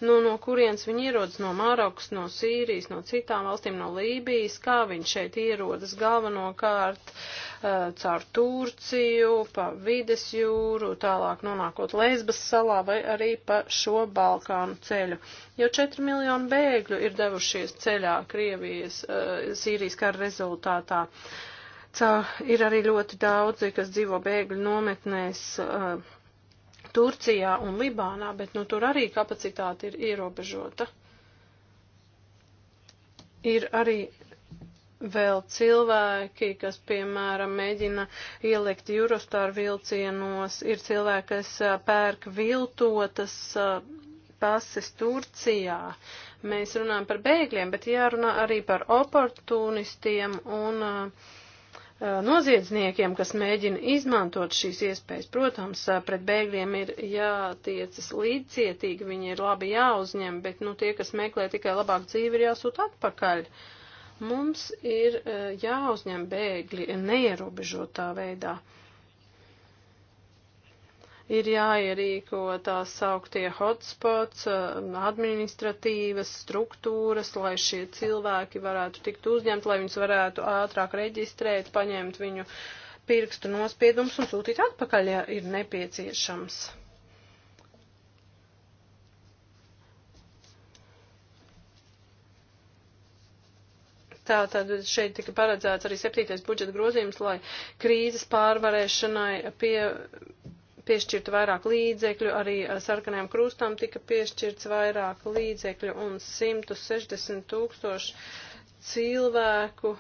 no, nu, no kurienes viņi ierodas, no Marokas, no Sīrijas, no citām valstīm, no Lībijas, kā viņi šeit ierodas galvenokārt. Uh, Eh, caur Turciju, pa Vides jūru, tālāk nonākot Leizbas salā vai arī pa šo Balkānu ceļu. Jo 4 miljoni bēgļu ir devušies ceļā Krievijas, eh, Sīrijas kara rezultātā. Caur, ir arī ļoti daudzi, kas dzīvo bēgļu nometnēs. Eh, Turcijā un Libānā, bet nu, tur arī kapacitāte ir ierobežota. Ir arī vēl cilvēki, kas, piemēram, mēģina ielikt Eurostar vilcienos, ir cilvēki, kas pērk viltotas pases Turcijā. Mēs runājam par bēgļiem, bet jārunā arī par oportunistiem un noziedzniekiem, kas mēģina izmantot šīs iespējas. Protams, pret bēgļiem ir jātiecas līdzcietīgi, viņi ir labi jāuzņem, bet, nu, tie, kas meklē tikai labāku dzīvi, ir jāsūt atpakaļ. Uh, Mums ir e, jāuzņem bēgļi neierobežotā veidā. Ir jāierīko tās augtie hotspots, e, administratīvas struktūras, lai šie cilvēki varētu tikt uzņemt, lai viņus varētu ātrāk reģistrēt, paņemt viņu pirkstu nospiedumus un sūtīt atpakaļ, ja ir nepieciešams. Tā tad šeit tika paredzēts arī septītais budžeta grozījums, lai krīzes pārvarēšanai pie piešķirtu vairāk līdzekļu, arī sarkanajām krustām tika piešķirts vairāk līdzekļu un 160 tūkstoši cilvēku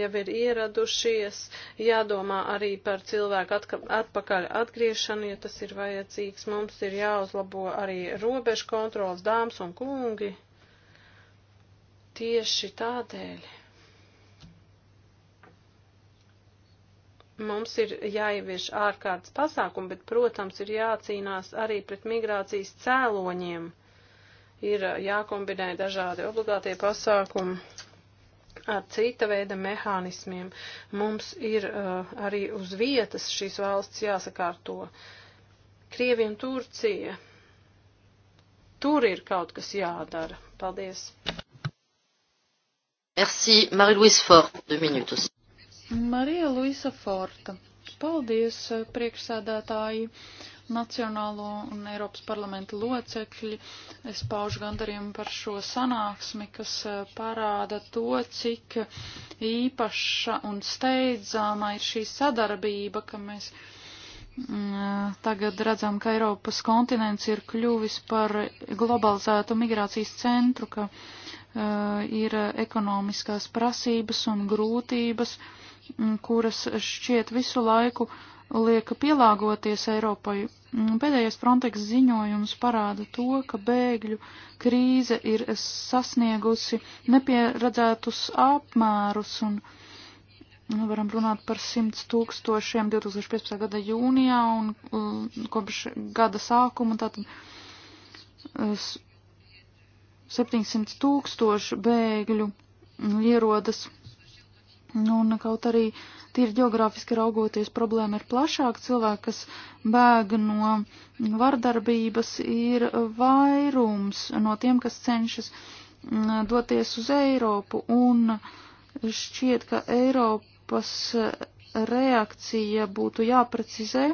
jau ir ieradušies, jādomā arī par cilvēku atka, atpakaļ atgriešanu, ja tas ir vajadzīgs. Mums ir jāuzlabo arī robežu kontrols, dāmas un kungi. Tieši tādēļ. mums ir jāievieš ārkārtas pasākumi, bet, protams, ir jācīnās arī pret migrācijas cēloņiem. Ir jākombinē dažādi obligātie pasākumi ar cita veida mehānismiem. Mums ir uh, arī uz vietas šīs valsts jāsakārto. Krievija un Turcija. Tur ir kaut kas jādara. Paldies. Merci, Marie-Louise Fort, deux minutes aussi. Marija Luisa Forta. Paldies, eh, priekšsēdētāji, Nacionālo un Eiropas parlamenta locekļi. Es paužu gandarījumu par šo sanāksmi, kas eh, parāda to, cik īpaša un steidzāmā ir šī sadarbība, ka mēs mm, tagad redzam, ka Eiropas kontinents ir kļuvis par globalizētu migrācijas centru, ka uh, ir ekonomiskās prasības un grūtības. Uh, kuras šķiet visu laiku lieka pielāgoties Eiropai. Pēdējais Frontex ziņojums parāda to, ka bēgļu krīze ir sasniegusi nepieredzētus apmērus un nu, varam runāt par 100 tūkstošiem 2015. gada jūnijā un um, kopš gada sākuma tātad 700 e, tūkstoši bēgļu ierodas Un kaut arī tīri geogrāfiski raugoties, problēma ir plašāka. Cilvēki, kas bēg no vardarbības, ir vairums no tiem, kas cenšas mm, doties uz Eiropu. Un šķiet, ka Eiropas reakcija būtu jāprecizē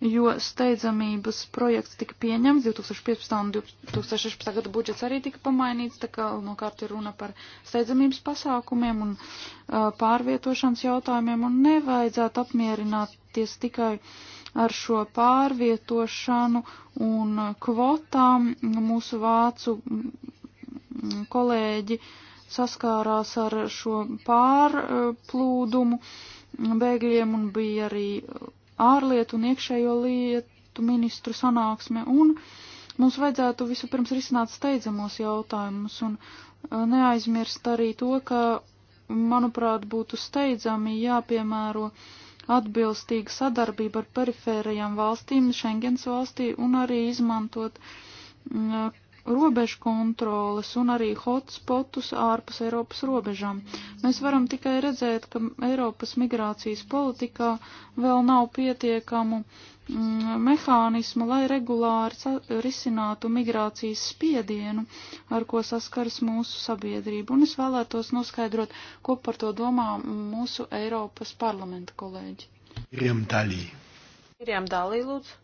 jo steidzamības projekts tika pieņemts, 2015. un 2016. gada budžets arī tika pamainīts, tā kā nokārt ir runa par steidzamības pasākumiem un uh, pārvietošanas jautājumiem, un nevajadzētu apmierināties tikai ar šo pārvietošanu un kvotām. Mūsu vācu mm, kolēģi saskārās ar šo pārplūdumu bēgļiem un bija arī ārlietu un iekšējo lietu ministru sanāksme, un mums vajadzētu vispirms risināt steidzamos jautājumus, un e, neaizmirst arī to, ka, manuprāt, būtu steidzami jāpiemēro atbilstīga sadarbība ar perifērajām valstīm, Schengens valstī, un arī izmantot robežu kontroles un arī hotspotus ārpus Eiropas robežām. Mēs varam tikai redzēt, ka Eiropas migrācijas politikā vēl nav pietiekamu mm, mehānismu, lai regulāri risinātu migrācijas spiedienu, ar ko saskaras mūsu sabiedrība. Un es vēlētos noskaidrot, ko par to domā mūsu Eiropas parlamenta kolēģi. Irjam Dalī. Irjam Dalī, lūdzu.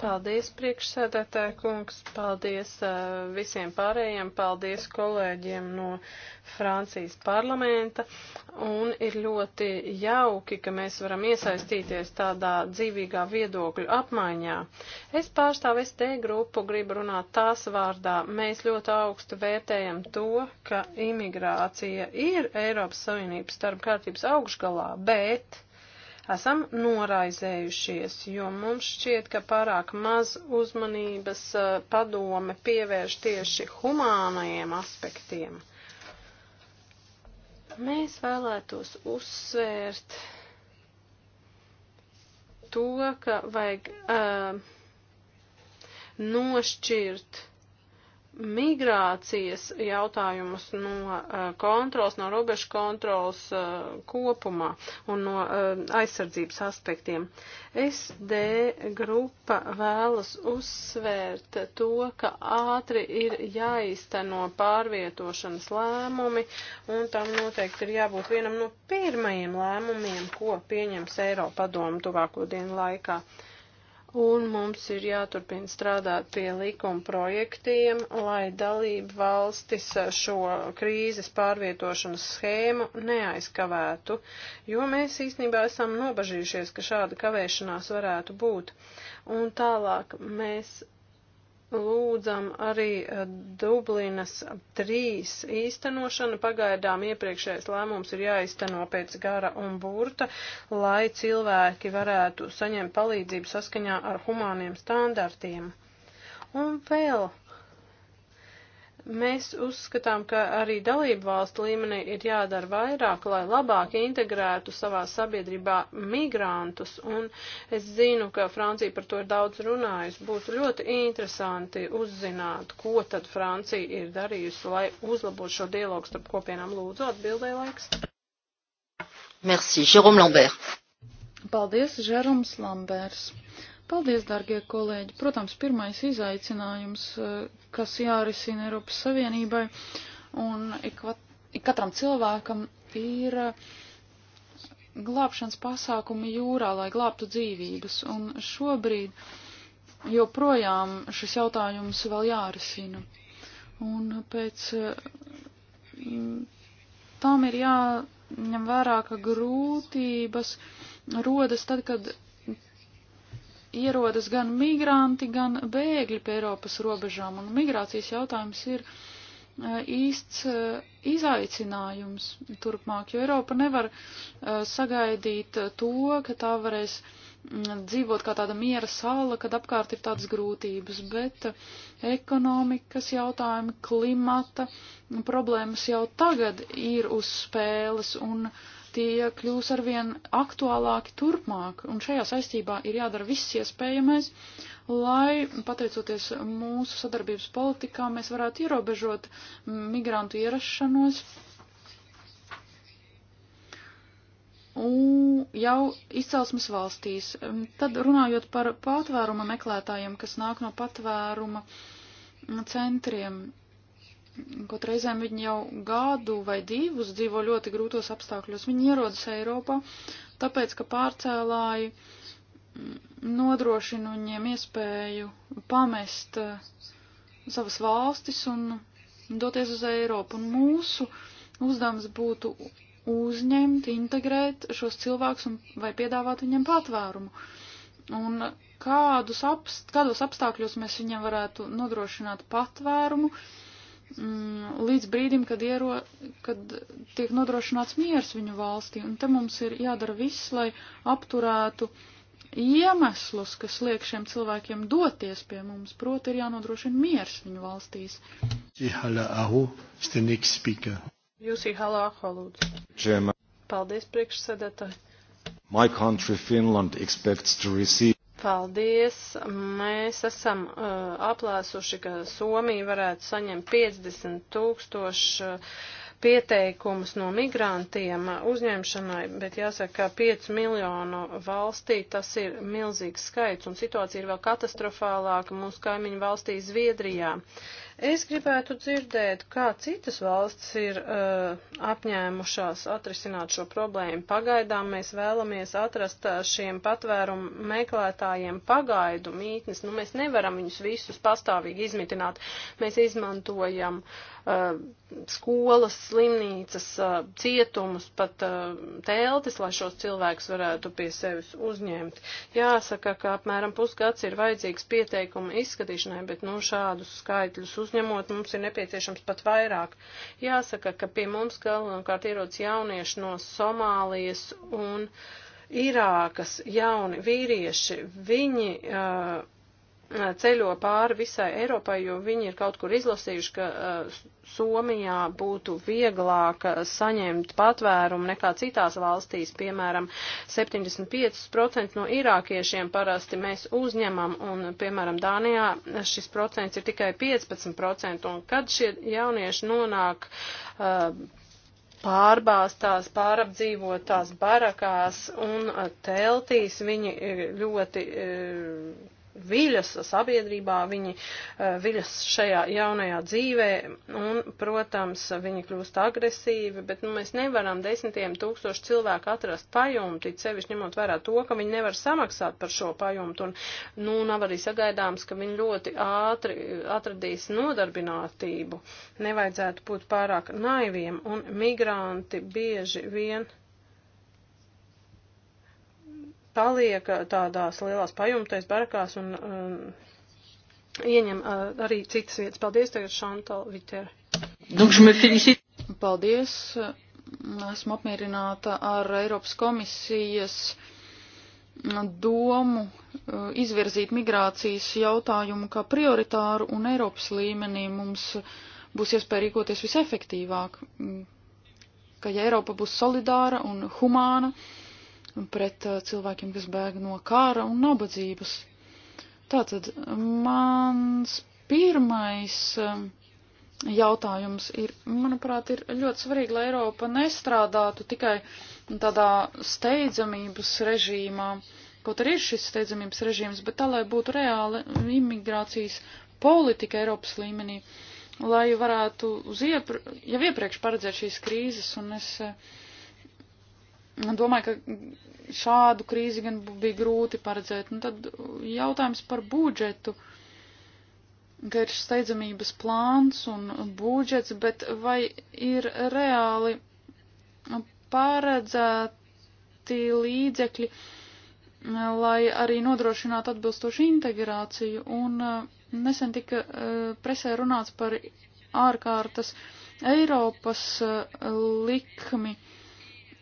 Paldies, priekšsēdētāja kungs, paldies uh, visiem pārējiem, paldies kolēģiem no Francijas parlamenta. Un ir ļoti jauki, ka mēs varam iesaistīties tādā dzīvīgā viedokļu apmaiņā. Es pārstāvu ST grupu, gribu runāt tās vārdā. Mēs ļoti augstu vērtējam to, ka imigrācija ir Eiropas Savienības starpkārtības augšgalā, bet esam noraizējušies, jo mums šķiet, ka pārāk maz uzmanības eh, padome pievērš tieši humānajiem aspektiem. Mēs vēlētos uzsvērt to, ka vajag uh, nošķirt migrācijas jautājumus no eh, kontrols, no robežu kontrols eh, kopumā un no eh, aizsardzības aspektiem. SD grupa vēlas uzsvērt to, ka ātri ir jāizteno pārvietošanas lēmumi un tam noteikti ir jābūt vienam no pirmajiem lēmumiem, ko pieņems Eiropa padomu tuvāko dienu laikā. Uh, un mums ir jāturpina strādāt pie likuma projektiem, lai dalību valstis šo krīzes pārvietošanas schēmu neaizkavētu, jo mēs īstenībā esam nobažījušies, ka šāda kavēšanās varētu būt. Un tālāk mēs lūdzam arī eh, Dublinas trīs īstenošanu. Pagaidām iepriekšējais lēmums ir jāizteno pēc gara un burta, lai cilvēki varētu saņemt palīdzību saskaņā ar humāniem standartiem. Un vēl Mēs uzskatām, ka arī dalību valstu līmenī ir jādara vairāk, lai labāk integrētu savā sabiedrībā migrantus, un es zinu, ka Francija par to ir daudz runājusi. Būtu ļoti interesanti uzzināt, ko tad Francija ir darījusi, lai uzlabotu šo dialogu starp kopienām. Lūdzu, atbildē laiks. Merci, Jérôme Lambert. Paldies, Žeroms Lambērs. Paldies, dārgie kolēģi! Protams, pirmais izaicinājums, eh, kas jārisina Eiropas Savienībai un ikatram cilvēkam, ir eh, glābšanas pasākumi jūrā, lai glābtu dzīvības. Un šobrīd joprojām šis jautājums vēl jārisina. Un pēc eh, tam ir jāņem vērā, ka grūtības rodas tad, kad ierodas gan migranti, gan bēgļi pie Eiropas robežām, un migrācijas jautājums ir e, īsts e, izaicinājums turpmāk, jo Eiropa nevar e, sagaidīt to, ka tā varēs dzīvot kā tāda miera sala, kad apkārt ir tādas grūtības, bet ekonomikas jautājumi, klimata problēmas jau tagad ir uz spēles, un uh, tie kļūs arvien aktuālāki turpmāk, un šajā saistībā ir jādara viss iespējamais, lai, pateicoties mūsu sadarbības politikā, mēs varētu ierobežot migrantu ierašanos un jau izcelsmes valstīs. Tad runājot par patvēruma meklētājiem, kas nāk no patvēruma centriem, Kaut reizēm viņi jau gadu vai divus dzīvo ļoti grūtos apstākļos. Viņi ierodas Eiropā, tāpēc, ka pārcēlāji mm, nodrošina viņiem iespēju pamest eh, savas valstis un doties uz Eiropu. Un mūsu uzdevums būtu uzņemt, integrēt šos cilvēkus un vai piedāvāt viņiem patvērumu. Un kādus apst, kādos apstākļos mēs viņiem varētu nodrošināt patvērumu, uh, Mm, līdz brīdim, kad, iero, kad tiek nodrošināts miers viņu valstī. Un te mums ir jādara viss, lai apturētu iemeslus, kas liek šiem cilvēkiem doties pie mums. Proti, ir jānodrošina miers viņu valstīs. Jūs ir halāho, lūdzu. Paldies, priekšsēdētāji. My country, Finland, expects to receive Paldies! Mēs esam uh, aplēsuši, ka Somija varētu saņemt 50 tūkstoši uh, pieteikumus no migrantiem uh, uzņemšanai, bet jāsaka, ka 5 miljonu valstī tas ir milzīgs skaits un situācija ir vēl katastrofālāka mūsu kaimiņu valstī Zviedrijā. Uh, Es gribētu dzirdēt, kā citas valstis ir uh, apņēmušās atrisināt šo problēmu. Pagaidām mēs vēlamies atrast uh, šiem patvērumu meklētājiem pagaidu mītnes. Nu, mēs nevaram viņus visus pastāvīgi izmitināt. Mēs izmantojam uh, skolas, slimnīcas, cietumus, pat teltis, lai šos cilvēkus varētu pie sevis uzņemt. Jāsaka, ka apmēram pusgads ir vajadzīgs pieteikumu izskatīšanai, bet nu šādus skaitļus uzņemot mums ir nepieciešams pat vairāk. Jāsaka, ka pie mums galvenokārt ierodas jaunieši no Somālijas un Irākas jauni vīrieši. Viņi uh, Uh, ceļo pāri visai Eiropai, jo viņi ir kaut kur izlasījuši, ka uh, Somijā būtu vieglāk uh, saņemt patvērumu nekā citās valstīs. Piemēram, 75% no irākiešiem parasti mēs uzņemam, un, piemēram, Dānijā šis procents ir tikai 15%, un kad šie jaunieši nonāk uh, pārbāztās, pārapdzīvotās barakās un uh, teltīs, viņi ļoti. Uh, viļas sabiedrībā, viņi eh, viļas šajā jaunajā dzīvē, un, protams, viņi kļūst agresīvi, bet nu, mēs nevaram desmitiem tūkstošu cilvēku atrast pajumti, sevišķi ņemot vērā to, ka viņi nevar samaksāt par šo pajumtu, un nu, nav arī sagaidāms, ka viņi ļoti ātri eh, atradīs nodarbinātību. Nevajadzētu būt pārāk naiviem, un migranti bieži vien paliek tādās lielās pajumtais barakās un um, ieņem uh, arī citas vietas. Paldies tagad Šantal Viter. Nu, Paldies. Esmu apmierināta ar Eiropas komisijas domu uh, izvirzīt migrācijas jautājumu kā prioritāru un Eiropas līmenī mums būs iespēja rīkoties visefektīvāk, mm, ka ja Eiropa būs solidāra un humāna, uh, pret uh, cilvēkiem, kas bēg no kara un nabadzības. Tātad mans pirmais uh, jautājums ir, manuprāt, ir ļoti svarīgi, lai Eiropa nestrādātu tikai tādā steidzamības režīmā, kaut arī ir šis steidzamības režīms, bet tā, lai būtu reāla imigrācijas politika Eiropas līmenī, lai varētu uz iepr jau iepriekš paredzēt šīs krīzes, un es uh, Domāju, ka šādu krīzi gan bija grūti paredzēt. Un nu, tad jautājums par budžetu, ka ir steidzamības plāns un budžets, bet vai ir reāli paredzēti līdzekļi, lai arī nodrošinātu atbilstošu integrāciju. Un eh, nesen tika eh, presē runāts par ārkārtas Eiropas eh, likmi. Uh,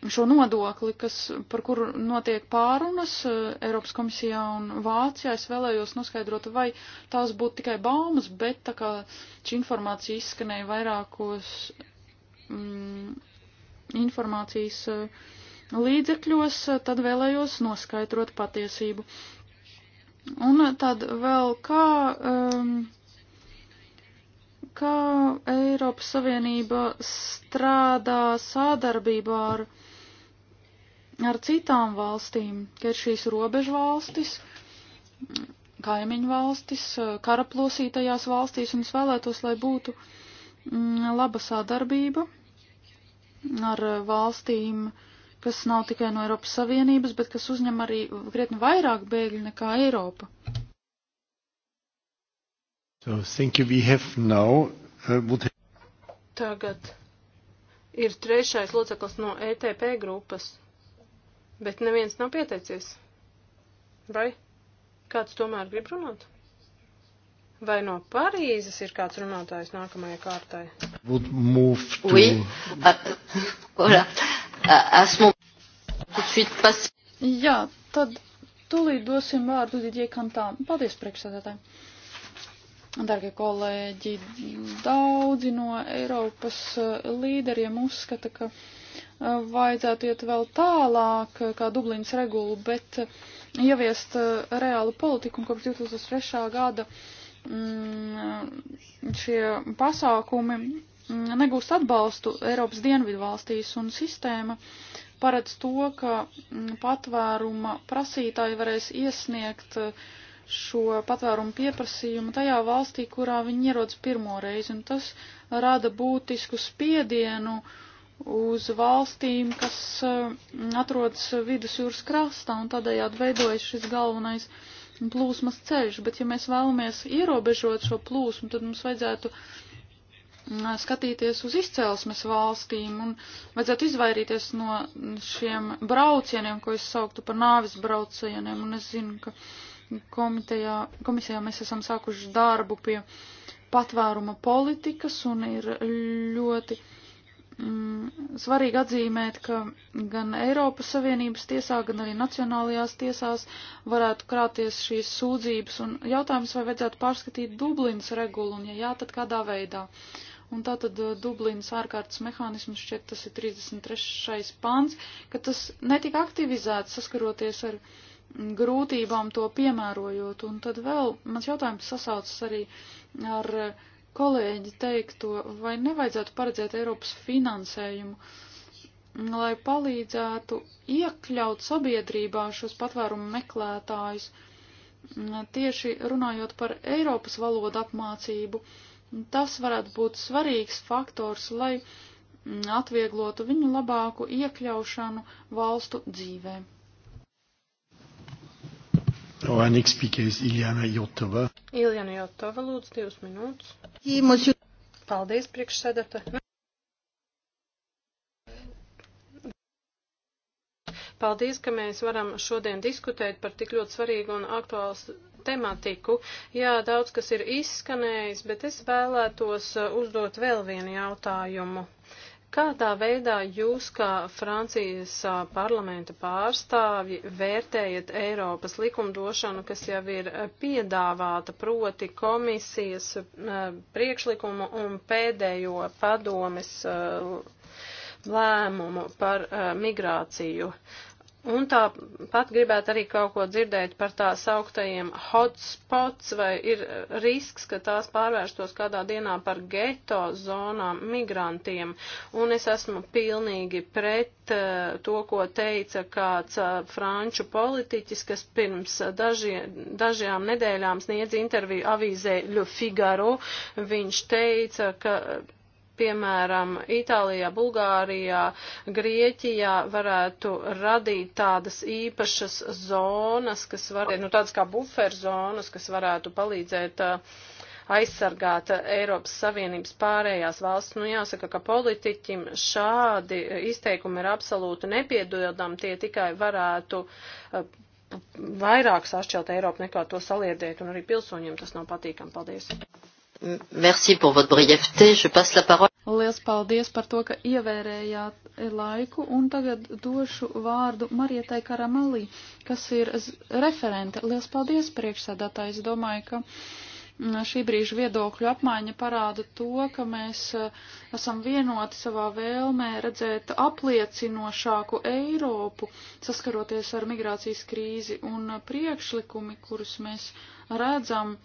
šo nodokli, kas, par kuru notiek pārunas eh, Eiropas komisijā un Vācijā, es vēlējos noskaidrot, vai tās būtu tikai baumas, bet tā kā šī informācija izskanēja vairākos mm, informācijas eh, līdzekļos, eh, tad vēlējos noskaidrot patiesību. Un tad vēl kā. Um, kā Eiropas Savienība strādā sādarbībā ar uh, ar citām valstīm, ka ir šīs robežu valstis, kaimiņu valstis, karaplosītajās valstīs, un es vēlētos, lai būtu mm, laba sadarbība ar valstīm, kas nav tikai no Eiropas Savienības, bet kas uzņem arī krietni vairāk bēgļu nekā Eiropa. So, thank you. We have now, uh, would... Tagad ir trešais loceklis no ETP grupas. Bet neviens nav pieteicies. Vai kāds tomēr grib runāt? Vai no Parīzes ir kāds runātājs nākamajai kārtai? Would move to... Oui, voilà. À ce moment, tout de suite passe. Jā, tad tūlīt dosim vārdu Didie Kantām. Paldies, priekšsēdētāji. Dargie kolēģi, daudzi no Eiropas uh, līderiem uzskata, ka vajadzētu iet vēl tālāk, eh, kā Dublīnas regulu, bet eh, ieviest eh, reālu politiku un kopš 2003. gada mm, šie pasākumi mm, negūst atbalstu Eiropas dienvidu valstīs un sistēma paredz to, ka mm, patvēruma prasītāji varēs iesniegt šo patvērumu pieprasījumu tajā valstī, kurā viņi ierodas pirmo reizi, un tas rada būtisku spiedienu uh, uz valstīm, kas eh, atrodas vidusjūras krastā un tādējādi veidojas šis galvenais plūsmas ceļš. Bet ja mēs vēlamies ierobežot šo plūsmu, tad mums vajadzētu mm, skatīties uz izcelsmes valstīm un vajadzētu izvairīties no šiem braucieniem, ko es sauktu par nāvis braucieniem. Un es zinu, ka komitejā, komisijā mēs esam sākuši darbu pie patvēruma politikas un ir ļoti Mm, svarīgi atzīmēt, ka gan Eiropas Savienības tiesā, gan arī nacionālajās tiesās varētu krāties šīs sūdzības un jautājums, vai vajadzētu pārskatīt Dublinas regulu un, ja jā, tad kādā veidā. Un tātad uh, Dublinas ārkārtas mehānisms, šķiet, tas ir 33. pāns, ka tas netika aktivizēts saskaroties ar grūtībām to piemērojot. Un tad vēl mans jautājums sasaucas arī ar uh, kolēģi teikto, vai nevajadzētu paredzēt Eiropas finansējumu, lai palīdzētu iekļaut sabiedrībā šos patvērumu meklētājus, tieši runājot par Eiropas valodu apmācību. Tas varētu būt svarīgs faktors, lai atvieglotu viņu labāku iekļaušanu valstu dzīvēm. One oh, XPKs Iljana Jotova. Iljana Jotova, lūdzu, divas minūtes. Paldies, priekšsēdētāji. Paldies, ka mēs varam šodien diskutēt par tik ļoti svarīgu un aktuālu tematiku. Jā, daudz kas ir izskanējis, bet es vēlētos uzdot vēl vienu jautājumu. Uh, Kādā veidā jūs, kā Francijas parlamenta pārstāvji, vērtējat Eiropas likumdošanu, kas jau ir piedāvāta proti komisijas priekšlikumu un pēdējo padomes lēmumu par migrāciju? Uh, Un tāpat gribētu arī kaut ko dzirdēt par tā sauktajiem hotspots, vai ir risks, ka tās pārvērstos kādā dienā par geto zonām migrantiem. Un es esmu pilnīgi pret uh, to, ko teica kāds uh, franču politiķis, kas pirms daži, dažajām nedēļām sniedz interviju avīzē Le Figaro. Viņš teica, ka piemēram, Itālijā, Bulgārijā, Grieķijā varētu radīt tādas īpašas zonas, kas var, nu tādas kā buferzonas, kas varētu palīdzēt uh, aizsargāt uh, Eiropas Savienības pārējās valsts. Nu, jāsaka, ka politiķim šādi izteikumi ir absolūti nepiedodami, tie tikai varētu uh, vairāk sašķelt Eiropu nekā to saliedēt, un arī pilsoņiem tas nav patīkami. Paldies! Merci pour votre brièveté. Je passe la parole. Lielas paldies par to, ka ievērējāt laiku, un tagad došu vārdu Marietai Karamalī, kas ir referente. Lielas paldies priekšsēdētāji. Es domāju, ka šī brīža viedokļu apmaiņa parāda to, ka mēs e, esam vienoti savā vēlmē redzēt apliecinošāku Eiropu, saskaroties ar migrācijas krīzi un priekšlikumi, kurus mēs redzam.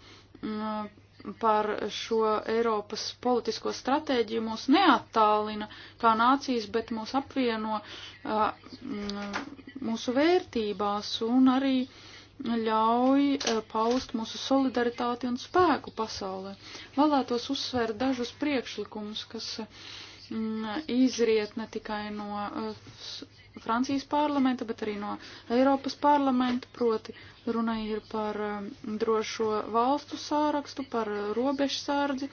Mm, par šo Eiropas politisko stratēģiju mūs neattālina kā nācijas, bet mūs apvieno uh, mūsu vērtībās un arī ļauj uh, paust mūsu solidaritāti un spēku pasaulē. Vēlētos uzsvērt dažus priekšlikumus, kas mm, izriet ne tikai no uh, Francijas parlamenta, bet arī no Eiropas parlamenta, proti runa ir par um, drošo valstu sārakstu, par uh, robežu sārdzi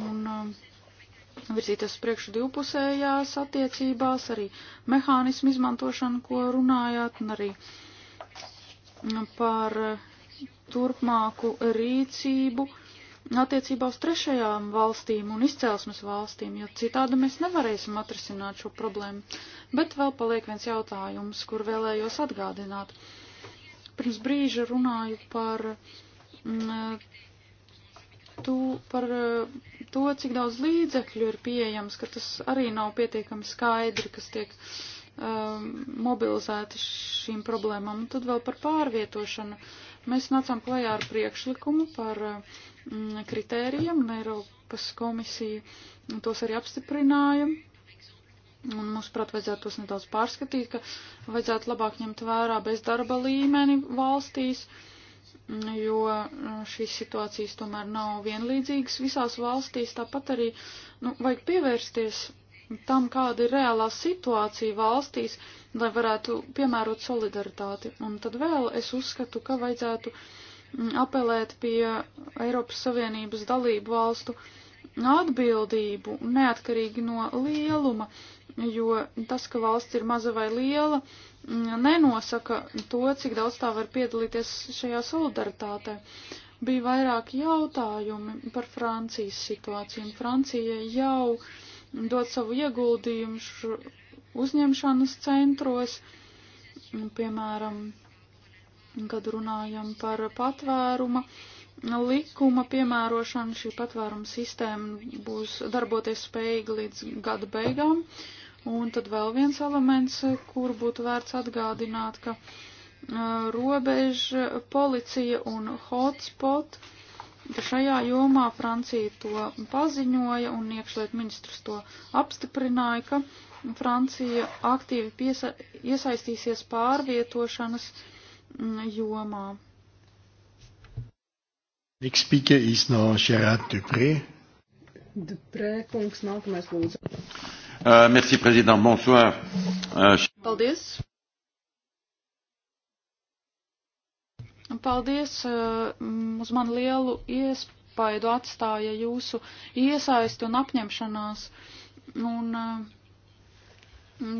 un um, virzīties uz priekšu divpusējās attiecībās, arī mehānismu izmantošanu, ko runājāt, un arī um, par uh, turpmāku rīcību attiecībā uz trešajām valstīm un izcelsmes valstīm, jo citādi mēs nevarēsim atrisināt šo problēmu. Bet vēl paliek viens jautājums, kur vēlējos atgādināt. Pirms brīža runāju par, m, mm, tu, par mm, to, cik daudz līdzekļu ir pieejams, ka tas arī nav pietiekami skaidri, kas tiek um, mobilizēti šīm problēmām. Un tad vēl par pārvietošanu. Mēs nācām klajā ar priekšlikumu par uh, Mm, kritērijiem, un Eiropas komisija tos arī apstiprināja. Un mums, prāt, vajadzētu tos nedaudz pārskatīt, ka vajadzētu labāk ņemt vērā bezdarba līmeni valstīs, mm, jo mm, šīs situācijas tomēr nav vienlīdzīgas visās valstīs. Tāpat arī nu, vajag pievērsties tam, kāda ir reālā situācija valstīs, lai varētu piemērot solidaritāti. Un tad vēl es uzskatu, ka vajadzētu uh, apelēt pie Eiropas Savienības dalību valstu atbildību neatkarīgi no lieluma, jo tas, ka valsts ir maza vai liela, nenosaka to, cik daudz tā var piedalīties šajā solidaritātē. Bija vairāki jautājumi par Francijas situāciju, un Francija jau dod savu ieguldījumu uzņemšanas centros, piemēram, kad runājam par patvēruma likuma piemērošanu. Šī patvēruma sistēma būs darboties spējīga līdz gada beigām. Un tad vēl viens elements, kur būtu vērts atgādināt, ka robeža policija un hotspot, ka šajā jomā Francija to paziņoja un iekšliet ministrs to apstiprināja, ka Francija aktīvi piesa, iesaistīsies pārvietošanas uh, jomā. Next speaker is no Gerard Dupré. Dupré, kungs, nākamais lūdzu. Uh, merci, prezident, bonsoir. Uh, Paldies. Paldies, uh, uz man lielu iespaidu atstāja jūsu iesaisti un apņemšanās. Un uh,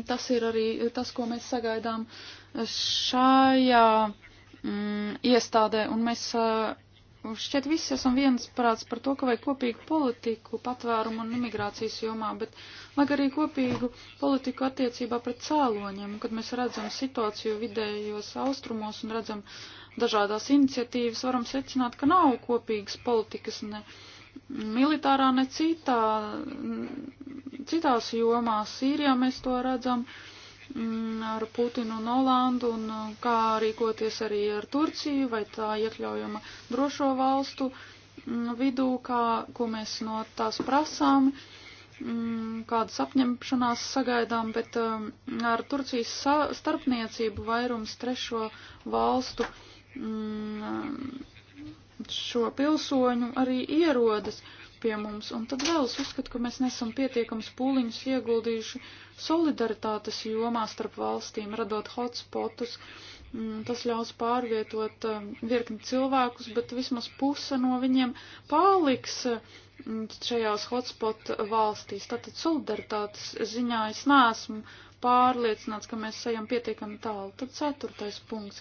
tas ir arī tas, ko mēs sagaidām uh, šajā mm, iestādē, un mēs eh, šķiet visi esam viensprāts par to, ka vajag kopīgu politiku patvērumu un imigrācijas jomā, bet vajag arī kopīgu politiku attiecībā pret cēloņiem, kad mēs redzam situāciju vidējos austrumos un redzam dažādās iniciatīvas, varam secināt, ka nav kopīgas politikas ne militārā, ne citā, citās jomās. Sīrijā mēs to redzam. Uh, Mm, ar Putinu un Olandu un uh, kā rīkoties arī ar Turciju, vai tā iekļaujama drošo valstu mm, vidū, kā, ko mēs no tās prasām, mm, kādas apņemšanās sagaidām, bet um, ar Turcijas starpniecību vairums trešo valstu šo pilsoņu arī ierodas pie mums. Un tad vēl es uzskatu, ka mēs nesam pietiekams pūliņus ieguldījuši solidaritātes jomā starp valstīm, radot hotspotus. Mm, Tas ļaus pārvietot um, virkni cilvēkus, bet vismaz puse no viņiem paliks mm, šajās hotspot valstīs. Tātad solidaritātes ziņā es neesmu pārliecināts, ka mēs ejam pietiekami tālu. Tad ceturtais punkts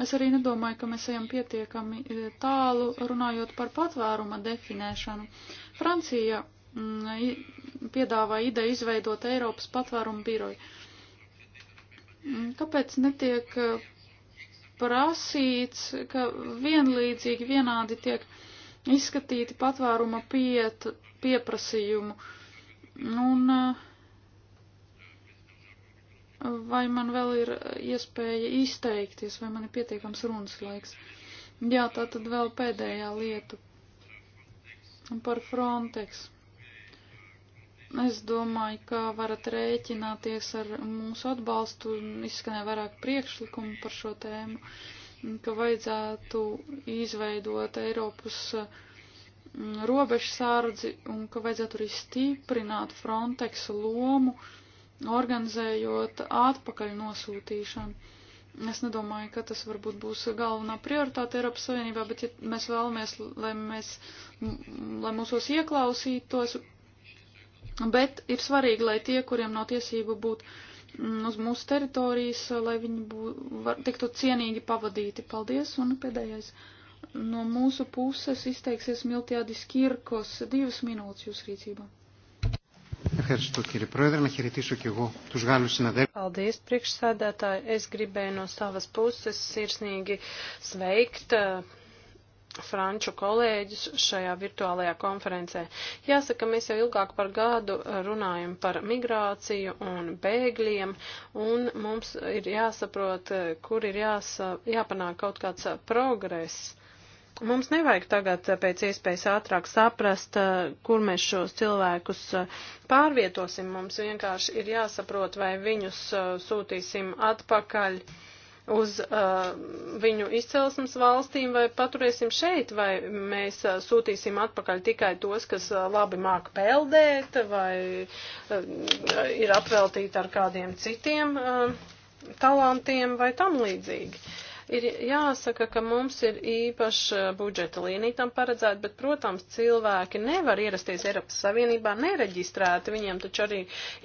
Es arī nedomāju, ka mēs ejam pietiekami e, tālu runājot par patvēruma definēšanu. Francija mm, piedāvā ideju izveidot Eiropas patvērumu biroju. Mm, kāpēc netiek e, prasīts, ka vienlīdzīgi vienādi tiek izskatīti patvēruma piet, pieprasījumu? Un, uh, vai man vēl ir eh, iespēja izteikties, vai man ir pietiekams runas laiks. Jā, tā tad vēl pēdējā lieta par Frontex. Es domāju, ka varat rēķināties ar mūsu atbalstu, izskanēja vairāk priekšlikumu par šo tēmu, ka vajadzētu izveidot Eiropas eh, robežsārdzi un ka vajadzētu arī stiprināt Frontex lomu uh, organizējot atpakaļ nosūtīšanu. Es nedomāju, ka tas varbūt būs galvenā prioritāte Eiropas Savienībā, bet ja mēs vēlamies, lai mēs, lai mūsos ieklausītos, bet ir svarīgi, lai tie, kuriem nav tiesība būt mm, uz mūsu teritorijas, lai viņi bū, var, tiktu cienīgi pavadīti. Paldies, un pēdējais no mūsu puses izteiksies Miltjādis Kirkos divas minūtes jūs rīcībā. Ευχαριστώ κύριε Πρόεδρε. Να χαιρετήσω και εγώ τους Γάλλους συναδέλφους. Paldies, priekšsēdētāji. Es gribēju no savas puses sirsnīgi sveikt eh, franču kolēģus šajā virtuālajā konferencē. Jāsaka, mēs jau ilgāk par gadu eh, runājam par migrāciju un bēgļiem, un mums ir jāsaprot, eh, kur ir jāsa, jāpanāk kaut kāds progress Mums nevajag tagad eh, pēc iespējas ātrāk saprast, eh, kur mēs šos cilvēkus eh, pārvietosim. Mums vienkārši ir jāsaprot, vai viņus sūtīsim atpakaļ uz uh, viņu izcelsmes valstīm vai paturēsim šeit, vai mēs uh, sūtīsim atpakaļ tikai tos, kas uh, labi māk peldēt vai uh, ir apveltīti ar kādiem citiem uh, talantiem vai tam līdzīgi. Uh, Ir jāsaka, ka mums ir īpaša eh, budžeta līnija tam paredzēta, bet, protams, cilvēki nevar ierasties Eiropas Savienībā nereģistrēti. Viņiem taču arī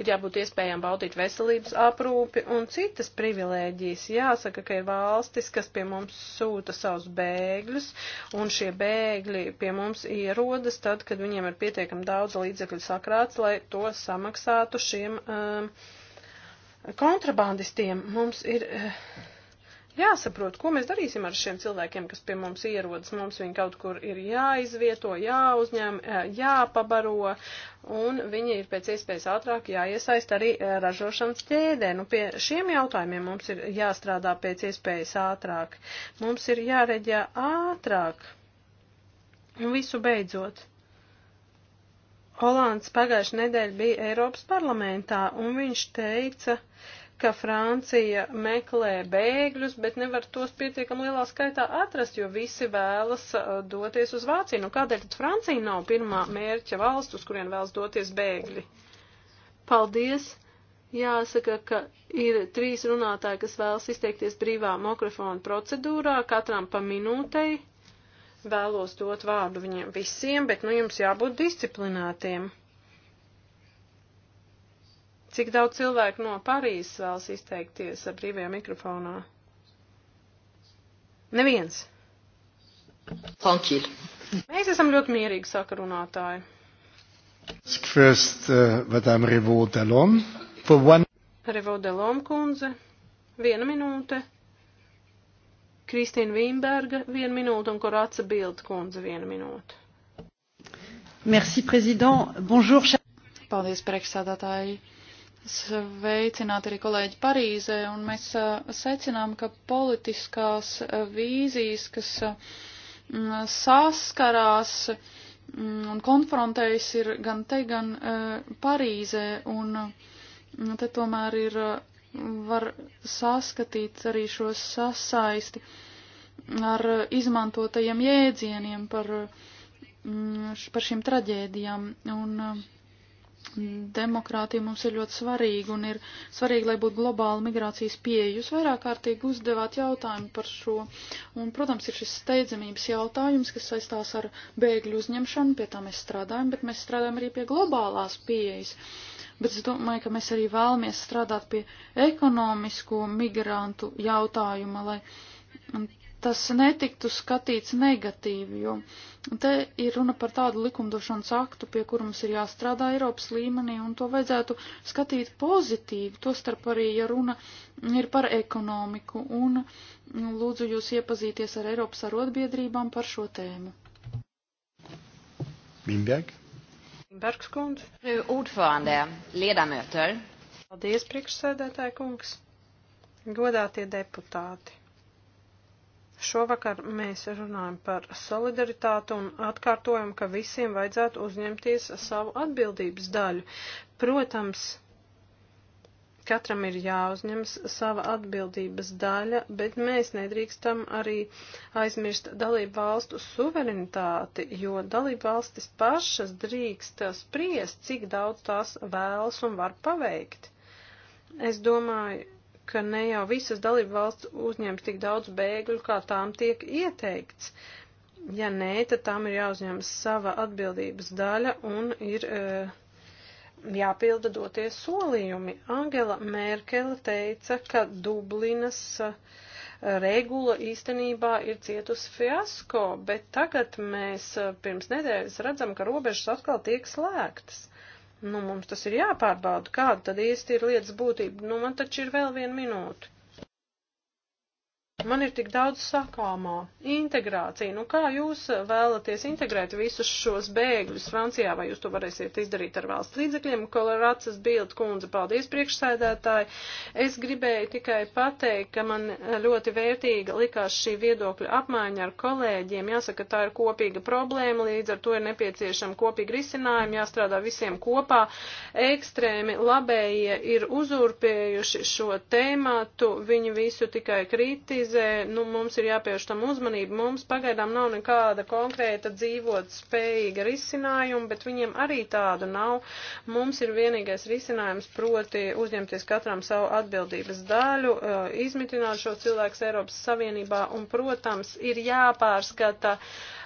ir jābūt iespējām baudīt veselības aprūpi un citas privilēģijas. Jāsaka, ka ir valstis, kas pie mums sūta savus bēgļus, un šie bēgļi pie mums ierodas tad, kad viņiem ir pietiekami daudz līdzekļu sakrāts, lai to samaksātu šiem um, kontrabandistiem. Mums ir. Uh, jāsaprot, ko mēs darīsim ar šiem cilvēkiem, kas pie mums ierodas. Mums viņi kaut kur ir jāizvieto, jāuzņem, eh, jāpabaro, un viņi ir pēc iespējas ātrāk jāiesaist arī eh, ražošanas ķēdē. Nu, pie šiem jautājumiem mums ir jāstrādā pēc iespējas ātrāk. Mums ir jāreģē ātrāk. Un visu beidzot. Holāns pagājušajā nedēļā bija Eiropas parlamentā, un viņš teica, uh, ka Francija meklē bēgļus, bet nevar tos pietiekam lielā skaitā atrast, jo visi vēlas uh, doties uz Vāciju. Nu, kādēļ tad Francija nav pirmā mērķa valsts, uz kurien vēlas doties bēgļi? Paldies! Jāsaka, ka ir trīs runātāji, kas vēlas izteikties brīvā mikrofona procedūrā, katram pa minūtei. Vēlos dot vārdu viņiem visiem, bet nu jums jābūt disciplinētiem. Cik daudz cilvēku no Parīzes vēlas izteikties ar brīvajā mikrofonā? Neviens. Tranquil. Mēs esam ļoti mierīgi sakarunātāji. First, uh, Madame Revaud Delon. For one... Revaud Delon kundze, viena minūte. Kristīna Vīmberga, viena minūte, un Korāca Bilda kundze, viena minūte. Merci, prezident. Bonjour. Paldies, priekšsādātāji sveicināt arī kolēģi Parīzē, un mēs secinām, ka politiskās vīzijas, kas saskarās un konfrontējas, ir gan te, gan Parīzē, un te tomēr ir, var saskatīt arī šo sasaisti ar izmantotajiem jēdzieniem par, par šīm traģēdijām. Un, uh, demokrātija mums ir ļoti svarīga un ir svarīgi, lai būtu globāla migrācijas pieeja. Jūs vairāk kārtīgi uzdevāt jautājumu par šo, un, protams, ir šis steidzamības jautājums, kas saistās ar bēgļu uzņemšanu, pie tā mēs strādājam, bet mēs strādājam arī pie globālās pieejas. Bet es domāju, ka mēs arī vēlamies strādāt pie ekonomisko migrantu jautājuma, lai tas netiktu skatīts negatīvi, jo te ir runa par tādu likumdošanas aktu, pie kura mums ir jāstrādā Eiropas līmenī, un to vajadzētu skatīt pozitīvi, tostarp arī, ja runa ir par ekonomiku, un nu, lūdzu jūs iepazīties ar Eiropas arotbiedrībām par šo tēmu. Lindberg. Lindbergs kundze. Fru ordförande, ledamöter. Paldies, priekšsēdētāja kungs. Godātie deputāti. Šovakar mēs runājam par solidaritātu un atkārtojam, ka visiem vajadzētu uzņemties savu atbildības daļu. Protams, katram ir jāuzņems sava atbildības daļa, bet mēs nedrīkstam arī aizmirst dalību valstu suverenitāti, jo dalību valstis pašas drīkst spriest, cik daudz tās vēlas un var paveikt. Es domāju, ka ne jau visas dalību valsts uzņems tik daudz bēgļu, kā tām tiek ieteikts. Ja nē, tad tām ir jāuzņemas sava atbildības daļa un ir e, jāpilda doties solījumi. Angela Merkele teica, ka Dublinas eh, regula īstenībā ir cietusi fiasko, bet tagad mēs eh, pirms nedēļas redzam, ka robežas atkal tiek slēgtas. Nu, mums tas ir jāpārbauda, kāda tad īsti ir lietas būtība. Nu, man taču ir vēl viena minūte tomēr man ir tik daudz sakāmā. Integrācija. Nu kā jūs vēlaties integrēt visus šos bēgļus Francijā, vai jūs to varēsiet izdarīt ar valsts līdzekļiem? Kolorācas bildu kundze, paldies priekšsēdētāji. Es gribēju tikai pateikt, ka man ļoti vērtīga likās šī viedokļa apmaiņa ar kolēģiem. Jāsaka, tā ir kopīga problēma, līdz ar to ir nepieciešama kopīga risinājuma, jāstrādā visiem kopā. Ekstrēmi labējie ir uzurpējuši šo tēmātu, viņi visu tikai kritizē krīzē, nu, mums ir jāpievērš tam uzmanību. Mums pagaidām nav nekāda konkrēta dzīvot spējīga risinājuma, bet viņiem arī tādu nav. Mums ir vienīgais risinājums proti uzņemties katram savu atbildības daļu, eh, izmitināt šo cilvēku Eiropas Savienībā un, protams, ir jāpārskata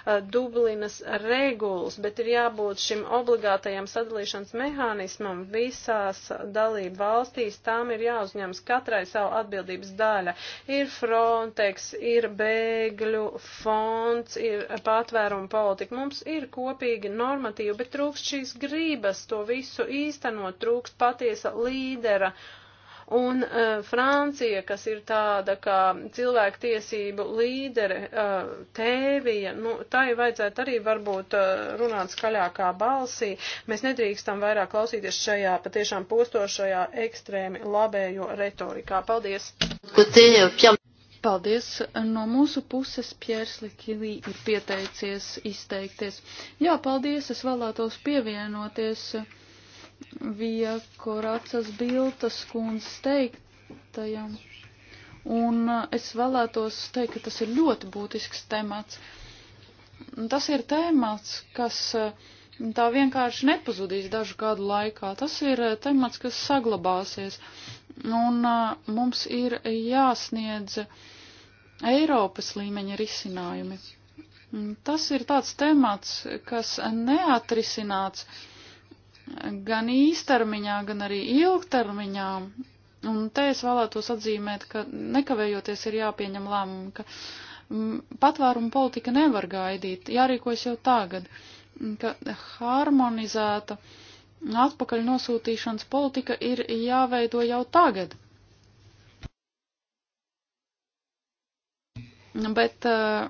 eh, Dublinas regulas, bet ir jābūt šim obligātajam sadalīšanas mehānismam visās dalību valstīs. Tām ir jāuzņems katrai savu atbildības daļa. Ir fro Frontex, ir bēgļu fonds, ir patvērumu politika. Mums ir kopīgi normatīvi, bet trūkst šīs grības to visu īstenot, trūkst patiesa līdera. Un uh, Francija, kas ir tāda kā cilvēktiesību līdere, uh, tēvija, nu, tai vajadzētu arī varbūt uh, runāt skaļākā balsī. Mēs nedrīkstam vairāk klausīties šajā patiešām postošajā ekstrēmi labējo retorikā. Paldies! Côté, euh, Pierre... Paldies. No mūsu puses Piers Likilī ir pieteicies izteikties. Jā, paldies. Es vēlētos pievienoties Vija Koracas Biltas kundzes teiktajam. Un es vēlētos teikt, ka tas ir ļoti būtisks temats. Tas ir temats, kas uh, tā vienkārši nepazudīs dažu gadu laikā. Tas ir uh, temats, kas saglabāsies. Un mums ir jāsniedz Eiropas līmeņa risinājumi. Tas ir tāds temats, kas neatrisināts gan īstermiņā, gan arī ilgtermiņā. Un te es vēlētos atzīmēt, ka nekavējoties ir jāpieņem lēmumi, ka patvērumu politika nevar gaidīt, jārīkojas jau tagad, ka harmonizēta uh, atpakaļ nosūtīšanas politika ir jāveido jau tagad. Bet eh,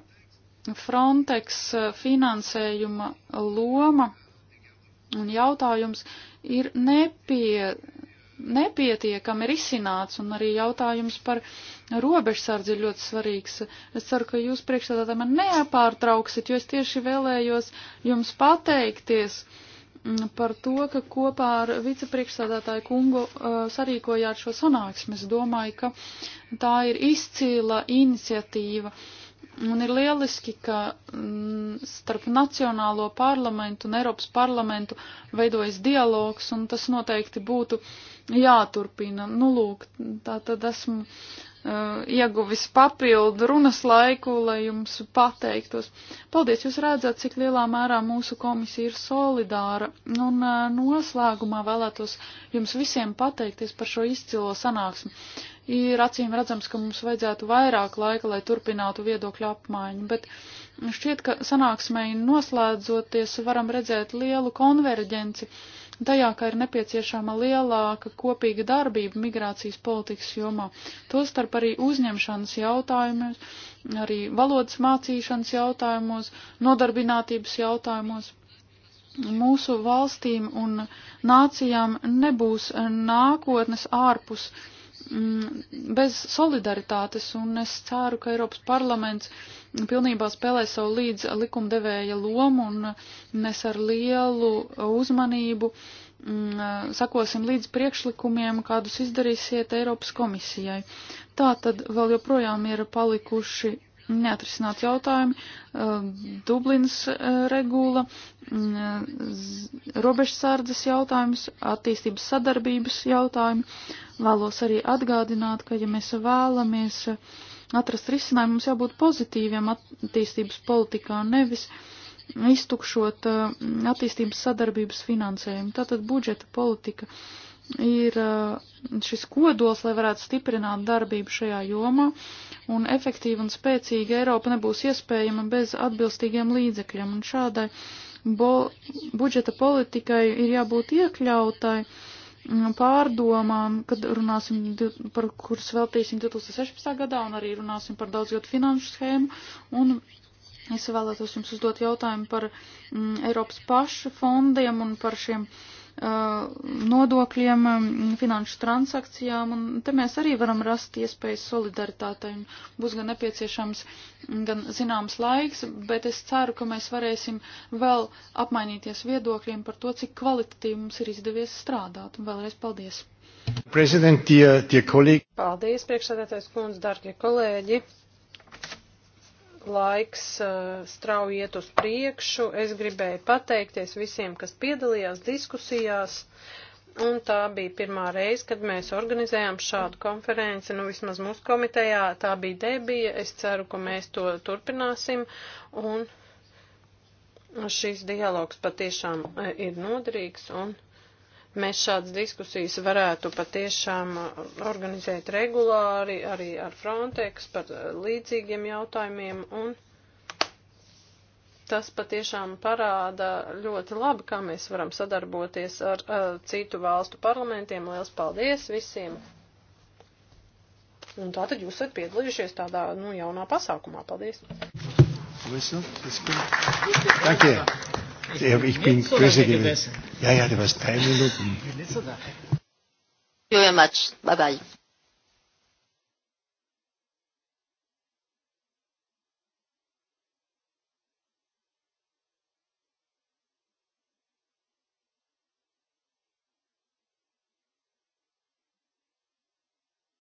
Frontex eh, finansējuma loma un jautājums ir nepie, nepietiekami risināts, un arī jautājums par robežsardzi ir ļoti svarīgs. Es ceru, ka jūs priekšsēdētā man neapārtrauksit, jo es tieši vēlējos jums pateikties. Uh, Mm, par to, ka kopā ar vicepriekšsādātāju kungu uh, sarīkojāt šo sanāksmi. Es domāju, ka tā ir izcīla iniciatīva. Un ir lieliski, ka mm, starp Nacionālo parlamentu un Eiropas parlamentu veidojas dialogs, un tas noteikti būtu jāturpina. Nu, lūk, tā tad esmu Uh, ieguvis papildu runas laiku, lai jums pateiktos. Paldies, jūs redzat, cik lielā mērā mūsu komisija ir solidāra, un uh, noslēgumā vēlētos jums visiem pateikties par šo izcilo sanāksmi. Ir acīm redzams, ka mums vajadzētu vairāk laika, lai turpinātu viedokļu apmaiņu, bet šķiet, ka sanāksmei noslēdzoties varam redzēt lielu konverģenci tajā, ka ir nepieciešama lielāka kopīga darbība migrācijas politikas jomā. Tostarp arī uzņemšanas jautājumos, arī valodas mācīšanas jautājumos, nodarbinātības jautājumos. Mūsu valstīm un nācijām nebūs nākotnes ārpus uh, Mm, bez solidaritātes, un es ceru, ka Eiropas parlaments pilnībā spēlē savu līdz likumdevēja lomu un mēs ar lielu uzmanību mm, sakosim līdz priekšlikumiem, kādus izdarīsiet Eiropas komisijai. Tā tad vēl joprojām ir palikuši neatrisināts jautājumi, ehm, Dublins eh, regula, mm, eh, robežsardzes jautājums, attīstības sadarbības jautājumi. Vēlos arī atgādināt, ka ja mēs vēlamies atrast risinājumu, mums jābūt pozitīviem attīstības politikā un nevis iztukšot eh, attīstības sadarbības finansējumu. Tātad budžeta politika ir uh, šis kodols, lai varētu stiprināt darbību šajā jomā, un efektīva un spēcīga Eiropa nebūs iespējama bez atbilstīgiem līdzekļiem, un šādai bo, budžeta politikai ir jābūt iekļautai mm, pārdomām, kad runāsim par kuras veltīsim 2016. gadā, un arī runāsim par daudzgadu finanšu schēmu, un es vēlētos jums uzdot jautājumu par mm, Eiropas pašu fondiem un par šiem uh, Uh, nodokļiem, um, finanšu transakcijām, un te mēs arī varam rast iespējas solidaritātei. Būs gan nepieciešams, gan zināms laiks, bet es ceru, ka mēs varēsim vēl apmainīties viedokļiem par to, cik kvalitatīvi mums ir izdevies strādāt. Un vēlreiz paldies! Tie, tie kolēģi... Paldies, priekšsēdētājs kundze, darbie kolēģi! laiks uh, strauji iet uz priekšu. Es gribēju pateikties visiem, kas piedalījās diskusijās. Un tā bija pirmā reize, kad mēs organizējām šādu konferenci, nu vismaz mūsu komitejā tā bija debija, es ceru, ka mēs to turpināsim, un šīs dialogs patiešām eh, ir noderīgs, un Mēs šādas diskusijas varētu patiešām organizēt regulāri arī ar Frontex par līdzīgiem jautājumiem un tas patiešām parāda ļoti labi, kā mēs varam sadarboties ar, ar citu valstu parlamentiem. Liels paldies visiem! Un tātad jūs esat piedalījušies tādā nu, jaunā pasākumā. Paldies! Visu, visu. Thank you. Ich bin böse gewesen. Ja, ja, du warst drei Minuten. Thank you very much. Bye bye.